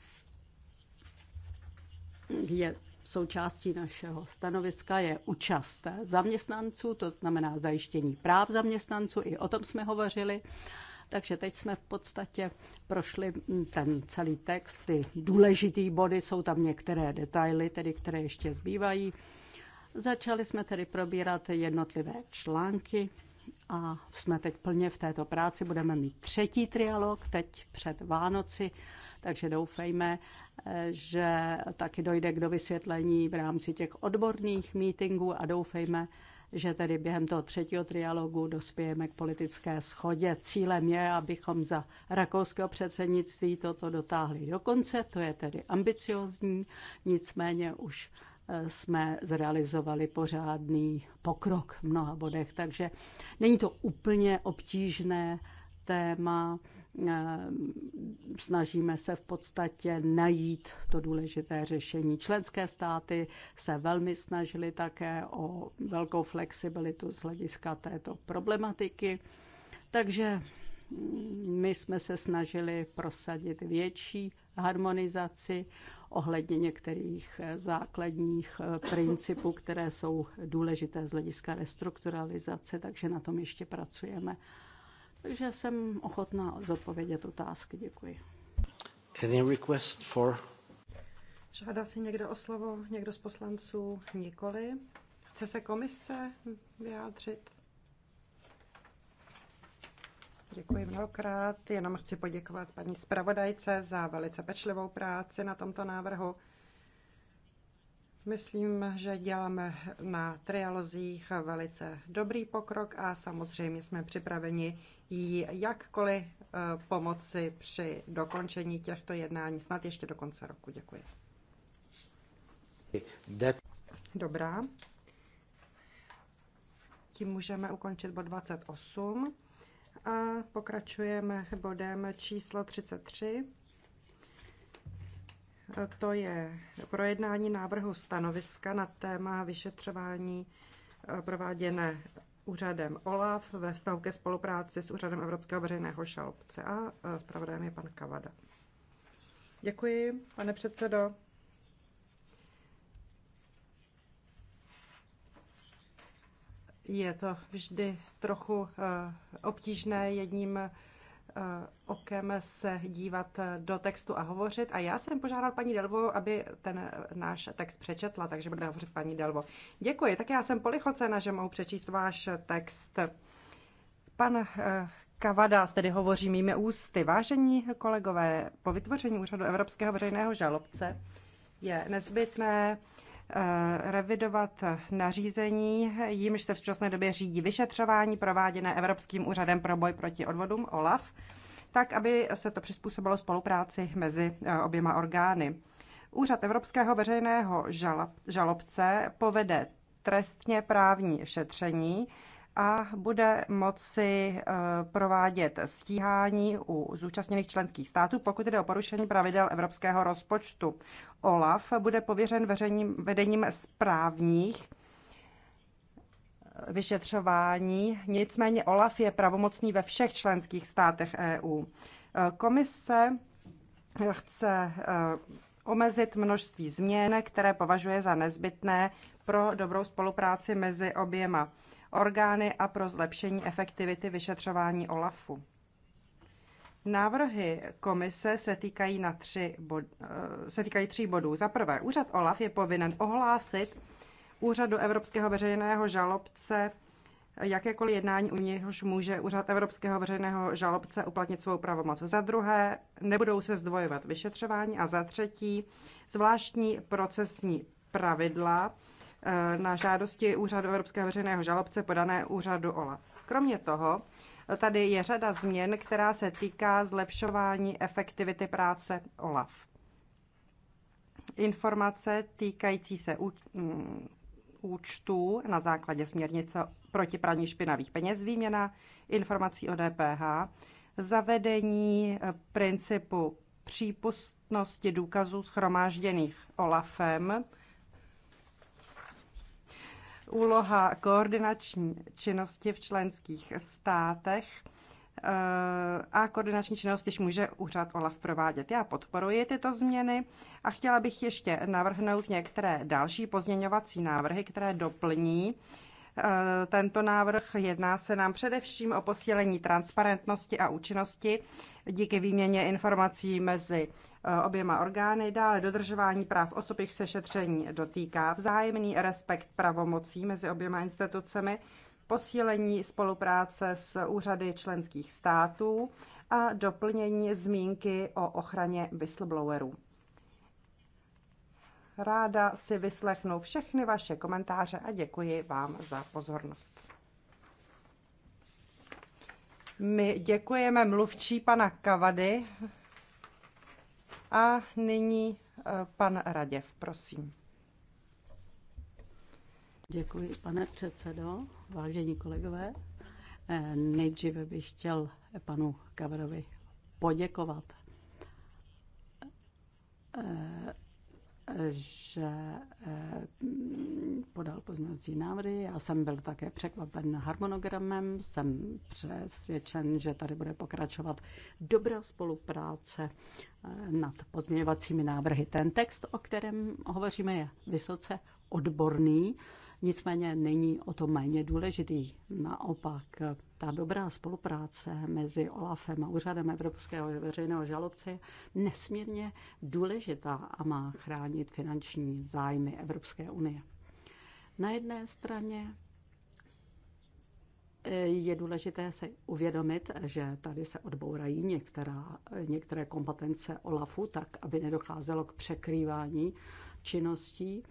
je součástí našeho stanoviska je účast zaměstnanců, to znamená zajištění práv zaměstnanců, i o tom jsme hovořili. Takže teď jsme v podstatě prošli ten celý text, ty důležitý body, jsou tam některé detaily, tedy které ještě zbývají. Začali jsme tedy probírat jednotlivé články a jsme teď plně v této práci. Budeme mít třetí trialog teď před Vánoci takže doufejme, eh, že taky dojde k dovysvětlení v rámci těch odborných mítingů a doufejme, že tedy během toho třetího trialogu dospějeme k politické schodě. Cílem je, abychom za rakouského předsednictví toto dotáhli do konce, to je tedy ambiciozní, nicméně už eh, jsme zrealizovali pořádný pokrok v mnoha bodech, takže není to úplně obtížné téma. Eh, snažíme se v podstatě najít to důležité řešení. Členské státy se velmi snažily také o velkou flexibilitu z hlediska této problematiky, takže my jsme se snažili prosadit větší harmonizaci ohledně některých eh, základních eh, principů, které jsou důležité z hlediska restrukturalizace, takže na tom ještě pracujeme. Takže jsem ochotná zodpovědět otázky. Děkuji. Any request for... Žádá si někdo o slovo? Někdo z poslanců? Nikoli. Chce se komise vyjádřit? Děkuji mnohokrát. Jenom chci poděkovat paní zpravodajce za velice pečlivou práci na tomto návrhu. Myslím, že děláme na trialozích velice dobrý pokrok a samozřejmě jsme připraveni jí jakkoliv eh, pomoci při dokončení těchto jednání, snad ještě do konce roku. Děkuji. Dobrá. Tím můžeme ukončit bod 28 a pokračujeme bodem číslo 33 to je projednání návrhu stanoviska na téma vyšetřování eh, prováděné úřadem OLAF ve vztahu ke spolupráci s úřadem Evropského veřejného šalobce a eh, zpravodajem je pan Kavada. Děkuji, pane předsedo. Je to vždy trochu eh, obtížné jedním Eh, okem se dívat eh, do textu a hovořit. A já jsem požádal paní Delvo, aby ten eh, náš text přečetla, takže bude hovořit paní Delvo. Děkuji, tak já jsem polichocena, že mohu přečíst váš text. Pan Kavada tedy hovoří mými ústy. Vážení kolegové, po vytvoření úřadu Evropského veřejného žalobce je nezbytné Eh, revidovat nařízení, jímž se v současné době řídí vyšetřování prováděné Evropským úřadem pro boj proti odvodům OLAF, tak aby se to přizpůsobilo spolupráci mezi eh, oběma orgány. Úřad Evropského veřejného žalobce povede trestně právní šetření, a bude moci eh, provádět stíhání u zúčastněných členských států, pokud jde o porušení pravidel evropského rozpočtu. OLAF bude pověřen veřejním, vedením správních eh, vyšetřování, nicméně OLAF je pravomocný ve všech členských státech EU. Eh, komise chce omezit množství změn, které považuje za nezbytné pro dobrou spolupráci mezi oběma orgány a pro zlepšení efektivity vyšetřování OLAFu. Návrhy komise se týkají, na tři bod, eh, se týkají tří bodů. Za prvé, úřad OLAF je povinen ohlásit úřadu Evropského veřejného žalobce jakékoliv jednání, u něhož může úřad Evropského veřejného žalobce uplatnit svou pravomoc. Za druhé, nebudou se zdvojovat vyšetřování. A za třetí, zvláštní procesní pravidla na žádosti Úřadu Evropského veřejného žalobce podané úřadu OLAF. Kromě toho, tady je řada změn, která se týká zlepšování efektivity práce OLAF. Informace týkající se mm, účtů na základě směrnice proti praní špinavých peněz, výměna informací o DPH, zavedení eh, principu přípustnosti důkazů schromážděných OLAFem, úloha koordinační činnosti v členských státech eh, a koordinační činnost, když může úřad OLAF provádět. Já podporuji tyto změny a chtěla bych ještě navrhnout některé další pozměňovací návrhy, které doplní Eh, tento návrh. Jedná se nám především o posílení transparentnosti a účinnosti díky výměně informací mezi eh, oběma orgány, dále dodržování práv osob, jejich se šetření dotýká, vzájemný respekt pravomocí mezi oběma institucemi, posílení spolupráce s úřady členských států a doplnění zmínky o ochraně whistleblowerů. Ráda si vyslechnu všechny vaše komentáře a děkuji vám za pozornost. My děkujeme mluvčí pana Kavady a nyní eh, pan Raděv, prosím. Děkuji, pane předsedo, vážení kolegové. Eh, nejdříve bych chtěl panu Kavrovi poděkovat eh, že eh, podal pozměňovací návrhy. Já jsem byl také překvapen harmonogramem. Jsem přesvědčen, že tady bude pokračovat dobrá spolupráce eh, nad pozměňovacími návrhy. Ten text, o kterém hovoříme, je vysoce odborný nicméně není o to méně důležitý. Naopak, ta dobrá spolupráce mezi OLAFem a Úřadem Evropského veřejného žalobce je nesmírně důležitá a má chránit finanční zájmy Evropské unie. Na jedné straně eh, je důležité se uvědomit, že tady se odbourají některá, některé kompetence OLAFu, tak aby nedocházelo k překrývání činností.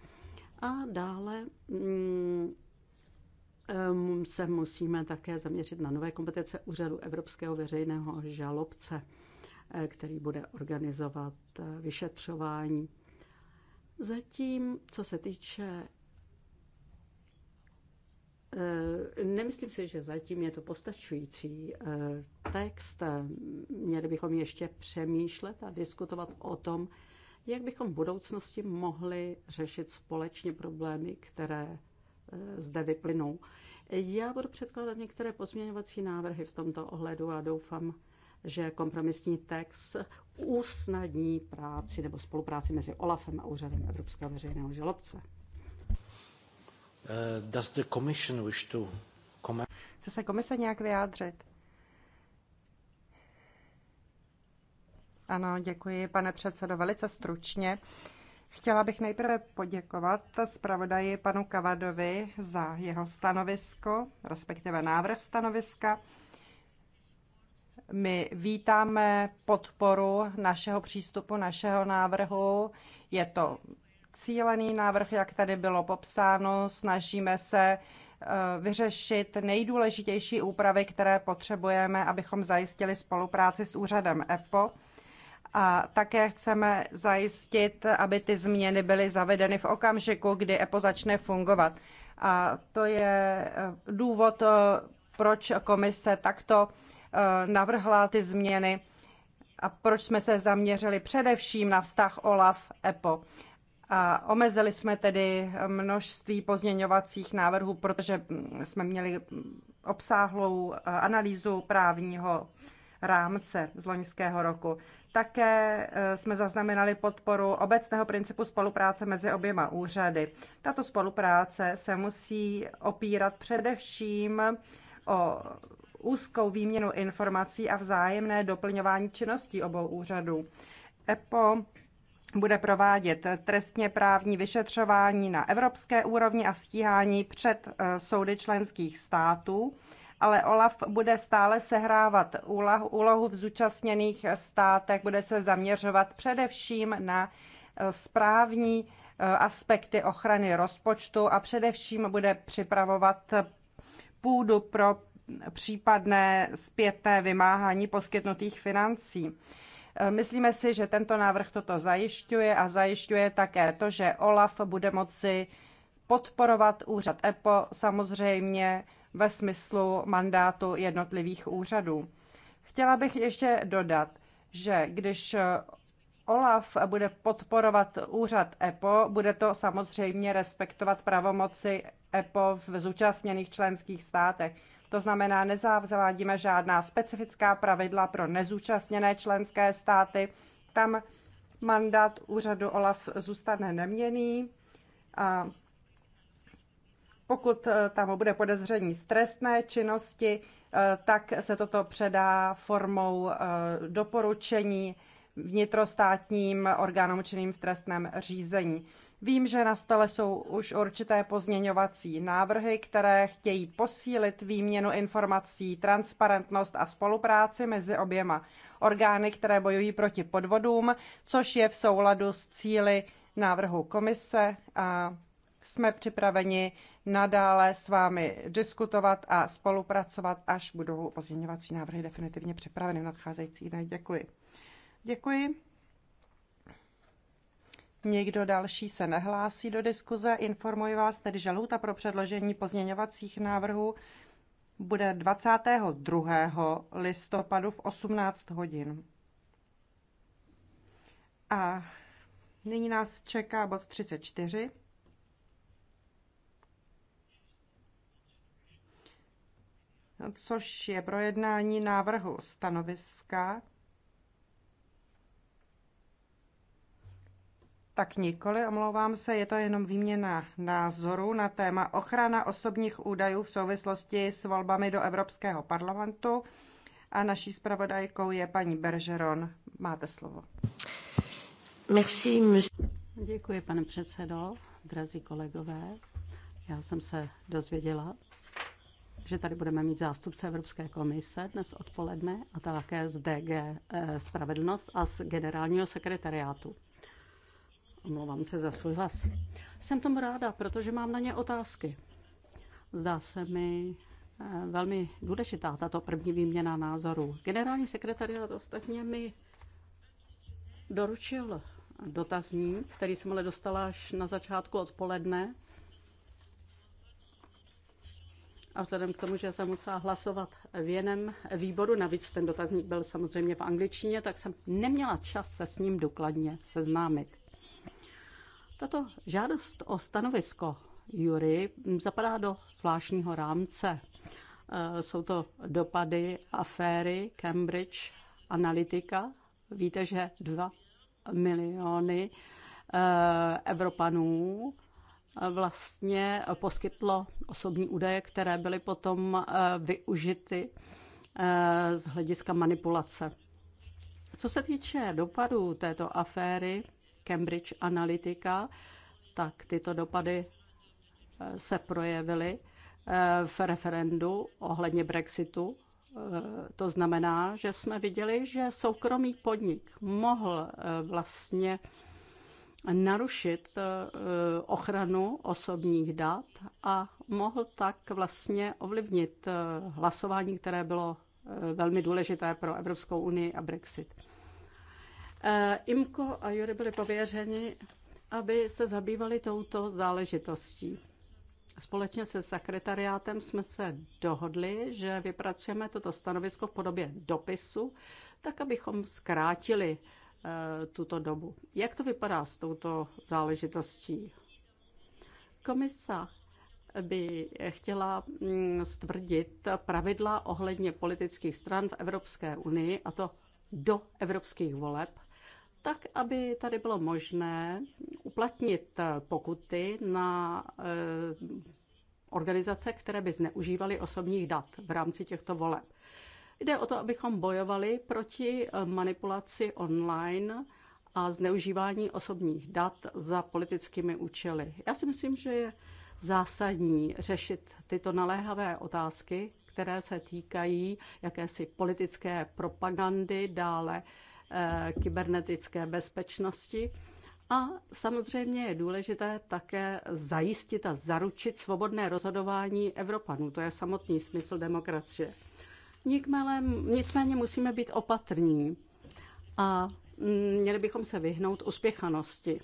A dále mm, eh, se musíme také zaměřit na nové kompetence úřadu Evropského veřejného žalobce, eh, který bude organizovat eh, vyšetřování. Zatím, co se týče Nemyslím si, že zatím je to postačující text. Měli bychom ještě přemýšlet a diskutovat o tom, jak bychom v budoucnosti mohli řešit společně problémy, které e, zde vyplynou. Já budu předkládat některé pozměňovací návrhy v tomto ohledu a doufám, že kompromisní text usnadní práci nebo spolupráci mezi OLAFem a Úřadem Evropského veřejného žalobce. Uh, does the commission wish to comment? Chce se komise nějak vyjádřit? Ano, děkuji, pane předsedo, velice stručně. Chtěla bych nejprve poděkovat zpravodaji panu Kavadovi za jeho stanovisko, respektive návrh stanoviska. My vítáme podporu našeho přístupu, našeho návrhu. Je to cílený návrh, jak tady bylo popsáno. Snažíme se eh, vyřešit nejdůležitější úpravy, které potřebujeme, abychom zajistili spolupráci s úřadem EPO a také chceme zajistit, aby ty změny byly zavedeny v okamžiku, kdy EPO začne fungovat. A to je eh, důvod, eh, proč komise takto eh, navrhla ty změny a proč jsme se zaměřili především na vztah OLAF-EPO. A omezili jsme tedy množství pozměňovacích návrhů, protože hm, jsme měli hm, obsáhlou analýzu právního rámce z loňského roku. Také eh, jsme zaznamenali podporu obecného principu spolupráce mezi oběma úřady. Tato spolupráce se musí opírat především o úzkou výměnu informací a vzájemné doplňování činností obou úřadů. EPO bude provádět trestně právní vyšetřování na evropské úrovni a stíhání před eh, soudy členských států ale OLAF bude stále sehrávat úlohu, úlohu v zúčastněných státech, bude se zaměřovat především na eh, správní eh, aspekty ochrany rozpočtu a především bude připravovat půdu pro případné zpětné vymáhání poskytnutých financí. Eh, myslíme si, že tento návrh toto zajišťuje a zajišťuje také to, že OLAF bude moci podporovat úřad EPO samozřejmě ve smyslu mandátu jednotlivých úřadů. Chtěla bych ještě dodat, že když OLAF bude podporovat úřad EPO, bude to samozřejmě respektovat pravomoci EPO v zúčastněných členských státech. To znamená, nezavádíme žádná specifická pravidla pro nezúčastněné členské státy. Tam mandát úřadu OLAF zůstane neměný a pokud eh, tam bude podezření z trestné činnosti, eh, tak se toto předá formou eh, doporučení vnitrostátním orgánům činným v trestném řízení. Vím, že na stole jsou už určité pozměňovací návrhy, které chtějí posílit výměnu informací, transparentnost a spolupráci mezi oběma orgány, které bojují proti podvodům, což je v souladu s cíly návrhu komise a jsme připraveni nadále s vámi diskutovat a spolupracovat, až budou pozměňovací návrhy definitivně připraveny v nadcházející dnech. Děkuji. Děkuji. Někdo další se nehlásí do diskuze. Informuji vás tedy, že lhůta pro předložení pozměňovacích návrhů bude 22. listopadu v 18 hodin. A nyní nás čeká bod 34. což je projednání návrhu stanoviska. Tak nikoli, omlouvám se, je to jenom výměna názoru na téma ochrana osobních údajů v souvislosti s volbami do Evropského parlamentu. A naší zpravodajkou je paní Bergeron. Máte slovo. Merci, Děkuji, pane předsedo, drazí kolegové. Já jsem se dozvěděla, že tady budeme mít zástupce Evropské komise dnes odpoledne a také z DG eh, Spravedlnost a z generálního sekretariátu. Omlouvám se za svůj hlas. Jsem tomu ráda, protože mám na ně otázky. Zdá se mi eh, velmi důležitá tato první výměna názorů. Generální sekretariát ostatně mi doručil dotazník, který jsem ale dostala až na začátku odpoledne a vzhledem k tomu, že jsem musela hlasovat v jiném výboru, navíc ten dotazník byl samozřejmě v angličtině, tak jsem neměla čas se s ním důkladně seznámit. Tato žádost o stanovisko Jury zapadá do zvláštního rámce. Eh, jsou to dopady aféry Cambridge Analytica. Víte, že 2 miliony eh, Evropanů vlastně poskytlo osobní údaje, které byly potom eh, využity eh, z hlediska manipulace. Co se týče dopadů této aféry Cambridge Analytica, tak tyto dopady eh, se projevily v referendu ohledně Brexitu. To znamená, že jsme viděli, že soukromý podnik mohl vlastně narušit eh, ochranu osobních dat a mohl tak vlastně ovlivnit eh, hlasování, které bylo eh, velmi důležité pro Evropskou unii a Brexit. Imko a Jury byli pověřeni, aby se zabývali touto záležitostí. Společně se sekretariátem jsme se dohodli, že vypracujeme toto stanovisko v podobě dopisu, tak abychom zkrátili Eh, tuto dobu. Jak to vypadá s touto záležitostí? Komisa by chtěla mm, stvrdit pravidla ohledně politických stran v Evropské unii, a to do evropských voleb, tak, aby tady bylo možné uplatnit eh, pokuty na eh, organizace, které by zneužívaly osobních dat v rámci těchto voleb. Jde o to, abychom bojovali proti eh, manipulaci online a zneužívání osobních dat za politickými účely. Já si myslím, že je zásadní řešit tyto naléhavé otázky, které se týkají jakési politické propagandy, dále e, kybernetické bezpečnosti. A samozřejmě je důležité také zajistit a zaručit svobodné rozhodování Evropanů. To je samotný smysl demokracie. Nicméně musíme být opatrní a měli bychom se vyhnout uspěchanosti.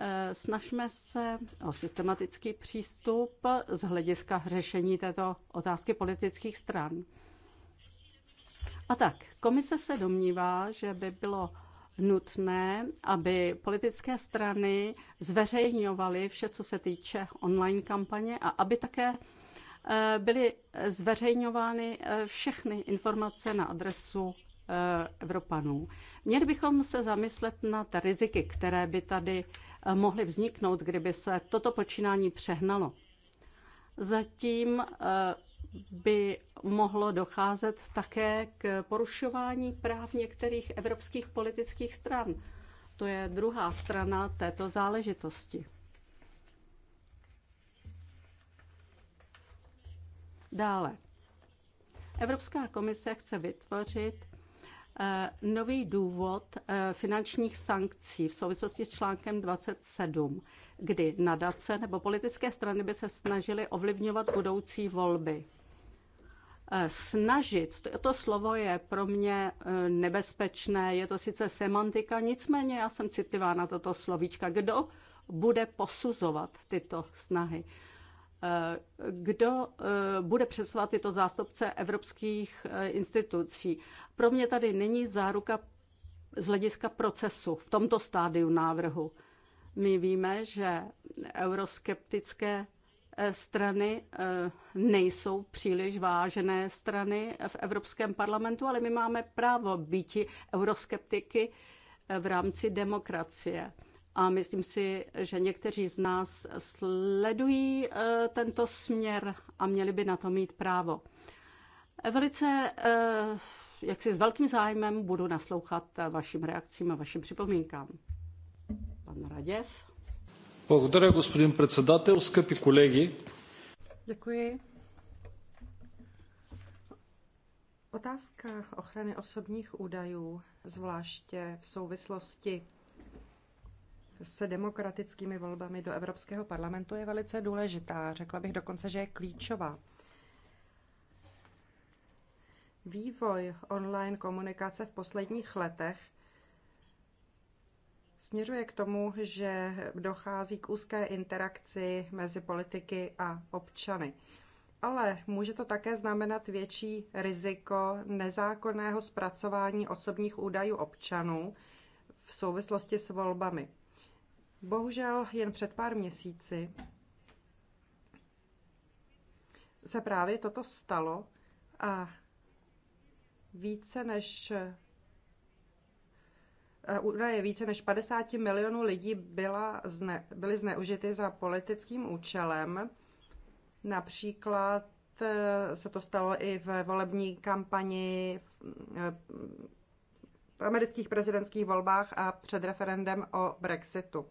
Eh, snažme se o systematický přístup z hlediska řešení této otázky politických stran. A tak, komise se domnívá, že by bylo nutné, aby politické strany zveřejňovaly vše, co se týče online kampaně a aby také Eh, byly zveřejňovány eh, všechny informace na adresu eh, Evropanů. Měli bychom se zamyslet nad riziky, které by tady mohly vzniknout, kdyby se toto počínání přehnalo. Zatím by mohlo docházet také k porušování práv některých evropských politických stran. To je druhá strana této záležitosti. Dále, Evropská komise chce vytvořit eh, nový důvod eh, finančních sankcí v souvislosti s článkem 27, kdy nadace nebo politické strany by se snažily ovlivňovat budoucí volby. Eh, snažit, to, to slovo je pro mě nebezpečné, je to sice semantika, nicméně já jsem citlivá na toto slovíčka. Kdo bude posuzovat tyto snahy? kdo eh, bude přesovat tyto zástupce evropských eh, institucí. Pro mě tady není záruka z hlediska procesu v tomto stádiu návrhu. My víme, že euroskeptické eh, strany nejsou příliš vážené strany v Evropském parlamentu, ale my máme právo býti euroskeptiky v rámci demokracie a myslím si, že někteří z nás sledují eh, tento směr a měli by na to mít právo. Velice eh, jak si s velkým zájmem budu naslouchat vašim reakcím a vašim připomínkám. Pan Raděv. Благодаря, господин председател, скъпи колеги. Děkuji. Otázka ochrany osobních údajů, zvláště v souvislosti s demokratickými volbami do Evropského parlamentu je velice důležitá. Řekla bych dokonce, že je klíčová. Vývoj online komunikace v posledních letech směřuje k tomu, že dochází k úzké interakci mezi politiky a občany. Ale může to také znamenat větší riziko nezákonného zpracování osobních údajů občanů v souvislosti s volbami. Bohužel jen před pár měsíci se právě toto stalo a více než eh, údaje více než 50 milionů lidí byla zne, byly zneužity za politickým účelem. Například eh, se to stalo i v volební kampani eh, v amerických prezidentských volbách a před referendem o Brexitu.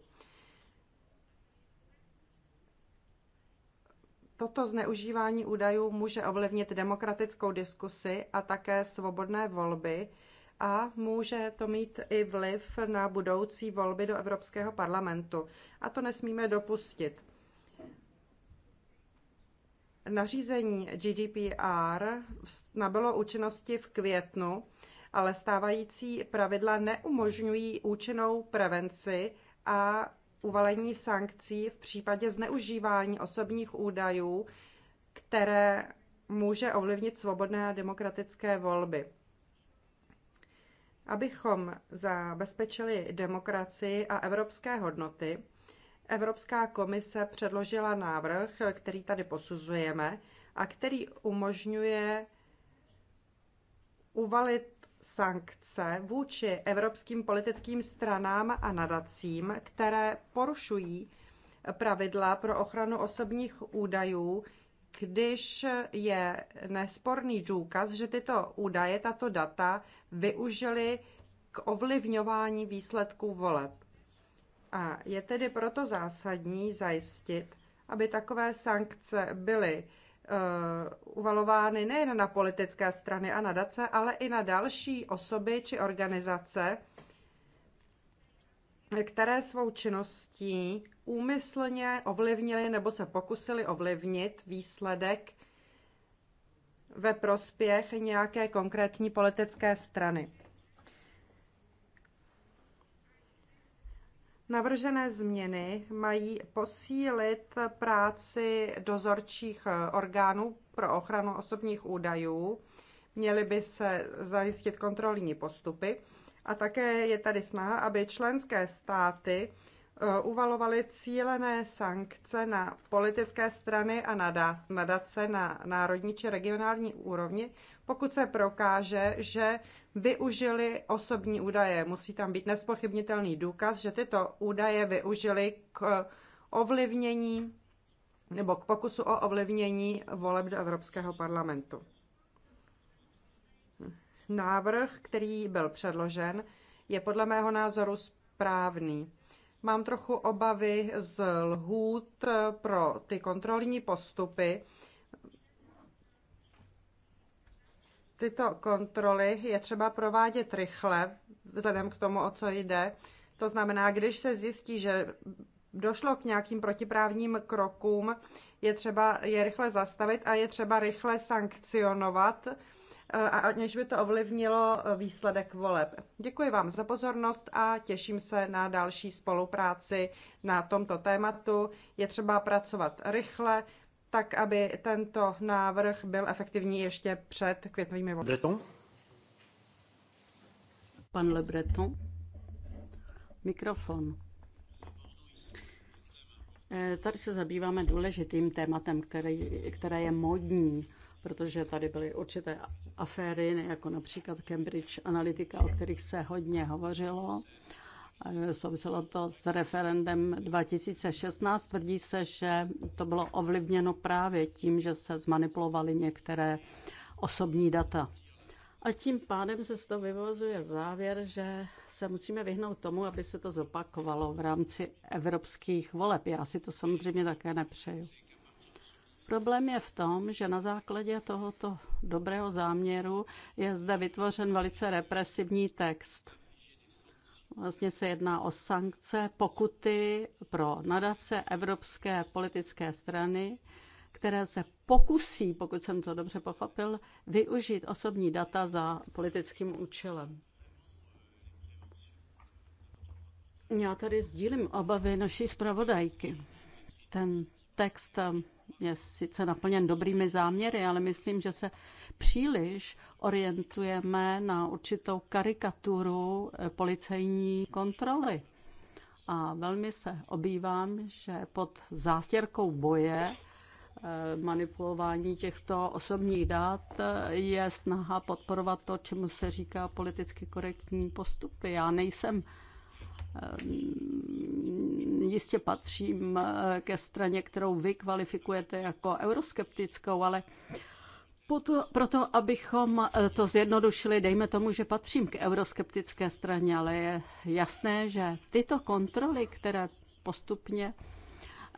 toto zneužívání údajů může ovlivnit demokratickou diskusi a také svobodné volby a může to mít i vliv na budoucí volby do Evropského parlamentu. A to nesmíme dopustit. Nařízení GDPR nabylo účinnosti v květnu, ale stávající pravidla neumožňují účinnou prevenci a uvalení sankcí v případě zneužívání osobních údajů, které může ovlivnit svobodné a demokratické volby. Abychom zabezpečili demokracii a evropské hodnoty, Evropská komise předložila návrh, který tady posuzujeme a který umožňuje uvalit sankce vůči evropským politickým stranám a nadacím, které porušují pravidla pro ochranu osobních údajů, když je nesporný důkaz, že tyto údaje, tato data využili k ovlivňování výsledků voleb. A je tedy proto zásadní zajistit, aby takové sankce byly Eh, uvalovány nejen na politické strany a nadace, ale i na další osoby či organizace, které svou činností úmyslně ovlivnili nebo se pokusili ovlivnit výsledek ve prospěch nějaké konkrétní politické strany. Navržené změny mají posílit práci dozorčích eh, orgánů pro ochranu osobních údajů, měly by se zajistit kontrolní postupy a také je tady snaha, aby členské státy eh, uvalovaly cílené sankce na politické strany a nadace na národní či regionální úrovni, pokud se prokáže, že využili osobní údaje. Musí tam být nespochybnitelný důkaz, že tyto údaje využili k ovlivnění nebo k pokusu o ovlivnění voleb do Evropského parlamentu. Návrh, který byl předložen, je podle mého názoru správný. Mám trochu obavy z lhůt pro ty kontrolní postupy, Tyto kontroly je třeba provádět rychle, vzhledem k tomu, o co jde. To znamená, když se zjistí, že došlo k nějakým protiprávním krokům, je třeba je rychle zastavit a je třeba rychle sankcionovat, eh, a aniž by to ovlivnilo eh, výsledek voleb. Děkuji vám za pozornost a těším se na další spolupráci na tomto tématu. Je třeba pracovat rychle, tak aby tento návrh byl efektivní ještě před květnovými volbami. Breton? Pan Le Breton? Mikrofon. Eh, tady se zabýváme důležitým tématem, který, které je modní, protože tady byly určité aféry, jako například Cambridge Analytica, o kterých se hodně hovořilo. Souviselo to s referendem 2016. Tvrdí se, že to bylo ovlivněno právě tím, že se zmanipulovaly některé osobní data. A tím pádem se z toho vyvozuje závěr, že se musíme vyhnout tomu, aby se to zopakovalo v rámci evropských voleb. Já si to samozřejmě také nepřeju. Problém je v tom, že na základě tohoto dobrého záměru je zde vytvořen velice represivní text. Vlastně se jedná o sankce, pokuty pro nadace evropské politické strany, které se pokusí, pokud jsem to dobře pochopil, využít osobní data za politickým účelem. Já tady sdílím obavy naší zpravodajky. Ten text je sice naplněn dobrými záměry, ale myslím, že se příliš orientujeme na určitou karikaturu eh, policejní kontroly. A velmi se obývám, že pod zástěrkou boje eh, manipulování těchto osobních dat eh, je snaha podporovat to, čemu se říká politicky korektní postupy. Já nejsem Ehm, jistě patřím eh, ke straně, kterou vy kvalifikujete jako euroskeptickou, ale proto, proto, abychom eh, to zjednodušili, dejme tomu, že patřím k euroskeptické straně, ale je jasné, že tyto kontroly, které postupně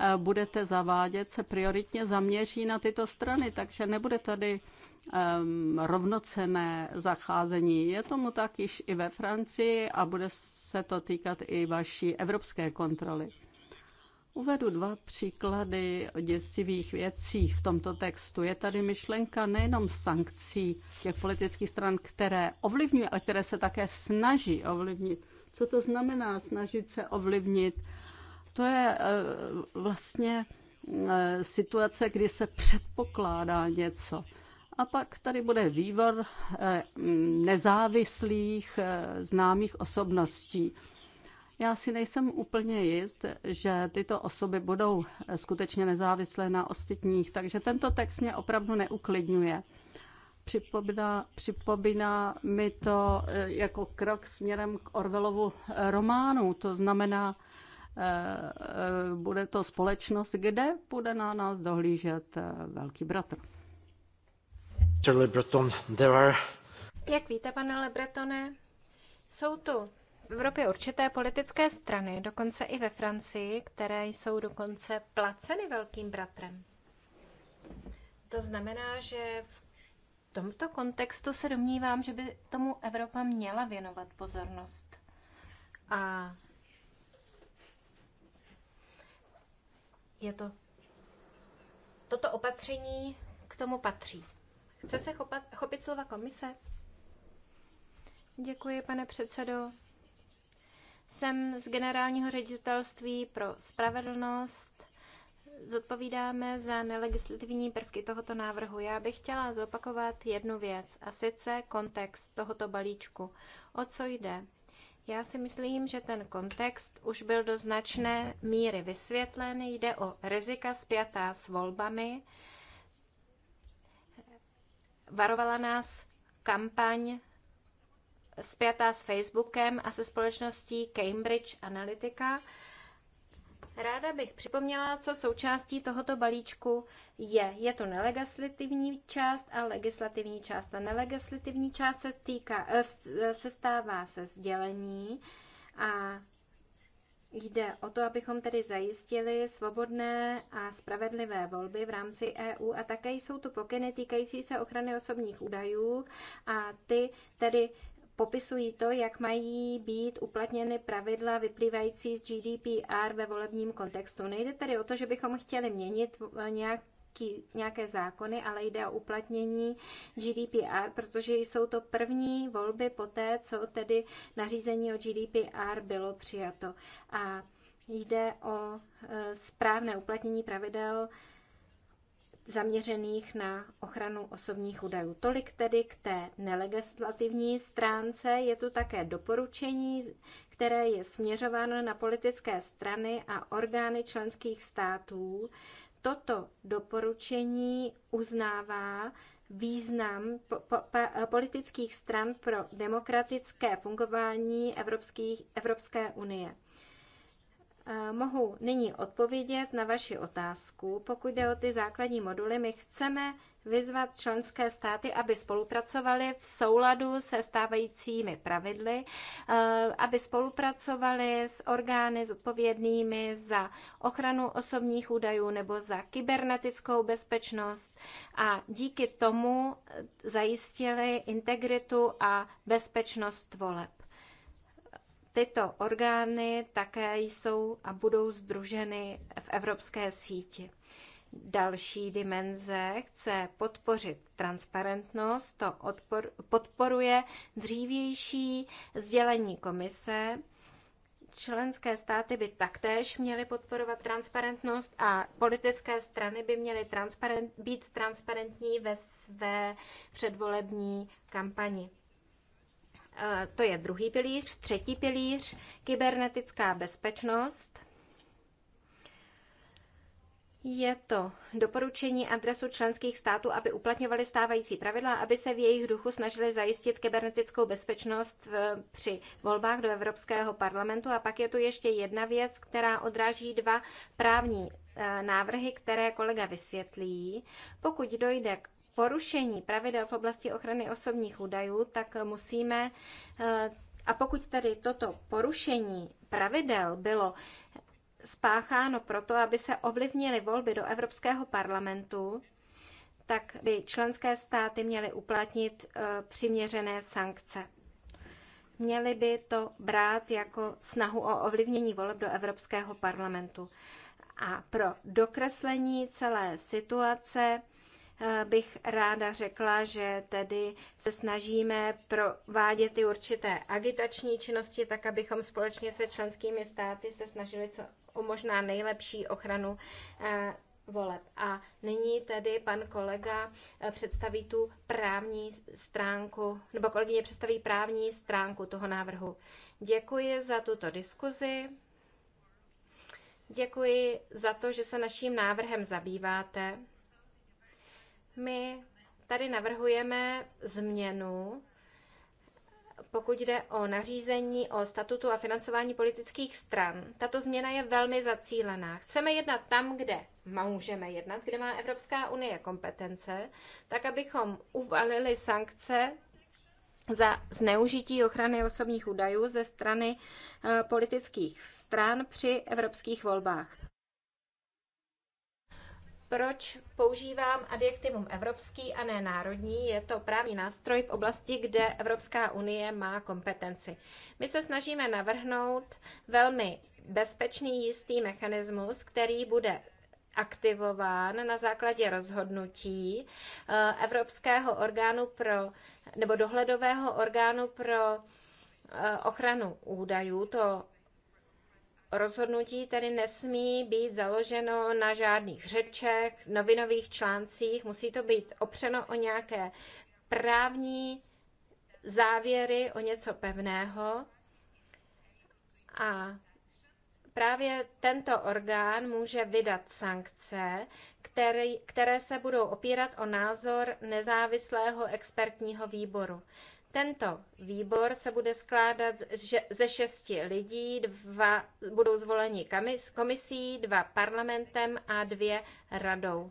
Eh, budete zavádět, se prioritně zaměří na tyto strany, takže nebude tady ehm, rovnocené zacházení. Je tomu tak již i ve Francii a bude se to týkat i vaší evropské kontroly. Uvedu dva příklady děsivých věcí v tomto textu. Je tady myšlenka nejenom sankcí těch politických stran, které ovlivňují, ale které se také snaží ovlivnit. Co to znamená snažit se ovlivnit to je eh, vlastně eh, situace, kdy se předpokládá něco. A pak tady bude vývor eh, nezávislých známých osobností. Já si nejsem úplně jist, že tyto osoby budou skutečně nezávislé na ostatních, takže tento text mě opravdu neuklidňuje. Připomíná, připomíná mi to jako krok směrem k Orvelovu románu, to znamená, Eh, eh, bude to společnost, kde bude na nás dohlížet eh, velký bratr. Jak víte, pane Lebretone, jsou tu v Evropě určité politické strany, dokonce i ve Francii, které jsou dokonce placeny velkým bratrem. To znamená, že v tomto kontextu se domnívám, že by tomu Evropa měla věnovat pozornost. A Je to. Toto opatření k tomu patří. Chce se chopat, chopit slova komise? Děkuji, pane předsedo. Jsem z generálního ředitelství pro spravedlnost. Zodpovídáme za nelegislativní prvky tohoto návrhu. Já bych chtěla zopakovat jednu věc, a sice kontext tohoto balíčku. O co jde? Já si myslím, že ten kontext už byl do značné míry vysvětlen. Jde o rizika spjatá s volbami. Varovala nás kampaň spjatá s Facebookem a se společností Cambridge Analytica. Ráda bych připomněla, co součástí tohoto balíčku je. Je to nelegislativní část a legislativní část. Ta nelegislativní část se, stýká, eh, eh, se stává se sdělení a Jde o to, abychom tedy zajistili svobodné a spravedlivé volby v rámci EU a také jsou tu pokyny týkající se ochrany osobních údajů a ty tedy popisují to, jak mají být uplatněny pravidla vyplývající z GDPR ve volebním kontextu. Nejde tedy o to, že bychom chtěli měnit eh, nějak nějaké zákony, ale jde o uplatnění GDPR, protože jsou to první volby po té, co tedy nařízení o GDPR bylo přijato. A jde o eh, správné uplatnění pravidel zaměřených na ochranu osobních údajů. Tolik tedy k té nelegislativní stránce. Je tu také doporučení, které je směřováno na politické strany a orgány členských států. Toto doporučení uznává význam po, po, politických stran pro demokratické fungování Evropských, Evropské unie. Eh, mohu nyní odpovědět na vaši otázku. Pokud jde o ty základní moduly, my chceme vyzvat členské státy, aby spolupracovali v souladu se stávajícími pravidly, eh, aby spolupracovali s orgány zodpovědnými za ochranu osobních údajů nebo za kybernetickou bezpečnost a díky tomu zajistili integritu a bezpečnost voleb. Tyto orgány také jsou a budou združeny v evropské síti. Další dimenze chce podpořit transparentnost, to odpor, podporuje dřívější sdělení komise. Členské státy by taktéž měly podporovat transparentnost a politické strany by měly transparent, být transparentní ve své předvolební kampani. Eh, to je druhý pilíř. Třetí pilíř, kybernetická bezpečnost. Je to doporučení adresu členských států, aby uplatňovali stávající pravidla, aby se v jejich duchu snažili zajistit kybernetickou bezpečnost eh, při volbách do Evropského parlamentu. A pak je tu ještě jedna věc, která odráží dva právní eh, návrhy, které kolega vysvětlí. Pokud dojde k porušení pravidel v oblasti ochrany osobních údajů, tak musíme, eh, a pokud tady toto porušení pravidel bylo spácháno proto, aby se ovlivnily volby do Evropského parlamentu, tak by členské státy měly uplatnit eh, přiměřené sankce. Měly by to brát jako snahu o ovlivnění voleb do Evropského parlamentu. A pro dokreslení celé situace Eh, bych ráda řekla, že tedy se snažíme provádět i určité agitační činnosti, tak abychom společně se členskými státy se snažili co o možná nejlepší ochranu eh, voleb. A nyní tedy pan kolega eh, představí tu právní stránku, nebo kolegyně představí právní stránku toho návrhu. Děkuji za tuto diskuzi. Děkuji za to, že se naším návrhem zabýváte. My tady navrhujeme změnu, pokud jde o nařízení o statutu a financování politických stran. Tato změna je velmi zacílená. Chceme jednat tam, kde můžeme jednat, kde má Evropská unie kompetence, tak abychom uvalili sankce za zneužití ochrany osobních údajů ze strany eh, politických stran při evropských volbách proč používám adjektivum evropský a ne národní. Je to právní nástroj v oblasti, kde Evropská unie má kompetenci. My se snažíme navrhnout velmi bezpečný jistý mechanismus, který bude aktivován na základě rozhodnutí eh, Evropského orgánu pro nebo dohledového orgánu pro eh, ochranu údajů. To rozhodnutí tedy nesmí být založeno na žádných řečech, novinových článcích, musí to být opřeno o nějaké právní závěry, o něco pevného. A právě tento orgán může vydat sankce, které se budou opírat o názor nezávislého expertního výboru. Tento výbor se bude skládat ze šesti lidí, dva budou zvoleni komisí, dva parlamentem a dvě radou.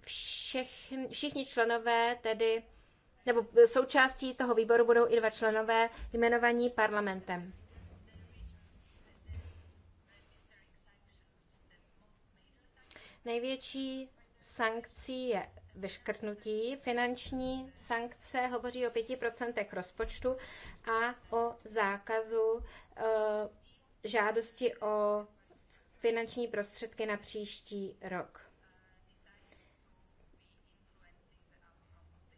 Všechn, všichni členové tedy, nebo součástí toho výboru budou i dva členové jmenovaní parlamentem. Největší sankcí je vyškrtnutí. Finanční sankce hovoří o 5% rozpočtu a o zákazu eh, žádosti o finanční prostředky na příští rok.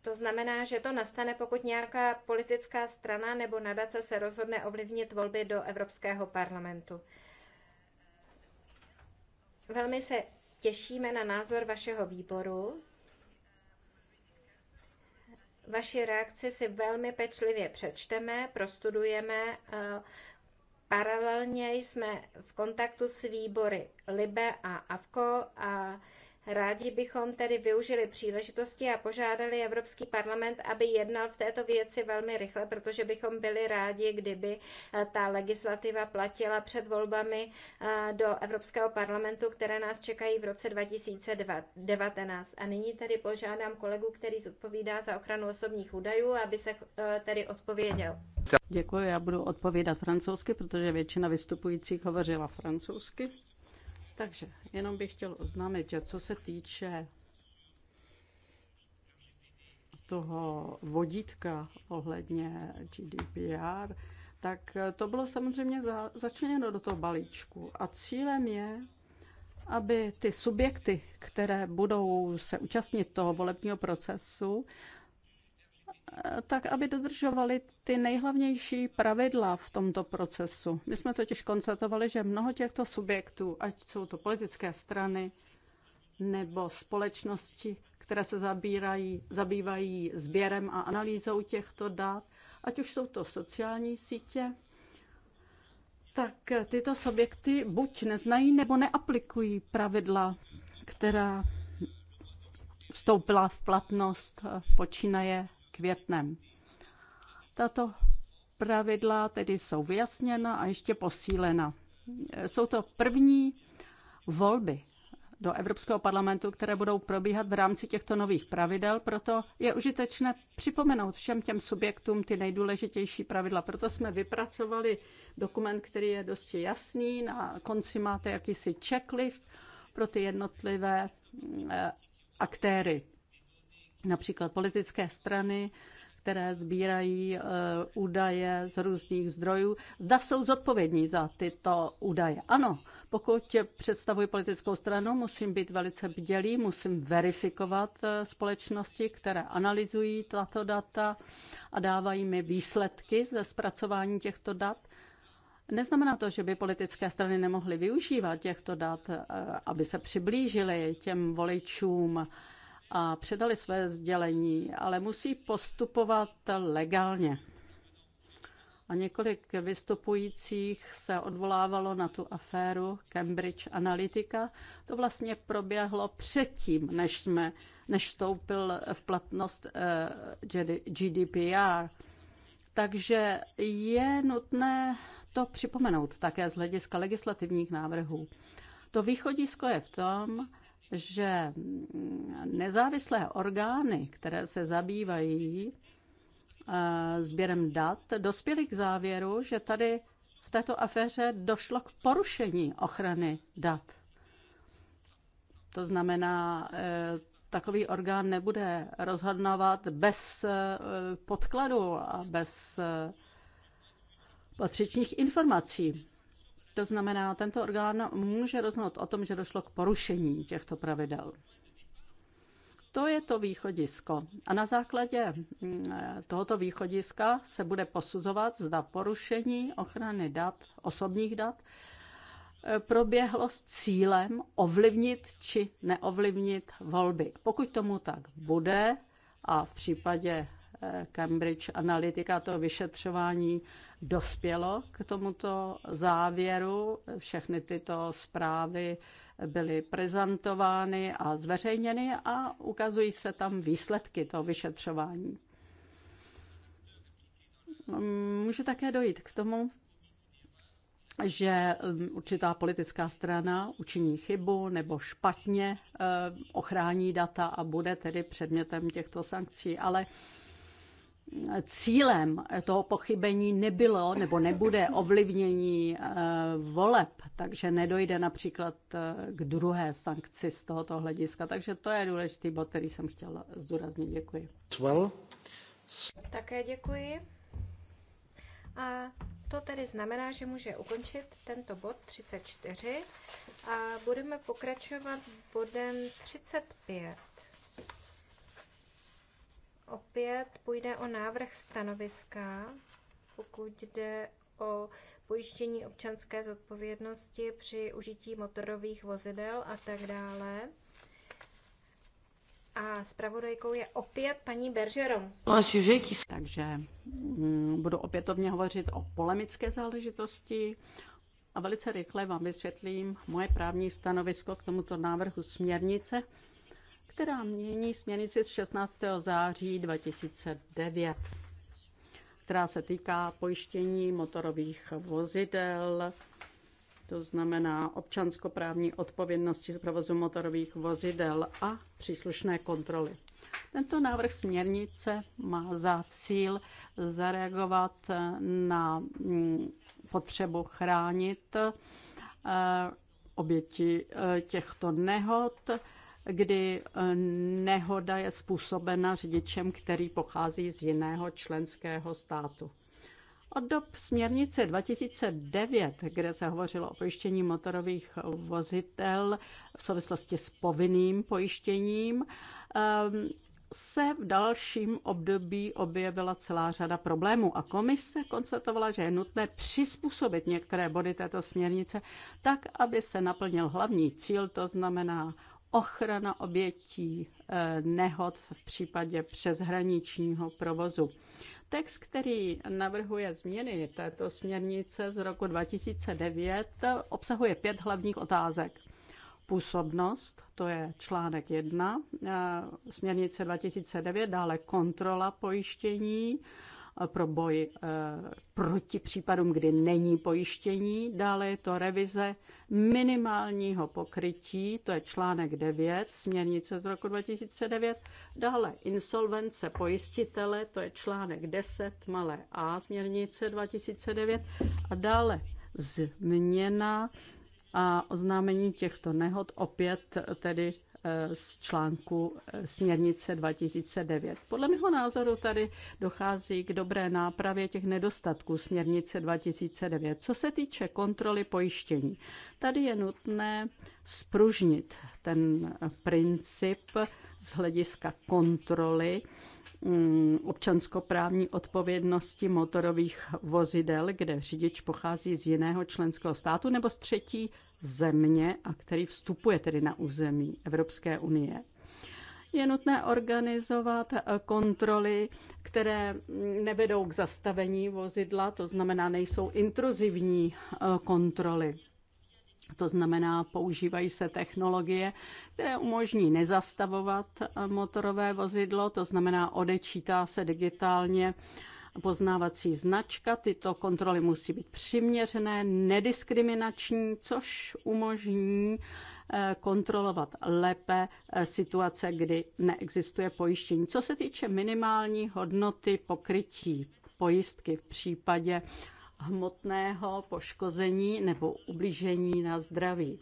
To znamená, že to nastane, pokud nějaká politická strana nebo nadace se rozhodne ovlivnit volby do Evropského parlamentu. Velmi se těšíme na názor vašeho výboru. Vaši reakci si velmi pečlivě přečteme, prostudujeme. Eh, paralelně jsme v kontaktu s výbory Libe a Avko a Rádi bychom tedy využili příležitosti a požádali Evropský parlament, aby jednal v této věci velmi rychle, protože bychom byli rádi, kdyby eh, ta legislativa platila před volbami eh, do Evropského parlamentu, které nás čekají v roce 2019. A nyní tedy požádám kolegu, který zodpovídá za ochranu osobních údajů, aby se eh, tedy odpověděl. Děkuji, já budu odpovídat francouzsky, protože většina vystupujících hovořila francouzsky. Takže jenom bych chtěl oznámit, že co se týče toho vodítka ohledně GDPR, tak to bylo samozřejmě za, začleněno do toho balíčku. A cílem je, aby ty subjekty, které budou se účastnit toho volebního procesu, tak, aby dodržovali ty nejhlavnější pravidla v tomto procesu. My jsme totiž konstatovali, že mnoho těchto subjektů, ať jsou to politické strany nebo společnosti, které se zabírají, zabývají sběrem a analýzou těchto dat, ať už jsou to sociální sítě, tak tyto subjekty buď neznají nebo neaplikují pravidla, která vstoupila v platnost počínaje květnem. Tato pravidla tedy jsou vyjasněna a ještě posílena. Jsou to první volby do Evropského parlamentu, které budou probíhat v rámci těchto nových pravidel. Proto je užitečné připomenout všem těm subjektům ty nejdůležitější pravidla. Proto jsme vypracovali dokument, který je dosti jasný. Na konci máte jakýsi checklist pro ty jednotlivé eh, aktéry například politické strany, které sbírají eh, údaje z různých zdrojů, zda jsou zodpovědní za tyto údaje. Ano, pokud představuji politickou stranu, musím být velice bdělý, musím verifikovat eh, společnosti, které analyzují tato data a dávají mi výsledky ze zpracování těchto dat. Neznamená to, že by politické strany nemohly využívat těchto dat, eh, aby se přiblížily těm voličům, a předali své sdělení, ale musí postupovat legálně. A několik vystupujících se odvolávalo na tu aféru Cambridge Analytica. To vlastně proběhlo předtím, než, jsme, než vstoupil v platnost eh, GDPR. Takže je nutné to připomenout také z hlediska legislativních návrhů. To východisko je v tom, že nezávislé orgány, které se zabývají eh, sběrem dat, dospěly k závěru, že tady v této aféře došlo k porušení ochrany dat. To znamená, eh, takový orgán nebude rozhodnovat bez eh, podkladu a bez patřičních informací. To znamená, tento orgán může rozhodnout o tom, že došlo k porušení těchto pravidel. To je to východisko. A na základě mm, tohoto východiska se bude posuzovat, zda porušení ochrany dat, osobních dat, eh, proběhlo s cílem ovlivnit či neovlivnit volby. Pokud tomu tak bude, a v případě eh, Cambridge Analytica to vyšetřování dospělo k tomuto závěru. Všechny tyto zprávy byly prezentovány a zveřejněny a ukazují se tam výsledky toho vyšetřování. Může také dojít k tomu, že um, určitá politická strana učiní chybu nebo špatně uh, ochrání data a bude tedy předmětem těchto sankcí. Ale cílem toho pochybení nebylo nebo nebude ovlivnění eh, voleb, takže nedojde například eh, k druhé sankci z tohoto hlediska. Takže to je důležitý bod, který jsem chtěla zdůraznit. Děkuji. Well. Také děkuji. A to tedy znamená, že může ukončit tento bod 34 a budeme pokračovat bodem 35. Opět půjde o návrh stanoviska, pokud jde o pojištění občanské zodpovědnosti při užití motorových vozidel a tak dále. A zpravodajkou je opět paní Beržerom. Takže mm, budu opětovně hovořit o polemické záležitosti a velice rychle vám vysvětlím moje právní stanovisko k tomuto návrhu směrnice která mění směrnici z 16. září 2009, která se týká pojištění motorových vozidel, to znamená občanskoprávní odpovědnosti z provozu motorových vozidel a příslušné kontroly. Tento návrh směrnice má za cíl zareagovat na mm, potřebu chránit eh, oběti eh, těchto nehod kdy eh, nehoda je způsobena řidičem, který pochází z jiného členského státu. Od dob směrnice 2009, kde se hovořilo o pojištění motorových vozitel v souvislosti s povinným pojištěním, eh, se v dalším období objevila celá řada problémů a komise konstatovala, že je nutné přizpůsobit některé body této směrnice tak, aby se naplnil hlavní cíl, to znamená ochrana obětí eh, nehod v případě přeshraničního provozu. Text, který navrhuje změny této směrnice z roku 2009, obsahuje pět hlavních otázek. Působnost, to je článek 1, eh, směrnice 2009, dále kontrola pojištění, pro boj eh, proti případům, kdy není pojištění. Dále je to revize minimálního pokrytí, to je článek 9 směrnice z roku 2009. Dále insolvence pojistitele, to je článek 10 malé a směrnice 2009. A dále změna a oznámení těchto nehod opět tedy Eh, z článku eh, směrnice 2009. Podle mého názoru tady dochází k dobré nápravě těch nedostatků směrnice 2009. Co se týče kontroly pojištění, tady je nutné spružnit ten princip z hlediska kontroly Mm, občanskoprávní odpovědnosti motorových vozidel, kde řidič pochází z jiného členského státu nebo z třetí země a který vstupuje tedy na území Evropské unie. Je nutné organizovat kontroly, které nevedou k zastavení vozidla, to znamená, nejsou intruzivní eh, kontroly. To znamená, používají se technologie, které umožní nezastavovat eh, motorové vozidlo, to znamená, odečítá se digitálně poznávací značka. Tyto kontroly musí být přiměřené, nediskriminační, což umožní eh, kontrolovat lépe eh, situace, kdy neexistuje pojištění. Co se týče minimální hodnoty pokrytí pojistky v případě hmotného poškození nebo ublížení na zdraví.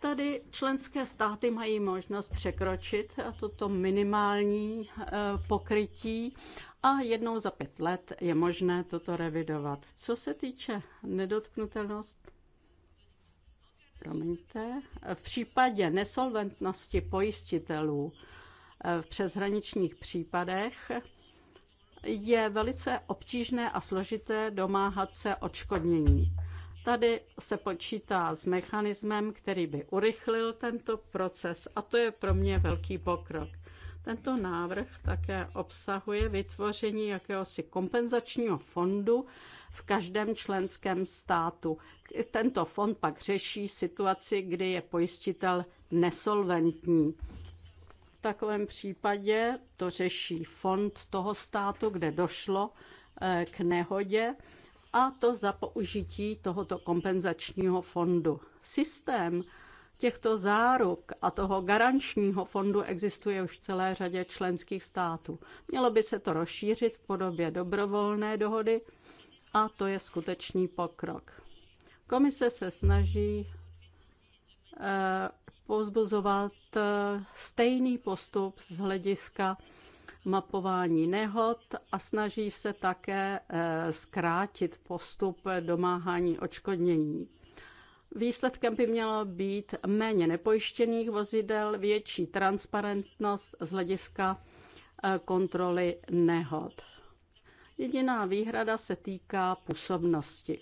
Tady členské státy mají možnost překročit toto minimální eh, pokrytí a jednou za pět let je možné toto revidovat. Co se týče nedotknutelnost, promiňte, v případě nesolventnosti pojistitelů eh, v přeshraničních případech je velice obtížné a složité domáhat se odškodnění. Tady se počítá s mechanismem, který by urychlil tento proces a to je pro mě velký pokrok. Tento návrh také obsahuje vytvoření jakéhosi kompenzačního fondu v každém členském státu. Tento fond pak řeší situaci, kdy je pojistitel nesolventní takovém případě to řeší fond toho státu, kde došlo eh, k nehodě a to za použití tohoto kompenzačního fondu. Systém těchto záruk a toho garančního fondu existuje už v celé řadě členských států. Mělo by se to rozšířit v podobě dobrovolné dohody a to je skutečný pokrok. Komise se snaží eh, povzbuzovat eh, stejný postup z hlediska mapování nehod a snaží se také eh, zkrátit postup domáhání očkodnění. Výsledkem by mělo být méně nepojištěných vozidel, větší transparentnost z hlediska eh, kontroly nehod. Jediná výhrada se týká působnosti.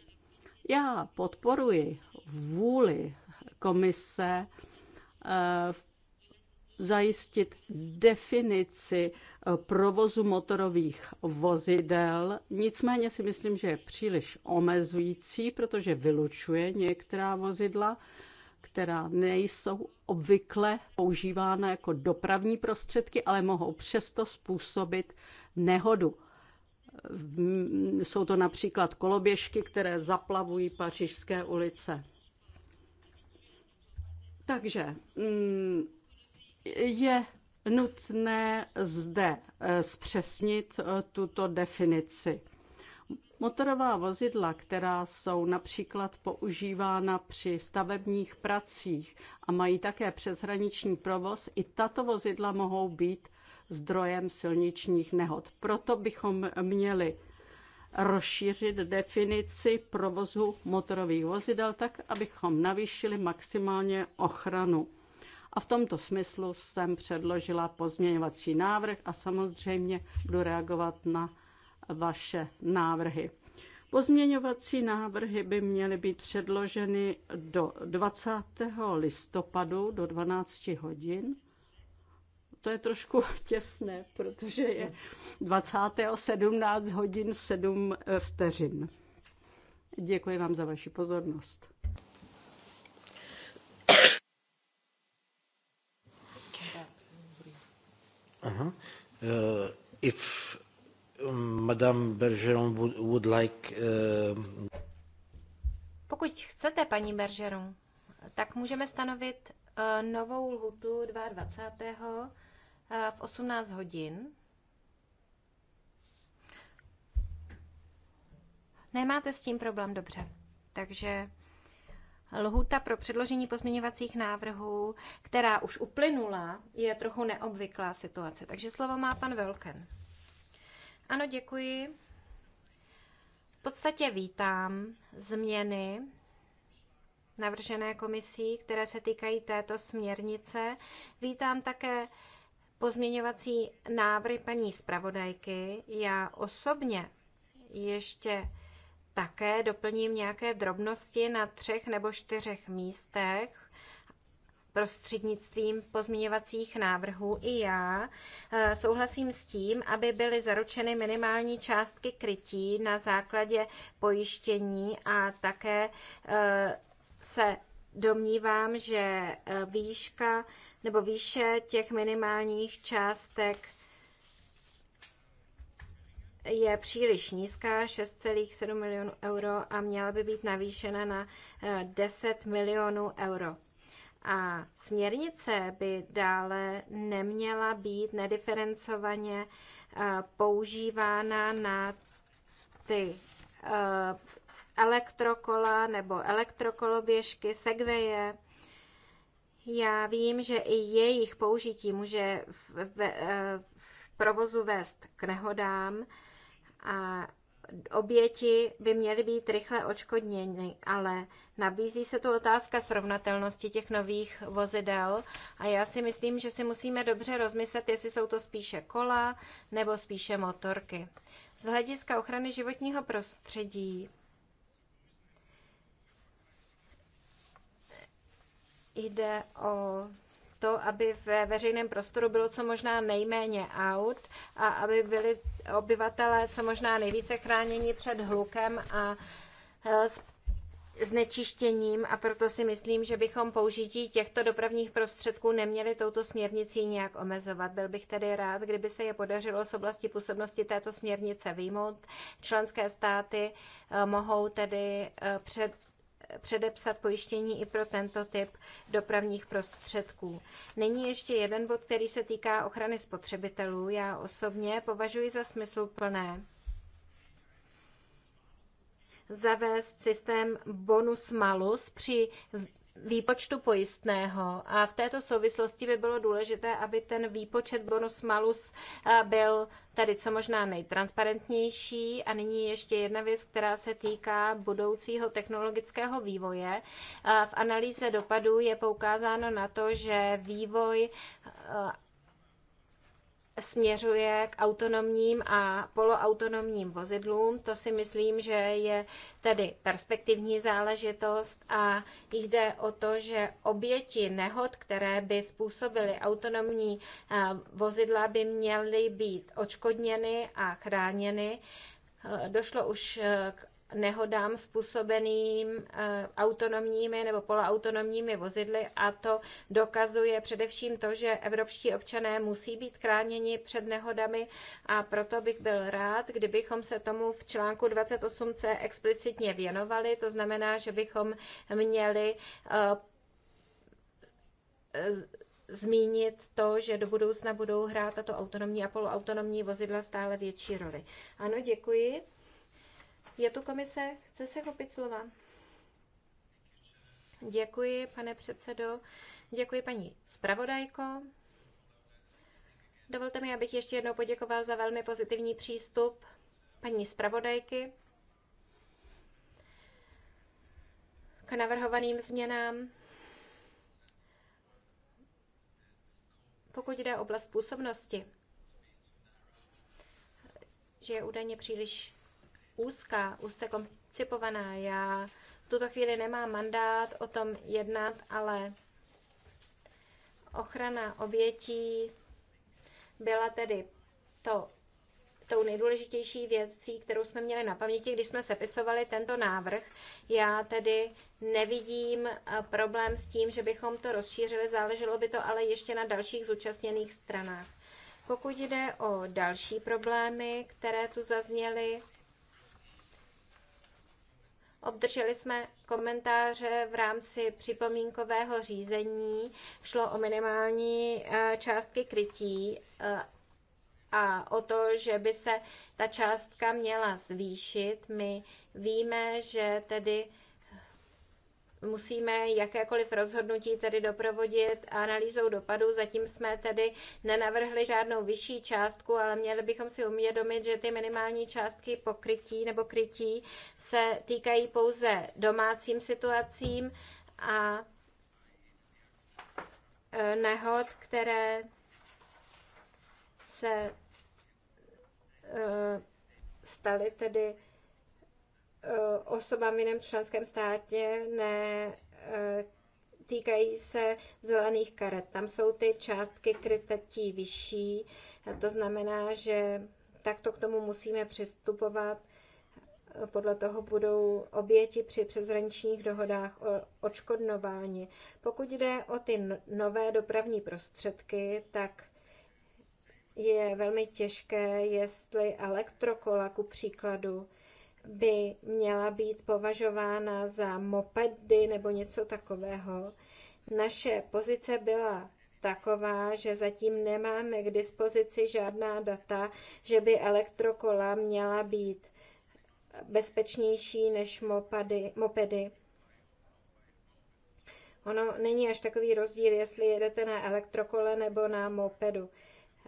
Já podporuji vůli komise Eh, zajistit definici eh, provozu motorových vozidel. Nicméně si myslím, že je příliš omezující, protože vylučuje některá vozidla, která nejsou obvykle používána jako dopravní prostředky, ale mohou přesto způsobit nehodu. Jsou to například koloběžky, které zaplavují pařížské ulice. Takže mm, je nutné zde eh, zpřesnit eh, tuto definici. Motorová vozidla, která jsou například používána při stavebních pracích a mají také přeshraniční provoz, i tato vozidla mohou být zdrojem silničních nehod. Proto bychom měli rozšířit definici provozu motorových vozidel tak, abychom navýšili maximálně ochranu. A v tomto smyslu jsem předložila pozměňovací návrh a samozřejmě budu reagovat na vaše návrhy. Pozměňovací návrhy by měly být předloženy do 20. listopadu do 12 hodin to je trošku těsné, protože je 20. 17 hodin 7 eh, vteřin. Děkuji vám za vaši pozornost. Aha. Uh, if um, Madame Bergeron would, would like... Uh... Pokud chcete, paní Bergeron, tak můžeme stanovit uh, novou lhutu 22. Eh, v 18 hodin. Nemáte s tím problém dobře. Takže lhuta pro předložení pozměňovacích návrhů, která už uplynula, je trochu neobvyklá situace. Takže slovo má pan Velken. Ano, děkuji. V podstatě vítám změny navržené komisí, které se týkají této směrnice. Vítám také pozměňovací návrhy paní zpravodajky. Já osobně ještě také doplním nějaké drobnosti na třech nebo čtyřech místech prostřednictvím pozměňovacích návrhů i já. Eh, souhlasím s tím, aby byly zaručeny minimální částky krytí na základě pojištění a také eh, se domnívám, že eh, výška nebo výše těch minimálních částek je příliš nízká, 6,7 milionů euro a měla by být navýšena na 10 eh, milionů euro. A směrnice by dále neměla být nediferencovaně eh, používána na ty elektrokola nebo elektrokoloběžky, segveje. Já vím, že i jejich použití může v, v, eh, v provozu vést k nehodám a oběti by měly být rychle očkodněny, ale nabízí se tu otázka srovnatelnosti těch nových vozidel a já si myslím, že si musíme dobře rozmyslet, jestli jsou to spíše kola nebo spíše motorky. Z hlediska ochrany životního prostředí Jde o to, aby ve veřejném prostoru bylo co možná nejméně aut a aby byli obyvatelé co možná nejvíce chráněni před hlukem a e, znečištěním a proto si myslím, že bychom použití těchto dopravních prostředků neměli touto směrnicí nějak omezovat. Byl bych tedy rád, kdyby se je podařilo z oblasti působnosti této směrnice vyjmout. Členské státy e, mohou tedy e, před předepsat pojištění i pro tento typ dopravních prostředků. Není ještě jeden bod, který se týká ochrany spotřebitelů. Já osobně považuji za smysluplné zavést systém bonus malus při výpočtu pojistného. A v této souvislosti by bylo důležité, aby ten výpočet bonus malus eh, byl tady co možná nejtransparentnější. A nyní ještě jedna věc, která se týká budoucího technologického vývoje. Eh, v analýze dopadů je poukázáno na to, že vývoj eh, směřuje k autonomním a poloautonomním vozidlům. To si myslím, že je tedy perspektivní záležitost a jde o to, že oběti nehod, které by způsobily autonomní eh, vozidla, by měly být očkodněny a chráněny. Eh, došlo už eh, k nehodám způsobeným eh, autonomními nebo poloautonomními vozidly a to dokazuje především to, že evropští občané musí být chráněni před nehodami a proto bych byl rád, kdybychom se tomu v článku 28c explicitně věnovali, to znamená, že bychom měli eh, zmínit to, že do budoucna budou hrát tato autonomní a poloautonomní vozidla stále větší roli. Ano, děkuji. Je tu komise? Chce se chopit slova? Děkuji, pane předsedo. Děkuji, paní zpravodajko. Dovolte mi, abych ještě jednou poděkoval za velmi pozitivní přístup paní zpravodajky k navrhovaným změnám. Pokud jde o oblast působnosti, že je údajně příliš úzká, úzce koncipovaná. Já v tuto chvíli nemám mandát o tom jednat, ale ochrana obětí byla tedy to, tou nejdůležitější věcí, kterou jsme měli na paměti, když jsme sepisovali tento návrh. Já tedy nevidím eh, problém s tím, že bychom to rozšířili, záleželo by to ale ještě na dalších zúčastněných stranách. Pokud jde o další problémy, které tu zazněly, Obdrželi jsme komentáře v rámci připomínkového řízení. Šlo o minimální eh, částky krytí eh, a o to, že by se ta částka měla zvýšit. My víme, že tedy musíme jakékoliv rozhodnutí tedy doprovodit analýzou dopadu. Zatím jsme tedy nenavrhli žádnou vyšší částku, ale měli bychom si uvědomit, že ty minimální částky pokrytí nebo krytí se týkají pouze domácím situacím a e, nehod, které se e, staly tedy Eh, osobám v jiném členském státě ne eh, týkají se zelených karet. Tam jsou ty částky krytetí vyšší, a to znamená, že takto k tomu musíme přistupovat. Podle toho budou oběti při přezraničních dohodách odškodnováni. Pokud jde o ty nové dopravní prostředky, tak je velmi těžké, jestli elektrokola ku příkladu by měla být považována za mopedy nebo něco takového. Naše pozice byla taková, že zatím nemáme k dispozici žádná data, že by elektrokola měla být bezpečnější než mopady, mopedy. Ono není až takový rozdíl, jestli jedete na elektrokole nebo na mopedu.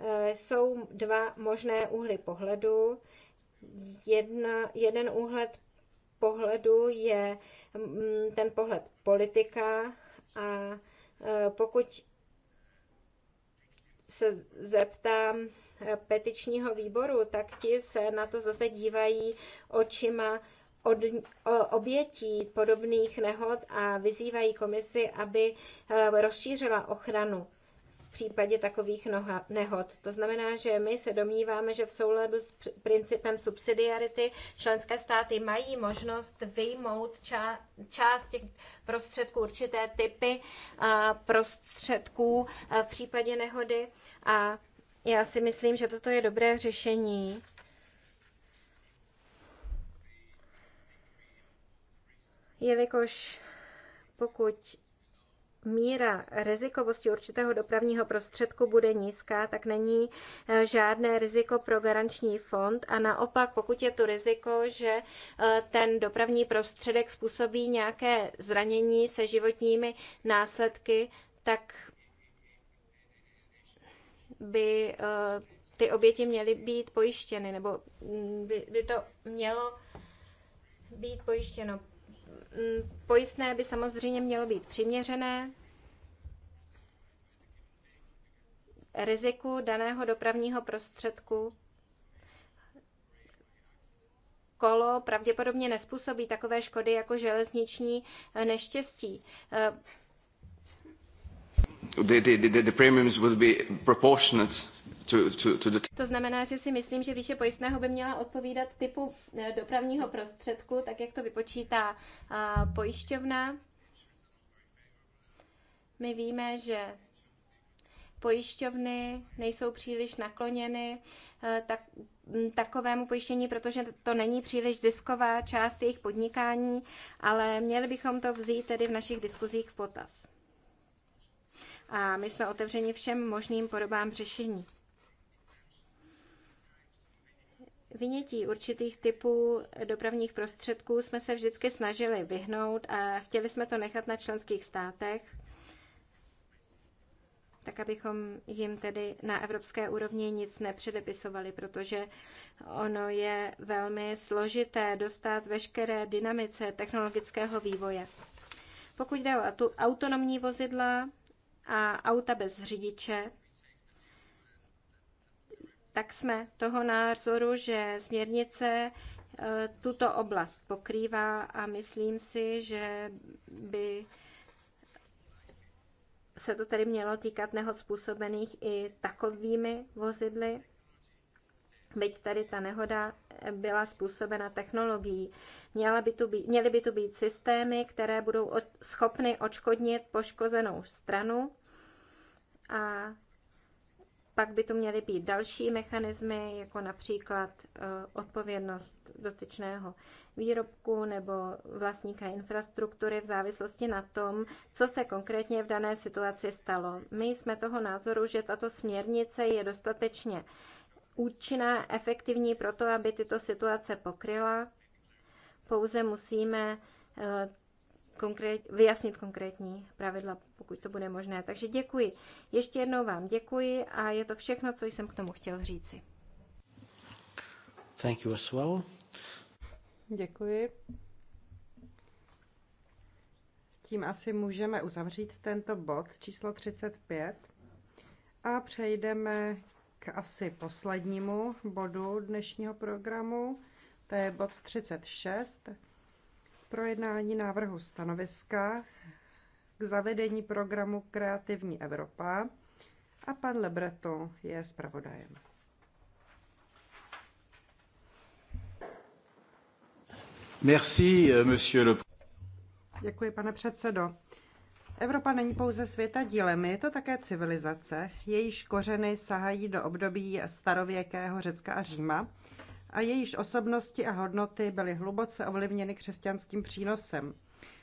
E, jsou dva možné úhly pohledu jedna, jeden úhled pohledu je mm, ten pohled politika a e, pokud se zeptám e, petičního výboru, tak ti se na to zase dívají očima od obětí podobných nehod a vyzývají komisi, aby e, rozšířila ochranu případě takových nehod. To znamená, že my se domníváme, že v souladu s principem subsidiarity členské státy mají možnost vyjmout ča- část těch prostředků, určité typy prostředků v případě nehody a já si myslím, že toto je dobré řešení. Jelikož pokud míra rizikovosti určitého dopravního prostředku bude nízká, tak není eh, žádné riziko pro garanční fond a naopak, pokud je to riziko, že eh, ten dopravní prostředek způsobí nějaké zranění se životními následky, tak by eh, ty oběti měly být pojištěny, nebo mm, by to mělo být pojištěno. Mm, pojistné by samozřejmě mělo být přiměřené riziku daného dopravního prostředku. Kolo pravděpodobně nespůsobí takové škody jako železniční eh, neštěstí. Eh, the, the, the, the premiums would be proportionate to, to, to, to znamená, že si myslím, že výše pojistného by měla odpovídat typu eh, dopravního prostředku, tak jak to vypočítá eh, pojišťovna. My víme, že pojišťovny nejsou příliš nakloněny eh, tak, takovému pojištění, protože to není příliš zisková část jejich podnikání, ale měli bychom to vzít tedy v našich diskuzích v potaz. A my jsme otevřeni všem možným podobám řešení. vynětí určitých typů dopravních prostředků jsme se vždycky snažili vyhnout a chtěli jsme to nechat na členských státech, tak abychom jim tedy na evropské úrovni nic nepředepisovali, protože ono je velmi složité dostat veškeré dynamice technologického vývoje. Pokud jde o autonomní vozidla a auta bez řidiče, tak jsme toho názoru, že směrnice e, tuto oblast pokrývá a myslím si, že by se to tedy mělo týkat nehod způsobených i takovými vozidly, byť tady ta nehoda byla způsobena technologií. Měla by tu být, měly by tu být systémy, které budou od, schopny odškodnit poškozenou stranu a pak by to měly být další mechanismy, jako například e, odpovědnost dotyčného výrobku nebo vlastníka infrastruktury v závislosti na tom, co se konkrétně v dané situaci stalo. My jsme toho názoru, že tato směrnice je dostatečně účinná, efektivní pro to, aby tyto situace pokryla. Pouze musíme e, konkrét, vyjasnit konkrétní pravidla, pokud to bude možné. Takže děkuji. Ještě jednou vám děkuji a je to všechno, co jsem k tomu chtěl říci. Thank you as well. Děkuji. Tím asi můžeme uzavřít tento bod číslo 35 a přejdeme k asi poslednímu bodu dnešního programu. To je bod 36 projednání návrhu stanoviska k zavedení programu Kreativní Evropa a pan Lebreton je zpravodajem. Merci, euh, monsieur le... Děkuji, pane předsedo. Evropa není pouze světa dílem, je to také civilizace. Jejíž kořeny sahají do období starověkého Řecka a Říma a jejíž osobnosti a hodnoty byly hluboce ovlivněny křesťanským přínosem.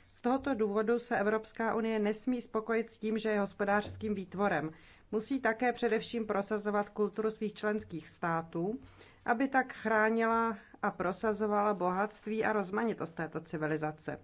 Z tohoto důvodu se Evropská unie nesmí spokojit s tím, že je hospodářským výtvorem. Musí také především prosazovat kulturu svých členských států, aby tak chránila a prosazovala bohatství a rozmanitost této civilizace.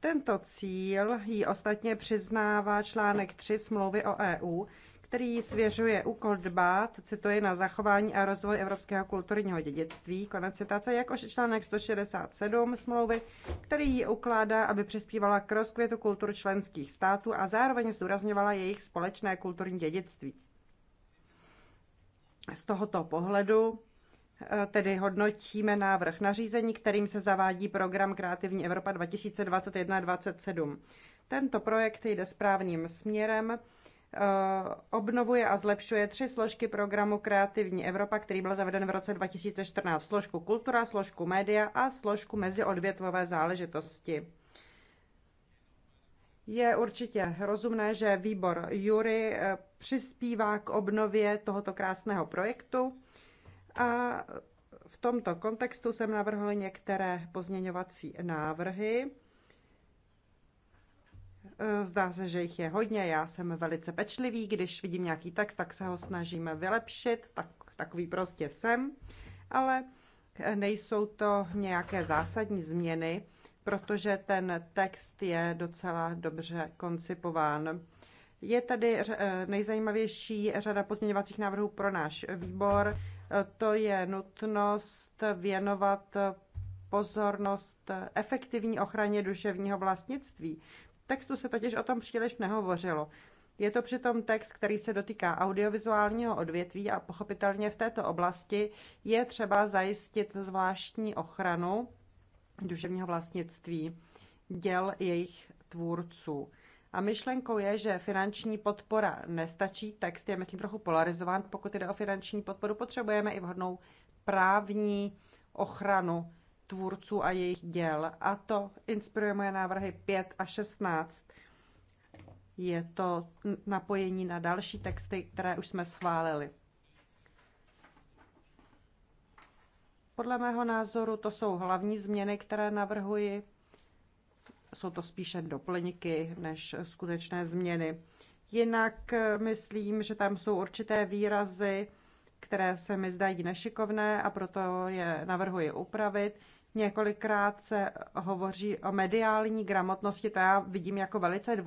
Tento cíl jí ostatně přiznává článek 3 smlouvy o EU, který svěřuje úkol dbát, cituji, na zachování a rozvoj evropského kulturního dědictví, konec citace, jakož článek 167 smlouvy, který ji ukládá, aby přispívala k rozkvětu kultur členských států a zároveň zdůrazňovala jejich společné kulturní dědictví. Z tohoto pohledu eh, tedy hodnotíme návrh nařízení, kterým se zavádí program Kreativní Evropa 2021-2027. Tento projekt jde správným směrem Eh, obnovuje a zlepšuje tři složky programu Kreativní Evropa, který byl zaveden v roce 2014. Složku kultura, složku média a složku meziodvětvové záležitosti. Je určitě rozumné, že výbor Jury eh, přispívá k obnově tohoto krásného projektu a v tomto kontextu jsem navrhl některé pozměňovací návrhy. Eh, zdá se, že jich je hodně. Já jsem velice pečlivý. Když vidím nějaký text, tak se ho snažím vylepšit. Tak, takový prostě jsem. Ale eh, nejsou to nějaké zásadní změny, protože ten text je docela dobře koncipován. Je tady eh, nejzajímavější řada pozměňovacích návrhů pro náš výbor. To je nutnost věnovat pozornost efektivní ochraně duševního vlastnictví textu se totiž o tom příliš nehovořilo. Je to přitom text, který se dotýká audiovizuálního odvětví a pochopitelně v této oblasti je třeba zajistit zvláštní ochranu duševního vlastnictví děl jejich tvůrců. A myšlenkou je, že finanční podpora nestačí. Text je, myslím, trochu polarizován. Pokud jde o finanční podporu, potřebujeme i vhodnou právní ochranu tvůrců a jejich děl. A to inspiruje moje návrhy 5 a 16. Je to napojení na další texty, které už jsme schválili. Podle mého názoru to jsou hlavní změny, které navrhuji. Jsou to spíše doplňky než skutečné změny. Jinak eh, myslím, že tam jsou určité výrazy, které se mi zdají nešikovné a proto je navrhuji upravit. Několikrát se hovoří o mediální gramotnosti, to já vidím jako velice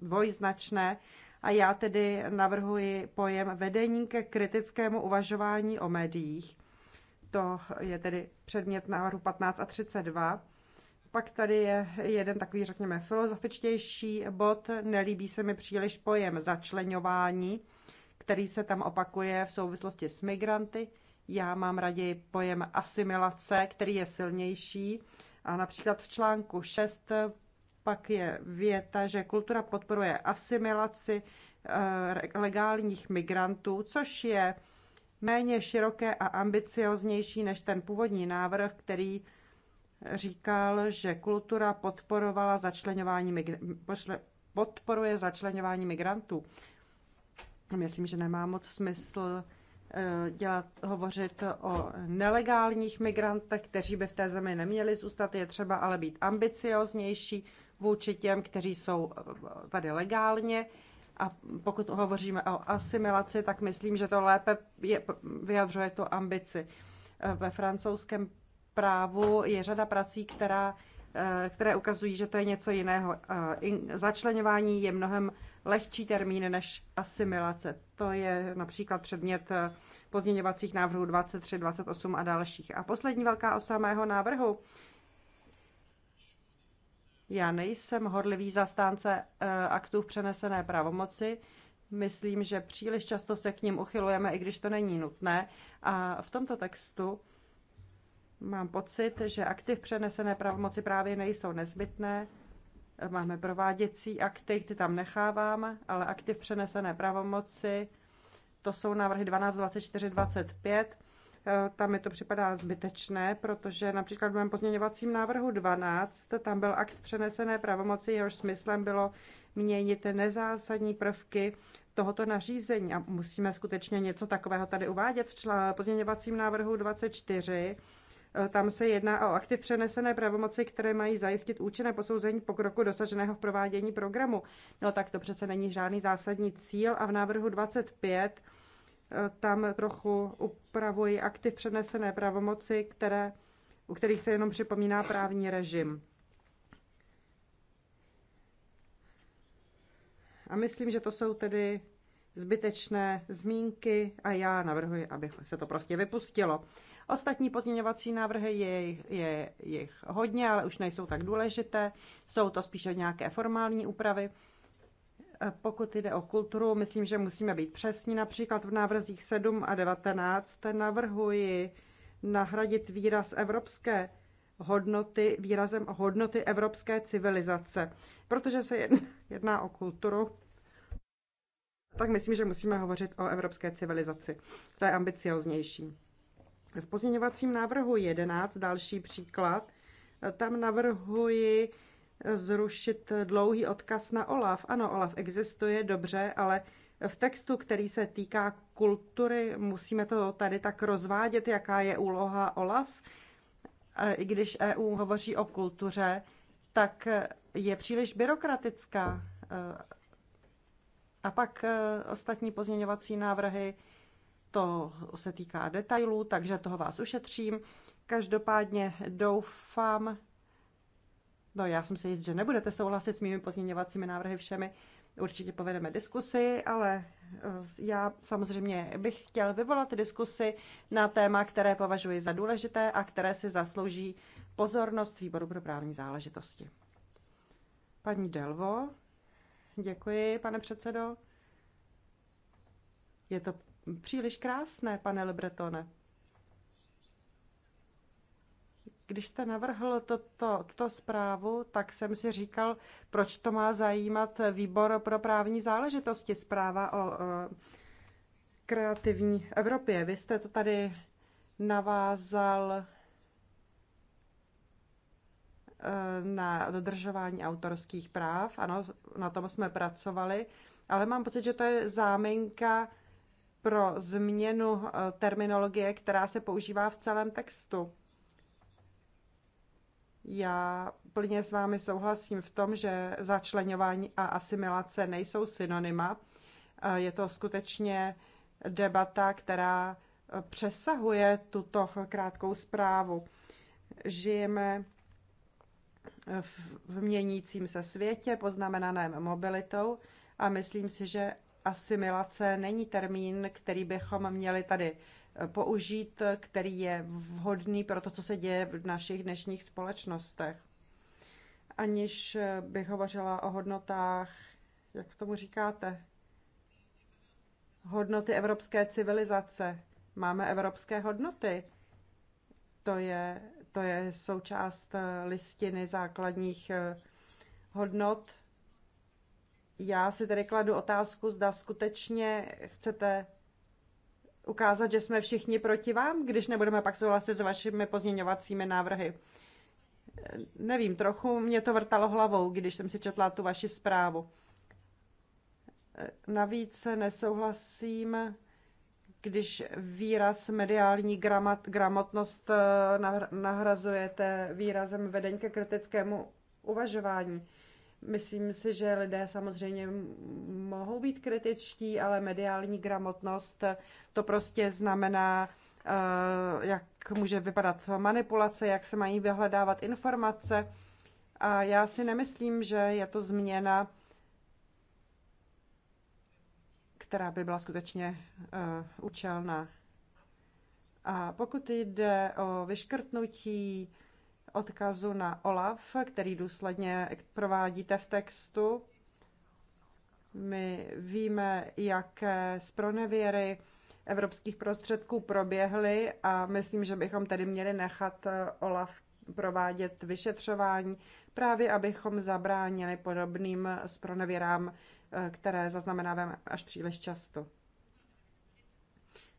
dvojznačné a já tedy navrhuji pojem vedení ke kritickému uvažování o médiích. To je tedy předmět návrhu 15 a 32. Pak tady je jeden takový, řekněme, filozofičtější bod. Nelíbí se mi příliš pojem začlenování, který se tam opakuje v souvislosti s migranty. Já mám raději pojem asimilace, který je silnější. A například v článku 6 pak je věta, že kultura podporuje asimilaci eh, legálních migrantů, což je méně široké a ambicioznější než ten původní návrh, který říkal, že kultura podporovala začlenování migr- podporuje začlenování migrantů. Myslím, že nemá moc smysl Eh, dělat, hovořit o nelegálních migrantech, kteří by v té zemi neměli zůstat. Je třeba ale být ambicioznější vůči těm, kteří jsou eh, tady legálně. A pokud hovoříme o asimilaci, tak myslím, že to lépe je, vyjadřuje tu ambici. Eh, ve francouzském právu je řada prací, která, které ukazují, že to je něco jiného. Začlenování je mnohem lehčí termín než asimilace. To je například předmět eh, pozměňovacích návrhů 23, 28 a dalších. A poslední velká osa mého návrhu. Já nejsem horlivý zastánce eh, aktů v přenesené pravomoci. Myslím, že příliš často se k ním uchylujeme, i když to není nutné. A v tomto textu mám pocit, že akty v přenesené pravomoci právě nejsou nezbytné Máme prováděcí akty, ty tam necháváme, ale akty v přenesené pravomoci, to jsou návrhy 12, 24, 25. Tam mi to připadá zbytečné, protože například v mém pozměňovacím návrhu 12 tam byl akt přenesené pravomoci, jehož smyslem bylo měnit nezásadní prvky tohoto nařízení. A musíme skutečně něco takového tady uvádět v čl- pozměňovacím návrhu 24. Eh, tam se jedná o aktiv přenesené pravomoci, které mají zajistit účinné posouzení pokroku dosaženého v provádění programu. No tak to přece není žádný zásadní cíl a v návrhu 25 eh, tam trochu upravuji aktiv přenesené pravomoci, které, u kterých se jenom připomíná právní režim. A myslím, že to jsou tedy zbytečné zmínky a já navrhuji, aby se to prostě vypustilo. Ostatní pozměňovací návrhy je, je jich hodně, ale už nejsou tak důležité. Jsou to spíše nějaké formální úpravy. E, pokud jde o kulturu, myslím, že musíme být přesní. Například v návrzích 7 a 19 navrhuji nahradit výraz evropské hodnoty výrazem hodnoty evropské civilizace. Protože se jedná o kulturu, tak myslím, že musíme hovořit o evropské civilizaci. To je ambicioznější. V pozměňovacím návrhu 11, další příklad, tam navrhuji zrušit dlouhý odkaz na OLAF. Ano, OLAF existuje, dobře, ale v textu, který se týká kultury, musíme to tady tak rozvádět, jaká je úloha OLAF. I když EU hovoří o kultuře, tak je příliš byrokratická. A pak ostatní pozměňovací návrhy to se týká detailů, takže toho vás ušetřím. Každopádně doufám, no já jsem se jist, že nebudete souhlasit s mými pozměňovacími návrhy všemi, určitě povedeme diskusy, ale eh, já samozřejmě bych chtěl vyvolat diskusy na téma, které považuji za důležité a které si zaslouží pozornost výboru pro právní záležitosti. Paní Delvo, děkuji, pane předsedo. Je to příliš krásné, pane Lebretone. Když jste navrhl toto, tuto zprávu, tak jsem si říkal, proč to má zajímat výbor pro právní záležitosti, zpráva o, o kreativní Evropě. Vy jste to tady navázal e, na dodržování autorských práv. Ano, na tom jsme pracovali, ale mám pocit, že to je záminka pro změnu eh, terminologie, která se používá v celém textu. Já plně s vámi souhlasím v tom, že začlenování a asimilace nejsou synonyma. Eh, je to skutečně debata, která eh, přesahuje tuto krátkou zprávu. Žijeme v měnícím se světě, poznamenaném mobilitou, a myslím si, že asimilace není termín, který bychom měli tady eh, použít, který je vhodný pro to, co se děje v našich dnešních společnostech. Aniž eh, bych hovořila o hodnotách, jak tomu říkáte, hodnoty evropské civilizace. Máme evropské hodnoty. To je, to je součást eh, listiny základních hodnot já si tedy kladu otázku, zda skutečně chcete ukázat, že jsme všichni proti vám, když nebudeme pak souhlasit s vašimi pozměňovacími návrhy. Nevím, trochu mě to vrtalo hlavou, když jsem si četla tu vaši zprávu. Navíc nesouhlasím, když výraz mediální gramat, gramotnost eh, nahrazujete výrazem vedení ke kritickému uvažování. Myslím si, že lidé samozřejmě mohou být kritičtí, ale mediální gramotnost eh, to prostě znamená, eh, jak může vypadat manipulace, jak se mají vyhledávat informace. A já si nemyslím, že je to změna, která by byla skutečně eh, účelná. A pokud jde o vyškrtnutí odkazu na OLAF, který důsledně provádíte v textu. My víme, jaké spronevěry evropských prostředků proběhly a myslím, že bychom tedy měli nechat eh, OLAF provádět vyšetřování, právě abychom zabránili podobným spronevěrám, eh, které zaznamenáváme až příliš často.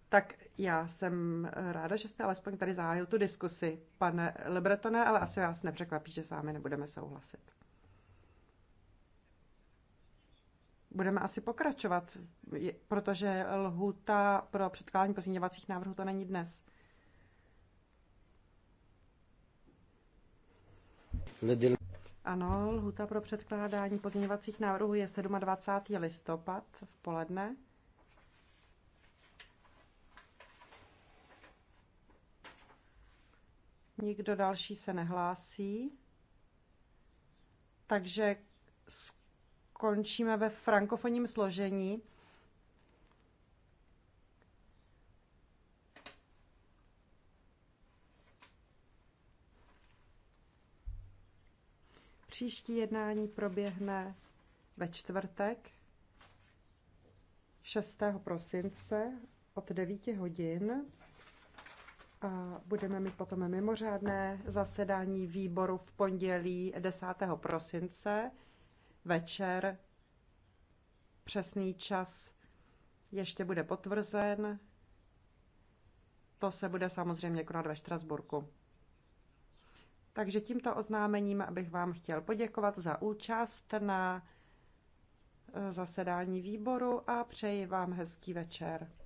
Tak já jsem ráda, že jste alespoň tady zahájil tu diskusi, pane Lebretone, ale asi vás nepřekvapí, že s vámi nebudeme souhlasit. Budeme asi pokračovat, protože lhuta pro předkládání pozměňovacích návrhů to není dnes. Ano, lhuta pro předkládání pozměňovacích návrhů je 27. listopad v poledne. Nikdo další se nehlásí. Takže skončíme ve frankofonním složení. Příští jednání proběhne ve čtvrtek 6. prosince od 9 hodin budeme mít potom mimořádné zasedání výboru v pondělí 10. prosince večer. Přesný čas ještě bude potvrzen. To se bude samozřejmě konat ve Štrasburku. Takže tímto oznámením bych vám chtěl poděkovat za účast na eh, zasedání výboru a přeji vám hezký večer.